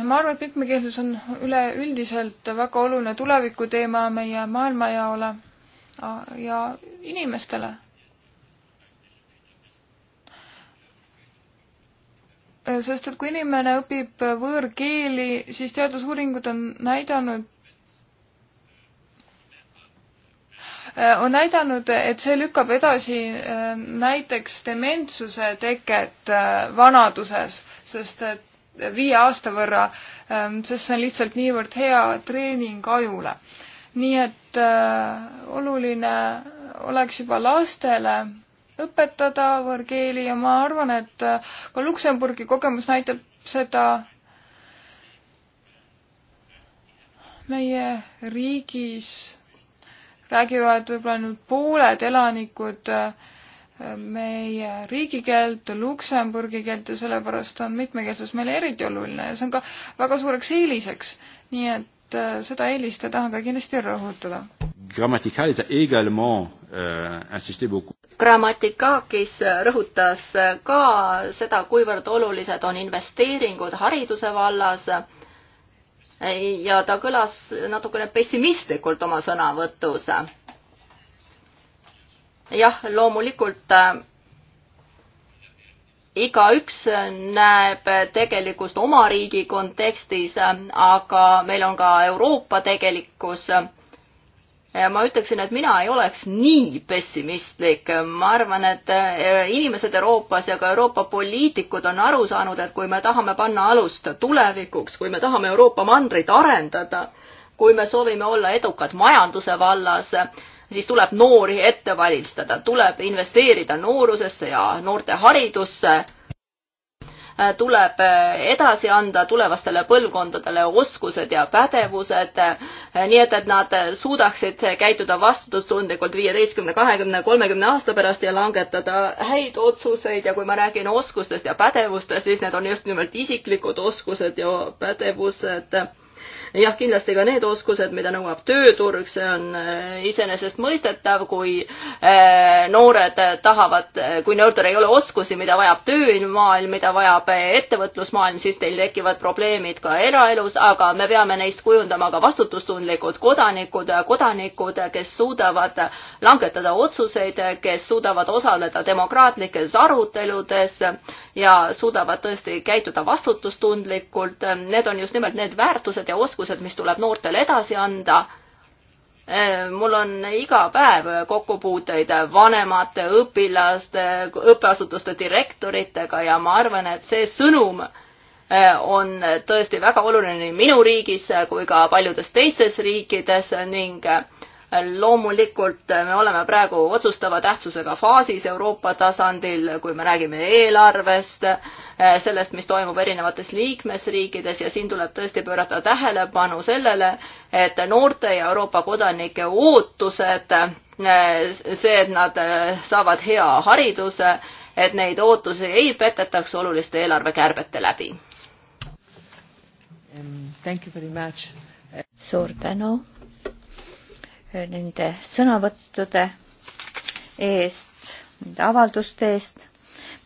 ja ma arvan, et mitmekeelsus on üleüldiselt väga oluline tulevikuteema meie maailmajaole ja inimestele. sest et kui inimene õpib võõrkeeli, siis teadusuuringud on näidanud, on näidanud, et see lükkab edasi eh, näiteks dementsuse teket eh, vanaduses, sest et viie aasta võrra, ähm, sest see on lihtsalt niivõrd hea treening ajule. nii et äh, oluline oleks juba lastele õpetada võõrkeeli ja ma arvan, et äh, ka Luksemburgi kogemus näitab seda meie riigis räägivad võib-olla ainult pooled elanikud äh, meie riigikeelt, Luksemburgi keelt ja sellepärast on mitmekeelsus meile eriti oluline ja see on ka väga suureks eeliseks. nii et äh, seda eelist ja tahan ka kindlasti rõhutada. Grammatikakis äh, rõhutas ka seda, kuivõrd olulised on investeeringud hariduse vallas ja ta kõlas natukene pessimistlikult oma sõnavõtus jah, loomulikult äh, igaüks näeb tegelikkust oma riigi kontekstis, äh, aga meil on ka Euroopa tegelikkus. ma ütleksin, et mina ei oleks nii pessimistlik. ma arvan, et äh, inimesed Euroopas ja ka Euroopa poliitikud on aru saanud, et kui me tahame panna alust tulevikuks, kui me tahame Euroopa mandrit arendada, kui me soovime olla edukad majanduse vallas, siis tuleb noori ette valmistada, tuleb investeerida noorusesse ja noorte haridusse, tuleb edasi anda tulevastele põlvkondadele oskused ja pädevused, nii et, et nad suudaksid käituda vastutustundlikult viieteistkümne, kahekümne, kolmekümne aasta pärast ja langetada häid otsuseid ja kui ma räägin oskustest ja pädevustest, siis need on just nimelt isiklikud oskused ja pädevused jah, kindlasti ka need oskused, mida nõuab tööturg, see on äh, iseenesestmõistetav, kui äh, noored tahavad, kui noortel ei ole oskusi, mida vajab töömaailm, mida vajab äh, ettevõtlusmaailm, siis teil tekivad probleemid ka eraelus, aga me peame neist kujundama ka vastutustundlikud kodanikud, kodanikud, kes suudavad langetada otsuseid, kes suudavad osaleda demokraatlikes aruteludes ja suudavad tõesti käituda vastutustundlikult. Need on just nimelt need väärtused ja oskused, mis tuleb noortele edasi anda mul on iga päev kokkupuuteid vanemate, õpilaste, õppeasutuste direktoritega ja ma arvan, et see sõnum eh, on tõesti väga oluline nii minu riigis kui ka paljudes teistes riikides ning äh, loomulikult eh, me oleme praegu otsustava tähtsusega faasis Euroopa tasandil, kui me räägime eelarvest, eh, sellest, mis toimub erinevates liikmesriikides ja siin tuleb tõesti pöörata tähelepanu sellele, et noorte ja Euroopa kodanike ootused, eh, see, et nad saavad hea hariduse, et neid ootusi ei petetaks oluliste eelarvekärbete läbi. Um, suur tänu nende sõnavõttude eest, nende avalduste eest.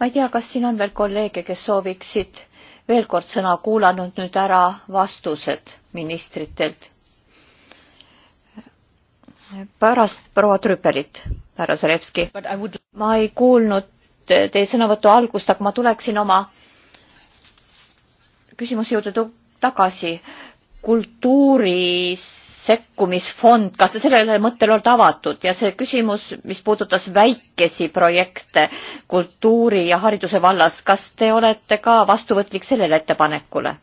ma ei tea, kas siin on veel kolleege, kes sooviksid veel kord sõna kuulanud nüüd ära vastused ministritelt. pärast proua Trüpelit, härra Zalevski. Would... ma ei kuulnud teie sõnavõtu algust, aga ma tuleksin oma küsimuse juurde tagasi kultuuri sekkumisfond, kas te sellele mõttele olete avatud ja see küsimus, mis puudutas väikesi projekte kultuuri ja hariduse vallas, kas te olete ka vastuvõtlik sellele ettepanekule?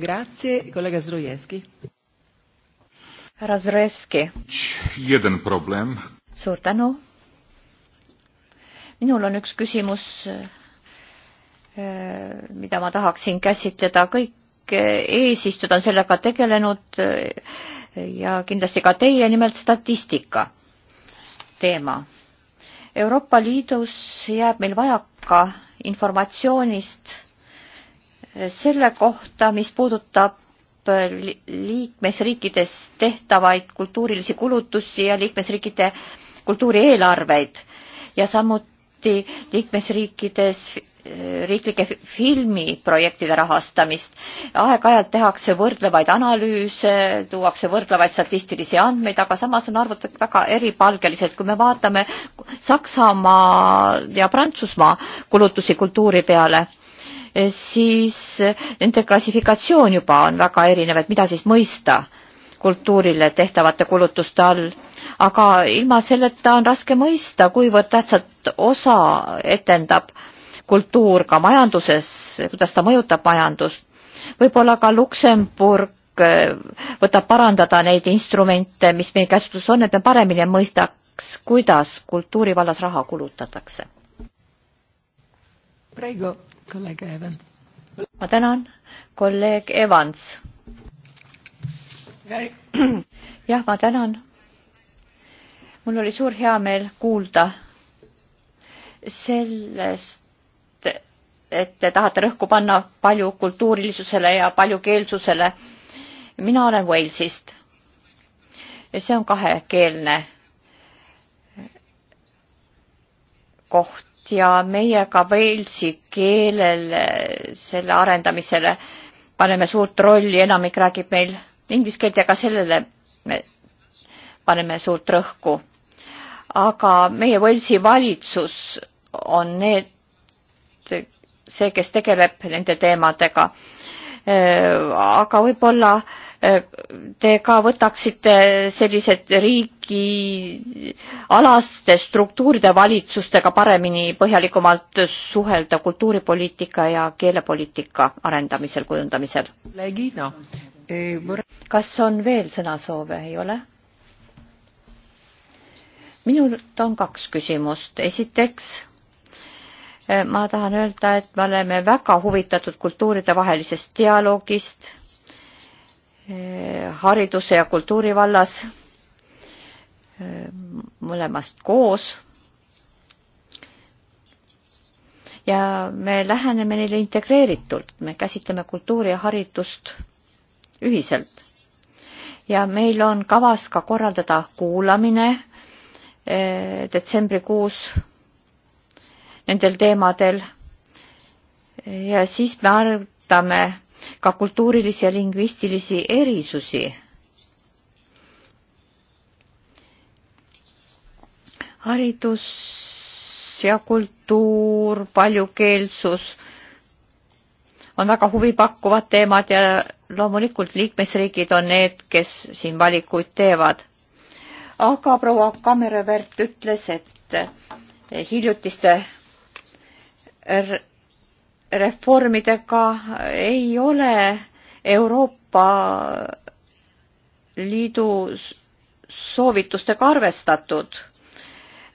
Grazie, kolleeg Zdrojevski. härra Zdrojevski. Jeden probleem. suur tänu. minul on üks küsimus, eh, mida ma tahaksin käsitleda kõik kõik eh, eesistujad on sellega tegelenud eh, ja kindlasti ka teie, nimelt statistika teema. Euroopa Liidus jääb meil vajaka informatsioonist eh, selle kohta, mis puudutab liikmesriikides tehtavaid kultuurilisi kulutusi ja liikmesriikide kultuurieelarveid ja samuti liikmesriikides riiklike filmiprojektide rahastamist. aeg-ajalt tehakse võrdlevaid analüüse, tuuakse võrdlevaid statistilisi andmeid, aga samas on arvutatud väga eripalgelised. kui me vaatame Saksamaa ja Prantsusmaa kulutusi kultuuri peale, siis nende klassifikatsioon juba on väga erinev, et mida siis mõista kultuurile tehtavate kulutuste all aga ilma selleta on raske mõista, kuivõrd tähtsat osa etendab äh, kultuur ka majanduses, kuidas ta mõjutab majandust. võib-olla ka Luksemburg eh, võtab parandada neid instrumente, mis meie käsutuses on, et me paremini mõistaks, kuidas kultuuri vallas raha kulutatakse. praegu kolleeg Evan. ma tänan, kolleeg Evans. jah, ma tänan. mul oli suur heameel kuulda sellest, et te tahate rõhku panna palju kultuurilisusele ja paljukeelsusele. mina olen Walesist. see on kahekeelne koht ja meie ka Walesi keelele, selle arendamisele paneme suurt rolli, enamik räägib meil inglise keelt ja ka sellele me paneme suurt rõhku. aga meie Walesi valitsus on need see, kes tegeleb nende teemadega. Äh, aga võib-olla äh, te ka võtaksite sellised riigi alaste struktuuride valitsustega paremini põhjalikumalt suhelda kultuuripoliitika ja keelepoliitika arendamisel, kujundamisel. Eh, kas on veel sõnasoove, ei ole? minul on kaks küsimust. esiteks Äh, ma tahan öelda, et me oleme väga huvitatud kultuuridevahelisest dialoogist äh, hariduse ja kultuuri vallas, äh, mõlemast koos. ja me läheneme neile integreeritult, me käsitleme kultuuri ja haridust ühiselt. ja meil on kavas ka korraldada kuulamine detsembrikuus nendel teemadel. ja siis me arutame ka kultuurilisi ja lingvistilisi erisusi. haridus ja kultuur, paljukeelsus on väga huvipakkuvad teemad ja loomulikult liikmesriigid on need, kes siin valikuid teevad. aga proua Kammerevert ütles, et hiljutiste reformidega ei ole Euroopa Liidu soovitustega arvestatud.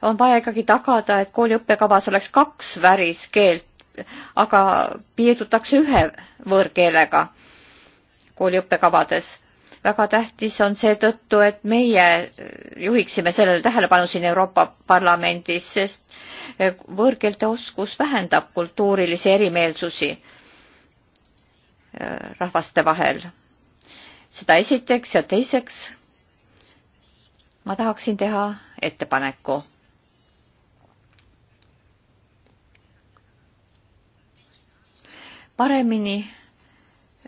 on vaja ikkagi tagada, et kooli õppekavas oleks kaks väriskeelt, aga piirdutakse ühe võõrkeelega kooli õppekavades väga tähtis on seetõttu, et meie juhiksime sellele tähelepanu siin Euroopa Parlamendis, sest võõrkeelte oskus vähendab kultuurilisi erimeelsusi äh, rahvaste vahel. seda esiteks ja teiseks ma tahaksin teha ettepaneku paremini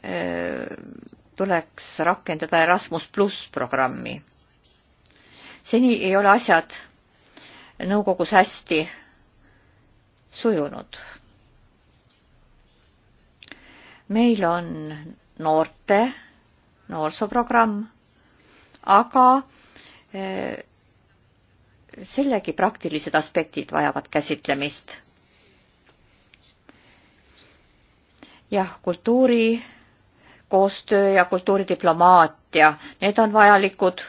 öö, äh, tuleks rakendada Erasmus pluss programmi. seni ei ole asjad nõukogus hästi sujunud. meil on noorte noorsooprogramm, aga eh, sellegi praktilised aspektid vajavad käsitlemist. jah, kultuuri koostöö ja kultuuridiplomaatia, need on vajalikud.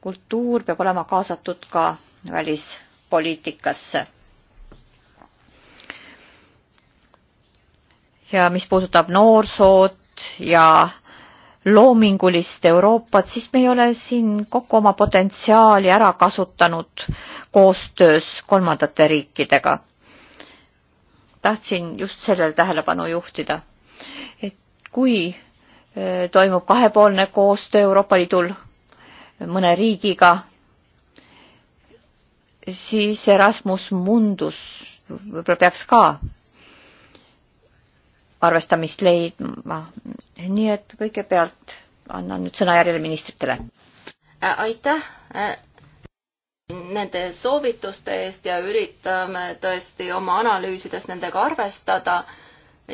kultuur peab olema kaasatud ka välispoliitikasse. ja mis puudutab noorsood ja loomingulist Euroopat, siis me ei ole siin kogu oma potentsiaali ära kasutanud koostöös kolmandate riikidega tahtsin just sellele tähelepanu juhtida, et kui toimub kahepoolne koostöö Euroopa Liidul mõne riigiga, siis Erasmus Mundus võib-olla peaks ka arvestamist leidma. nii et kõigepealt annan nüüd sõna järjele ministritele. Äh, aitäh äh, nende soovituste eest ja üritame tõesti oma analüüsides nendega arvestada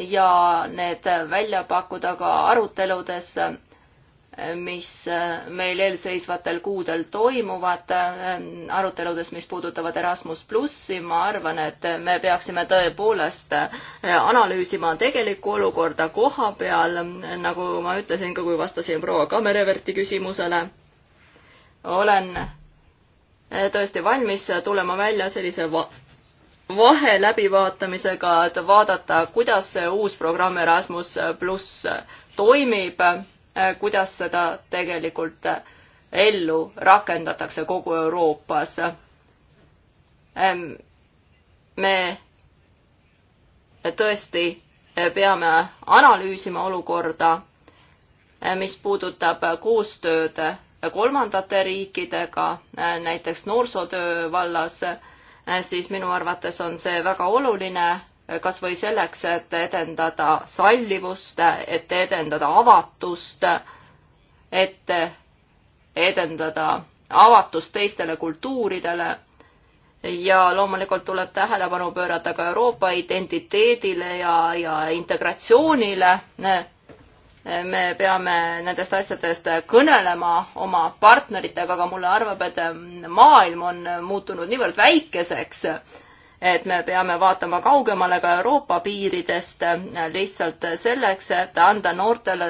ja need välja pakkuda ka aruteludes, mis meil eelseisvatel kuudel toimuvad, aruteludes, mis puudutavad Erasmus plussi, ma arvan, et me peaksime tõepoolest analüüsima tegelikku olukorda koha peal, nagu ma ütlesin ka, kui vastasin proua Kammereverti küsimusele. olen Äh, tõesti valmis tulema välja sellise va vahe läbivaatamisega, et vaadata, kuidas see uus programm Erasmus pluss toimib, äh, kuidas seda tegelikult äh, ellu rakendatakse kogu Euroopas. Ähm, me tõesti peame analüüsima olukorda, mis puudutab koostööd kolmandate riikidega, äh, näiteks noorsootöö vallas, äh, siis minu arvates on see väga oluline, äh, kas või selleks, et edendada sallivust, et edendada avatust, et edendada avatust teistele kultuuridele ja loomulikult tuleb tähelepanu pöörata ka Euroopa identiteedile ja, ja integratsioonile me peame nendest asjadest kõnelema oma partneritega, aga mulle arvab, et maailm on muutunud niivõrd väikeseks, et me peame vaatama kaugemale ka Euroopa piiridest lihtsalt selleks, et anda noortele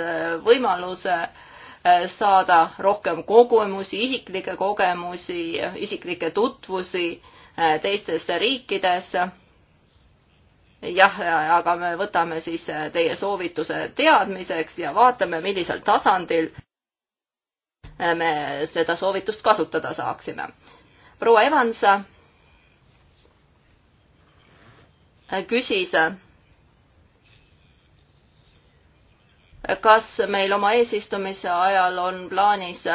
võimaluse e, saada rohkem kogemusi, isiklikke kogemusi, isiklikke tutvusi e, teistes riikides jah, aga me võtame siis äh, teie soovituse teadmiseks ja vaatame, millisel tasandil äh, me seda soovitust kasutada saaksime. proua Evans äh, küsis, kas meil oma eesistumise ajal on plaanis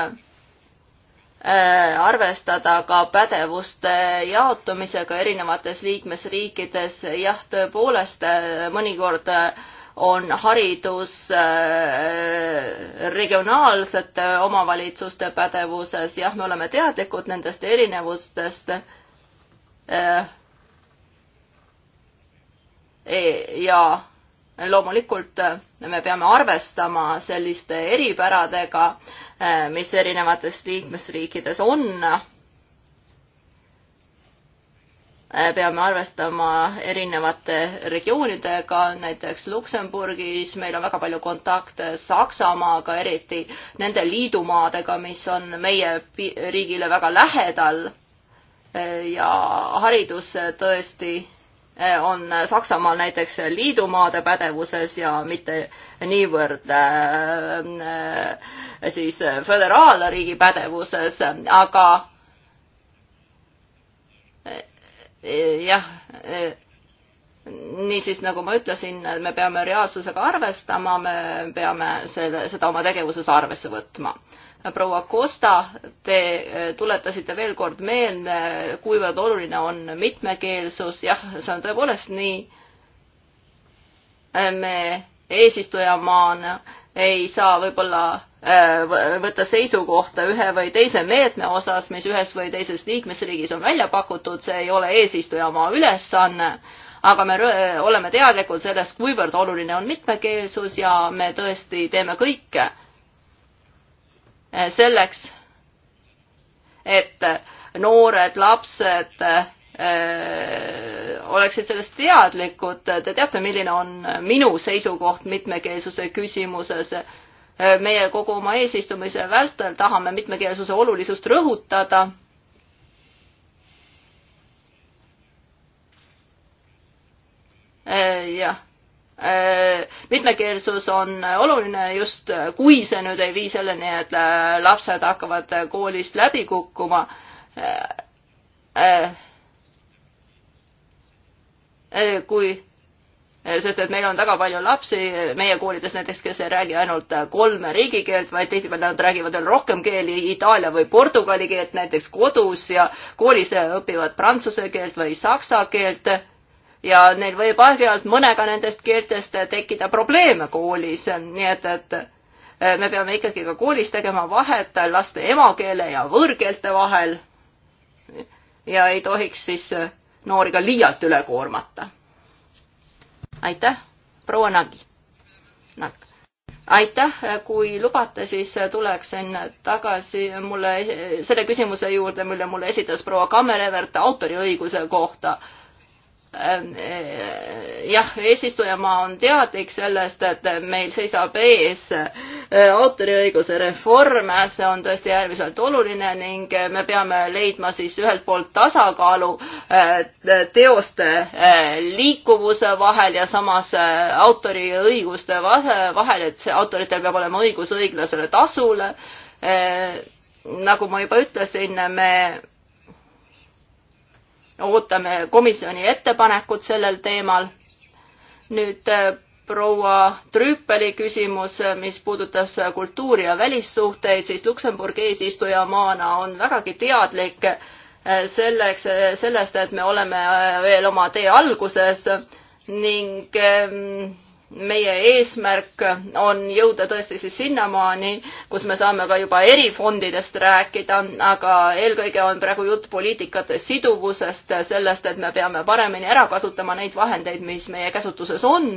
Äh, arvestada ka pädevuste jaotumisega erinevates liikmesriikides. jah, tõepoolest äh, mõnikord äh, on haridus regionaalsete omavalitsuste pädevuses, jah, me oleme teadlikud nendest erinevustest. E, ja loomulikult äh, me peame arvestama selliste eripäradega, äh, mis erinevates liikmesriikides on. Äh, peame arvestama erinevate regioonidega, näiteks Luksemburgis meil on väga palju kontakte Saksamaaga, eriti nende liidumaadega, mis on meie riigile väga lähedal ja haridus tõesti Eh, on Saksamaal näiteks liidumaade pädevuses ja mitte niivõrd eh, eh, siis föderaalriigi pädevuses, aga jah, niisiis, nagu ma ütlesin, me peame reaalsusega arvestama, me peame selle, seda oma tegevuses arvesse võtma proua Costa, te äh, tuletasite veel kord meelde, kuivõrd oluline on mitmekeelsus, jah, see on tõepoolest nii. Äh, me eesistujamaana ei saa võib-olla äh, võtta seisukohta ühe või teise meetme osas, mis ühes või teises liikmesriigis on välja pakutud, see ei ole eesistujamaa ülesanne, aga me oleme teadlikud sellest, kuivõrd oluline on mitmekeelsus ja me tõesti teeme kõike Eh, selleks, et noored lapsed eh, oleksid sellest teadlikud. Te teate, milline on minu seisukoht mitmekeelsuse küsimuses. Eh, meie kogu oma eesistumise vältel tahame mitmekeelsuse olulisust rõhutada. jah Äh, mitmekeelsus on oluline just, kui see nüüd ei vii selleni, et äh, lapsed hakkavad äh, koolist läbi kukkuma. kui, sest et meil on väga palju lapsi meie koolides näiteks, kes ei räägi ainult kolme riigikeelt, vaid tihtipeale nad räägivad veel rohkem keeli, itaalia või portugali keelt näiteks kodus ja koolis õpivad prantsuse keelt või saksa keelt ja neil võib aeg-ajalt mõnega nendest keeltest tekkida probleeme koolis, nii et, et eh, me peame ikkagi ka koolis tegema vahet laste emakeele ja võõrkeelte vahel. ja ei tohiks siis eh, noori ka liialt üle koormata. aitäh, proua Nagi. Nagi aitäh, kui lubate, siis tuleksin tagasi mulle eh, selle küsimuse juurde, mille mulle esitas proua Kammerevert autoriõiguse kohta Ähm, äh, jah, eesistujamaa on teadlik sellest, et meil seisab ees äh, autoriõiguse reform, see on tõesti äärmiselt oluline ning me peame leidma siis ühelt poolt tasakaalu äh, teoste liikuvuse vahel ja samas autoriõiguste vahel, et see autoritel peab olema õigus õiglasele tasule. nagu ma juba ütlesin, me ootame komisjoni ettepanekut sellel teemal. nüüd äh, proua Trüüpeli küsimus, äh, mis puudutas äh, kultuuri ja välissuhteid, siis Luksemburg eesistujamaana on vägagi teadlik selleks, sellest, et me oleme veel oma tee alguses ning ähm, meie eesmärk on jõuda tõesti siis sinnamaani, kus me saame ka juba erifondidest rääkida, aga eelkõige on praegu jutt poliitikate siduvusest, sellest, et me peame paremini ära kasutama neid vahendeid, mis meie käsutuses on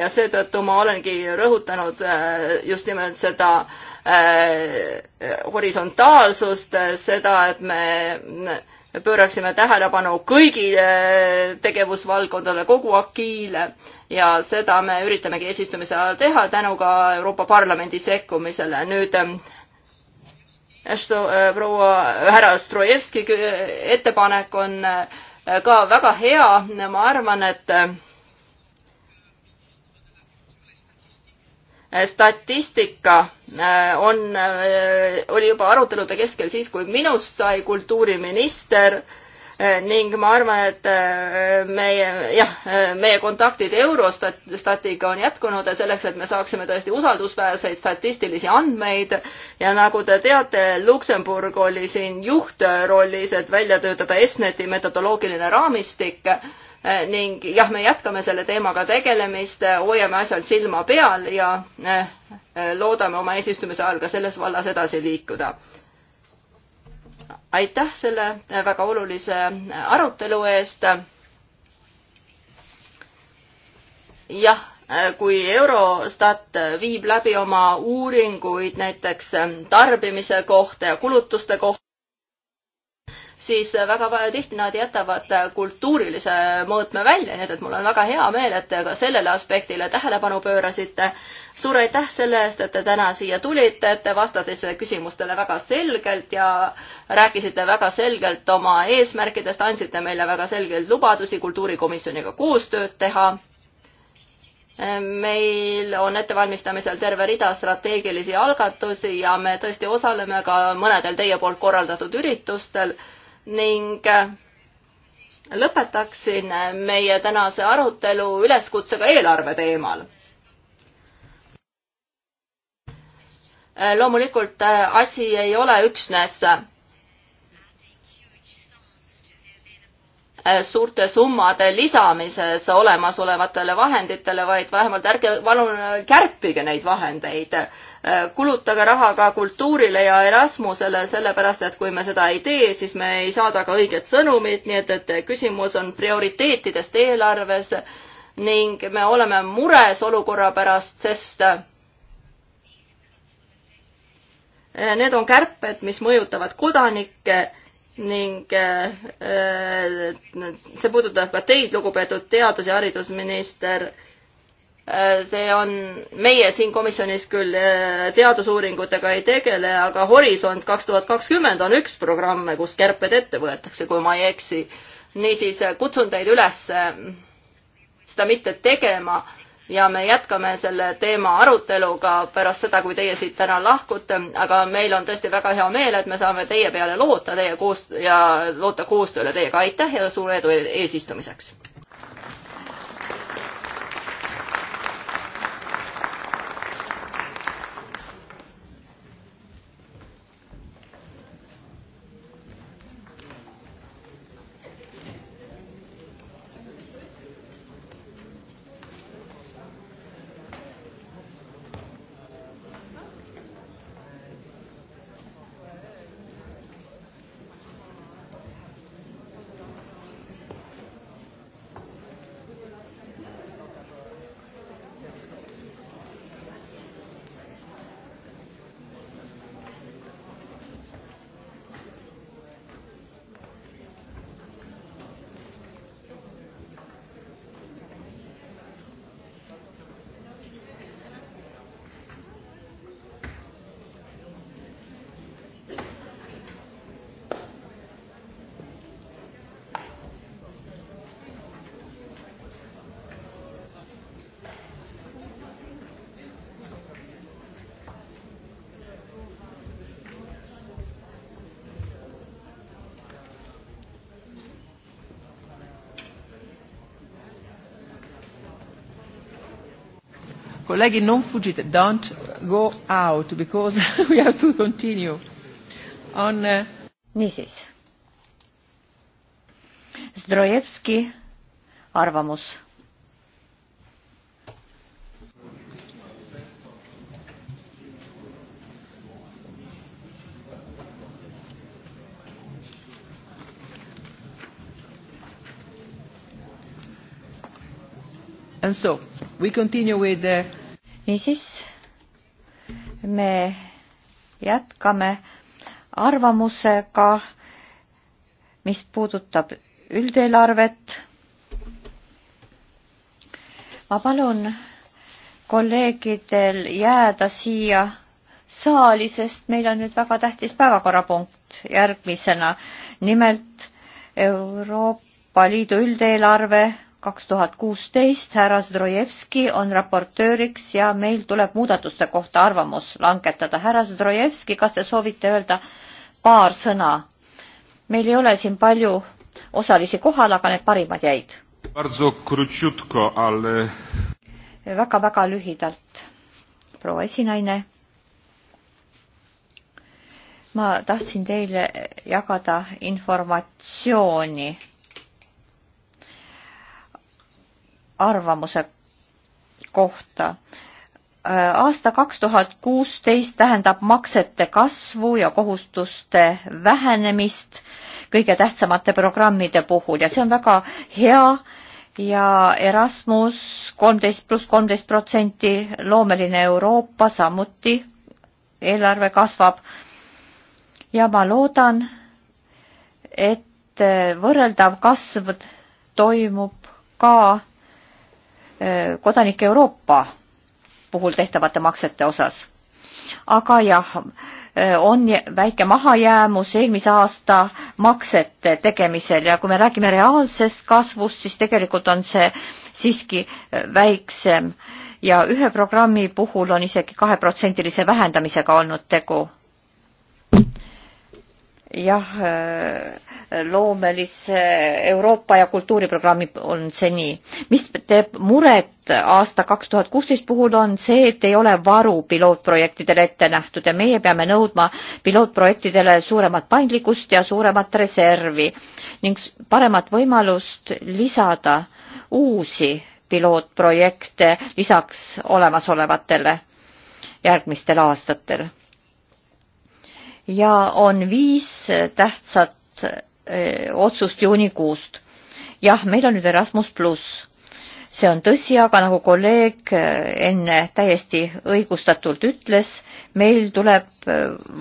ja seetõttu ma olengi rõhutanud äh, just nimelt seda äh, horisontaalsust, seda, et me pööraksime tähelepanu kõigile äh, tegevusvaldkondadele, kogu AKI-le ja seda me üritamegi eesistumise ajal teha tänu ka Euroopa Parlamendi sekkumisele. nüüd ähm, äh, proua äh, härra Strojevski ettepanek on äh, ka väga hea, ma arvan, et statistika on, oli juba arutelude keskel siis, kui minust sai kultuuriminister äh, ning ma arvan, et äh, meie, jah, äh, meie kontaktid Eurostatiga on jätkunud selleks, et me saaksime tõesti usaldusväärseid statistilisi andmeid ja nagu te teate, Luksemburg oli siin juhtrollis, et välja töötada ESNET-i metodoloogiline raamistik äh, ning jah, me jätkame selle teemaga tegelemist, hoiame asjal silma peal ja loodame oma eesistumise ajal ka selles vallas edasi liikuda aitäh selle väga olulise arutelu eest. jah, kui Eurostat viib läbi oma uuringuid näiteks tarbimise kohta ja kulutuste kohta, siis väga tihti nad jätavad kultuurilise mõõtme välja, nii et, et mul on väga hea meel, et te ka sellele aspektile tähelepanu pöörasite. suur aitäh selle eest, et te täna siia tulite, et te vastasite küsimustele väga selgelt ja rääkisite väga selgelt oma eesmärkidest, andsite meile väga selgeid lubadusi kultuurikomisjoniga koostööd teha meil on ettevalmistamisel terve rida strateegilisi algatusi ja me tõesti osaleme ka mõnedel teie poolt korraldatud üritustel ning äh, lõpetaksin meie tänase arutelu üleskutsega eelarve teemal äh, loomulikult äh, asi ei ole üksnes suurte summade lisamises olemasolevatele vahenditele, vaid vähemalt ärge palun kärpige neid vahendeid. Äh, kulutage raha ka kultuurile ja Erasmusele, sellepärast et kui me seda ei tee, siis me ei saada ka õiget sõnumit, nii et, et küsimus on prioriteetidest eelarves ning me oleme mures olukorra pärast, sest äh, need on kärped, mis mõjutavad kodanikke ning äh, see puudutab ka teid, lugupeetud teadus- ja haridusminister Äh, see on, meie siin komisjonis küll äh, teadusuuringutega ei tegele, aga Horisont kaks tuhat kakskümmend on üks programme, kus kärped ette võetakse, kui ma ei eksi. niisiis äh, kutsun teid üles seda mitte tegema ja me jätkame selle teema aruteluga pärast seda, kui teie siit täna lahkute, aga meil on tõesti väga hea meel, et me saame teie peale loota, teie koos- ja loota koostööle teiega. aitäh ja suur edu e-, eesistumiseks! colleghi non fuggite, don't go out because we have to continue on. Uh, niisiis. Zdrojevski arvamus. And so we continue with the niisiis, me jätkame arvamusega, mis puudutab üldeelarvet. ma palun kolleegidel jääda siia saali, sest meil on nüüd väga tähtis päevakorrapunkt järgmisena. nimelt Euroopa Liidu üldeelarve kaks tuhat kuusteist, härra Zdrojevski on raportööriks ja meil tuleb muudatuste kohta arvamus langetada. härra Zdrojevski, kas te soovite öelda paar sõna? meil ei ole siin palju osalisi kohal, aga need parimad jäid. väga-väga lühidalt, proua esinaine. ma tahtsin teile jagada informatsiooni arvamuse kohta. Äh, aasta kaks tuhat kuusteist tähendab maksete kasvu ja kohustuste vähenemist kõige tähtsamate programmide puhul ja see on väga hea ja Erasmus kolmteist pluss kolmteist protsenti, loomeline Euroopa samuti, eelarve kasvab. ja ma loodan, et võrreldav kasv toimub ka kodanike Euroopa puhul tehtavate maksete osas. aga jah, on väike mahajäämus eelmise aasta maksete tegemisel ja kui me räägime reaalsest kasvust, siis tegelikult on see siiski väiksem ja ühe programmi puhul on isegi kaheprotsendilise vähendamisega olnud tegu jah, äh, loomelise Euroopa ja kultuuriprogrammi on see nii. mis teeb muret aasta kaks tuhat kuusteist puhul on see, et ei ole varu pilootprojektidele ette nähtud ja meie peame nõudma pilootprojektidele suuremat paindlikkust ja suuremat reservi ning paremat võimalust lisada uusi pilootprojekte lisaks olemasolevatele järgmistel aastatel ja on viis tähtsat otsust juunikuust. jah, meil on nüüd Erasmus pluss. see on tõsi, aga nagu kolleeg enne täiesti õigustatult ütles, meil tuleb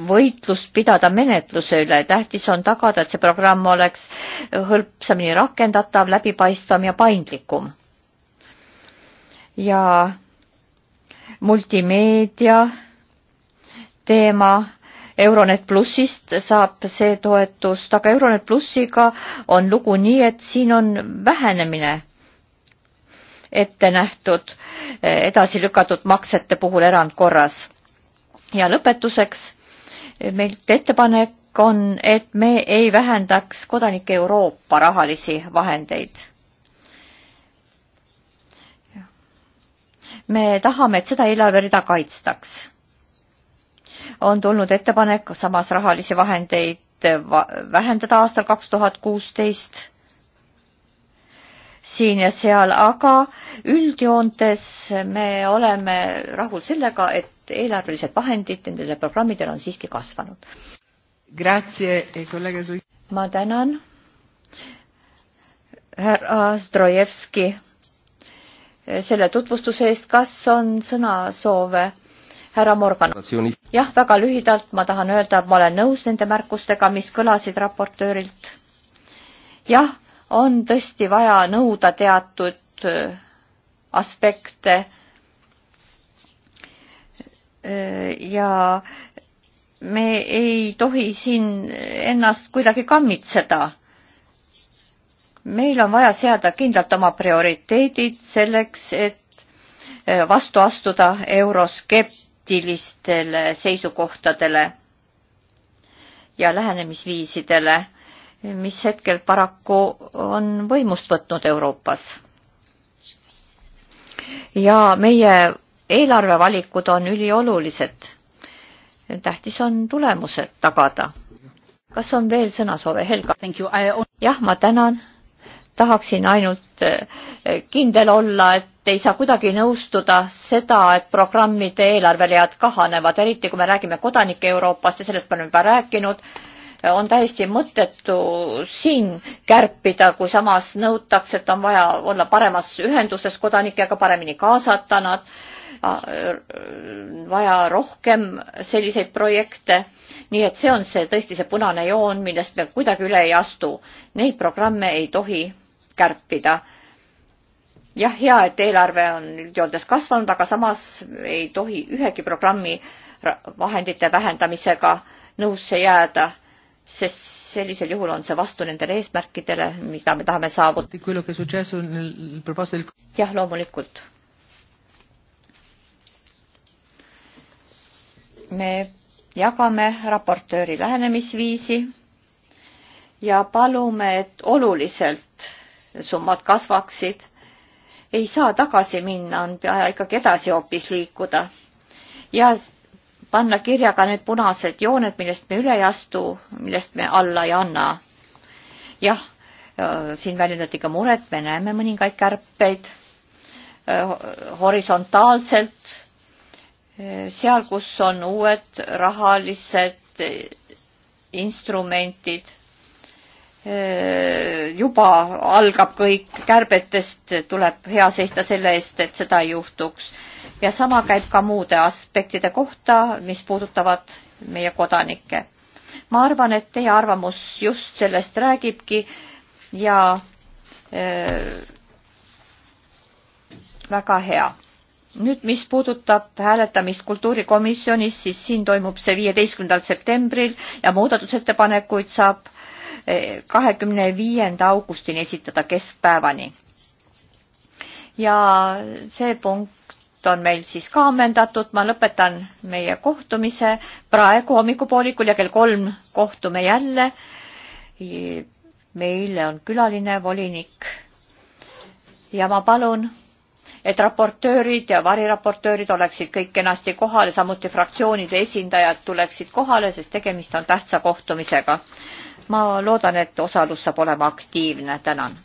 võitlust pidada menetluse üle, tähtis on tagada, et see programm oleks hõlpsamini rakendatav, läbipaistvam ja paindlikum. ja multimeedia teema Euronet plussist saab see toetust, aga Euronet plussiga on lugu nii, et siin on vähenemine ette nähtud edasi lükatud maksete puhul erandkorras. ja lõpetuseks meilt ettepanek on, et me ei vähendaks kodanike Euroopa rahalisi vahendeid. me tahame, et seda eelarverida kaitstaks on tulnud ettepanek samas rahalisi vahendeid äh, vähendada aastal kaks tuhat kuusteist siin ja seal, aga üldjoontes me oleme rahul sellega, et eelarvelised vahendid nendele programmidele on siiski kasvanud. Eh, ma tänan, härra Zdrojevski, selle tutvustuse eest, kas on sõnasoove? härra Morgan. jah, väga lühidalt ma tahan öelda, et ma olen nõus nende märkustega, mis kõlasid raportöörilt. jah, on tõesti vaja nõuda teatud äh, aspekte äh, ja me ei tohi siin ennast kuidagi kammitseda meil on vaja seada kindlalt oma prioriteedid selleks, et äh, vastu astuda euroskep-, poliitilistele seisukohtadele ja lähenemisviisidele, mis hetkel paraku on võimust võtnud Euroopas. ja meie eelarvevalikud on üliolulised. tähtis on tulemused tagada. kas on veel sõnasoove, Helga? jah, ma tänan tahaksin ainult eh, kindel olla, et ei saa kuidagi nõustuda seda, et programmide eelarveread kahanevad, eriti kui me räägime kodanike Euroopast ja sellest me oleme juba rääkinud, on täiesti mõttetu siin kärpida, kui samas nõutakse, et on vaja olla paremas ühenduses kodanikega, paremini kaasata nad, vaja rohkem selliseid projekte nii et see on see tõesti see punane joon, millest me kuidagi üle ei astu. Neid programme ei tohi kärpida. jah, hea, et eelarve on üldjoontes kasvanud, aga samas ei tohi ühegi programmi vahendite vähendamisega nõusse jääda, sest sellisel juhul on see vastu nendele eesmärkidele, mida me tahame saavutada. jah, loomulikult. me jagame raportööri lähenemisviisi ja palume, et oluliselt summad kasvaksid. ei saa tagasi minna, on vaja ikkagi edasi hoopis liikuda ja panna kirja ka need punased jooned, millest me üle ei astu, millest me alla ei anna. jah, äh, siin väljendati ka muret, me näeme mõningaid kärpeid äh, horisontaalselt, äh, seal, kus on uued rahalised instrumentid Äh, juba algab kõik kärbetest, tuleb hea seista selle eest, et seda ei juhtuks. ja sama käib ka muude aspektide kohta, mis puudutavad meie kodanikke. ma arvan, et teie arvamus just sellest räägibki ja äh, väga hea. nüüd, mis puudutab hääletamist kultuurikomisjonis, siis siin toimub see viieteistkümnendal septembril ja muudatusettepanekuid saab kahekümne viienda augustini esitada keskpäevani. ja see punkt on meil siis ka ammendatud, ma lõpetan meie kohtumise praegu hommikupoolikul ja kell kolm kohtume jälle. meile on külaline volinik ja ma palun et raportöörid ja variraportöörid oleksid kõik kenasti kohal, samuti fraktsioonide esindajad tuleksid kohale, sest tegemist on tähtsa kohtumisega ma loodan, et osalus saab olema aktiivne, tänan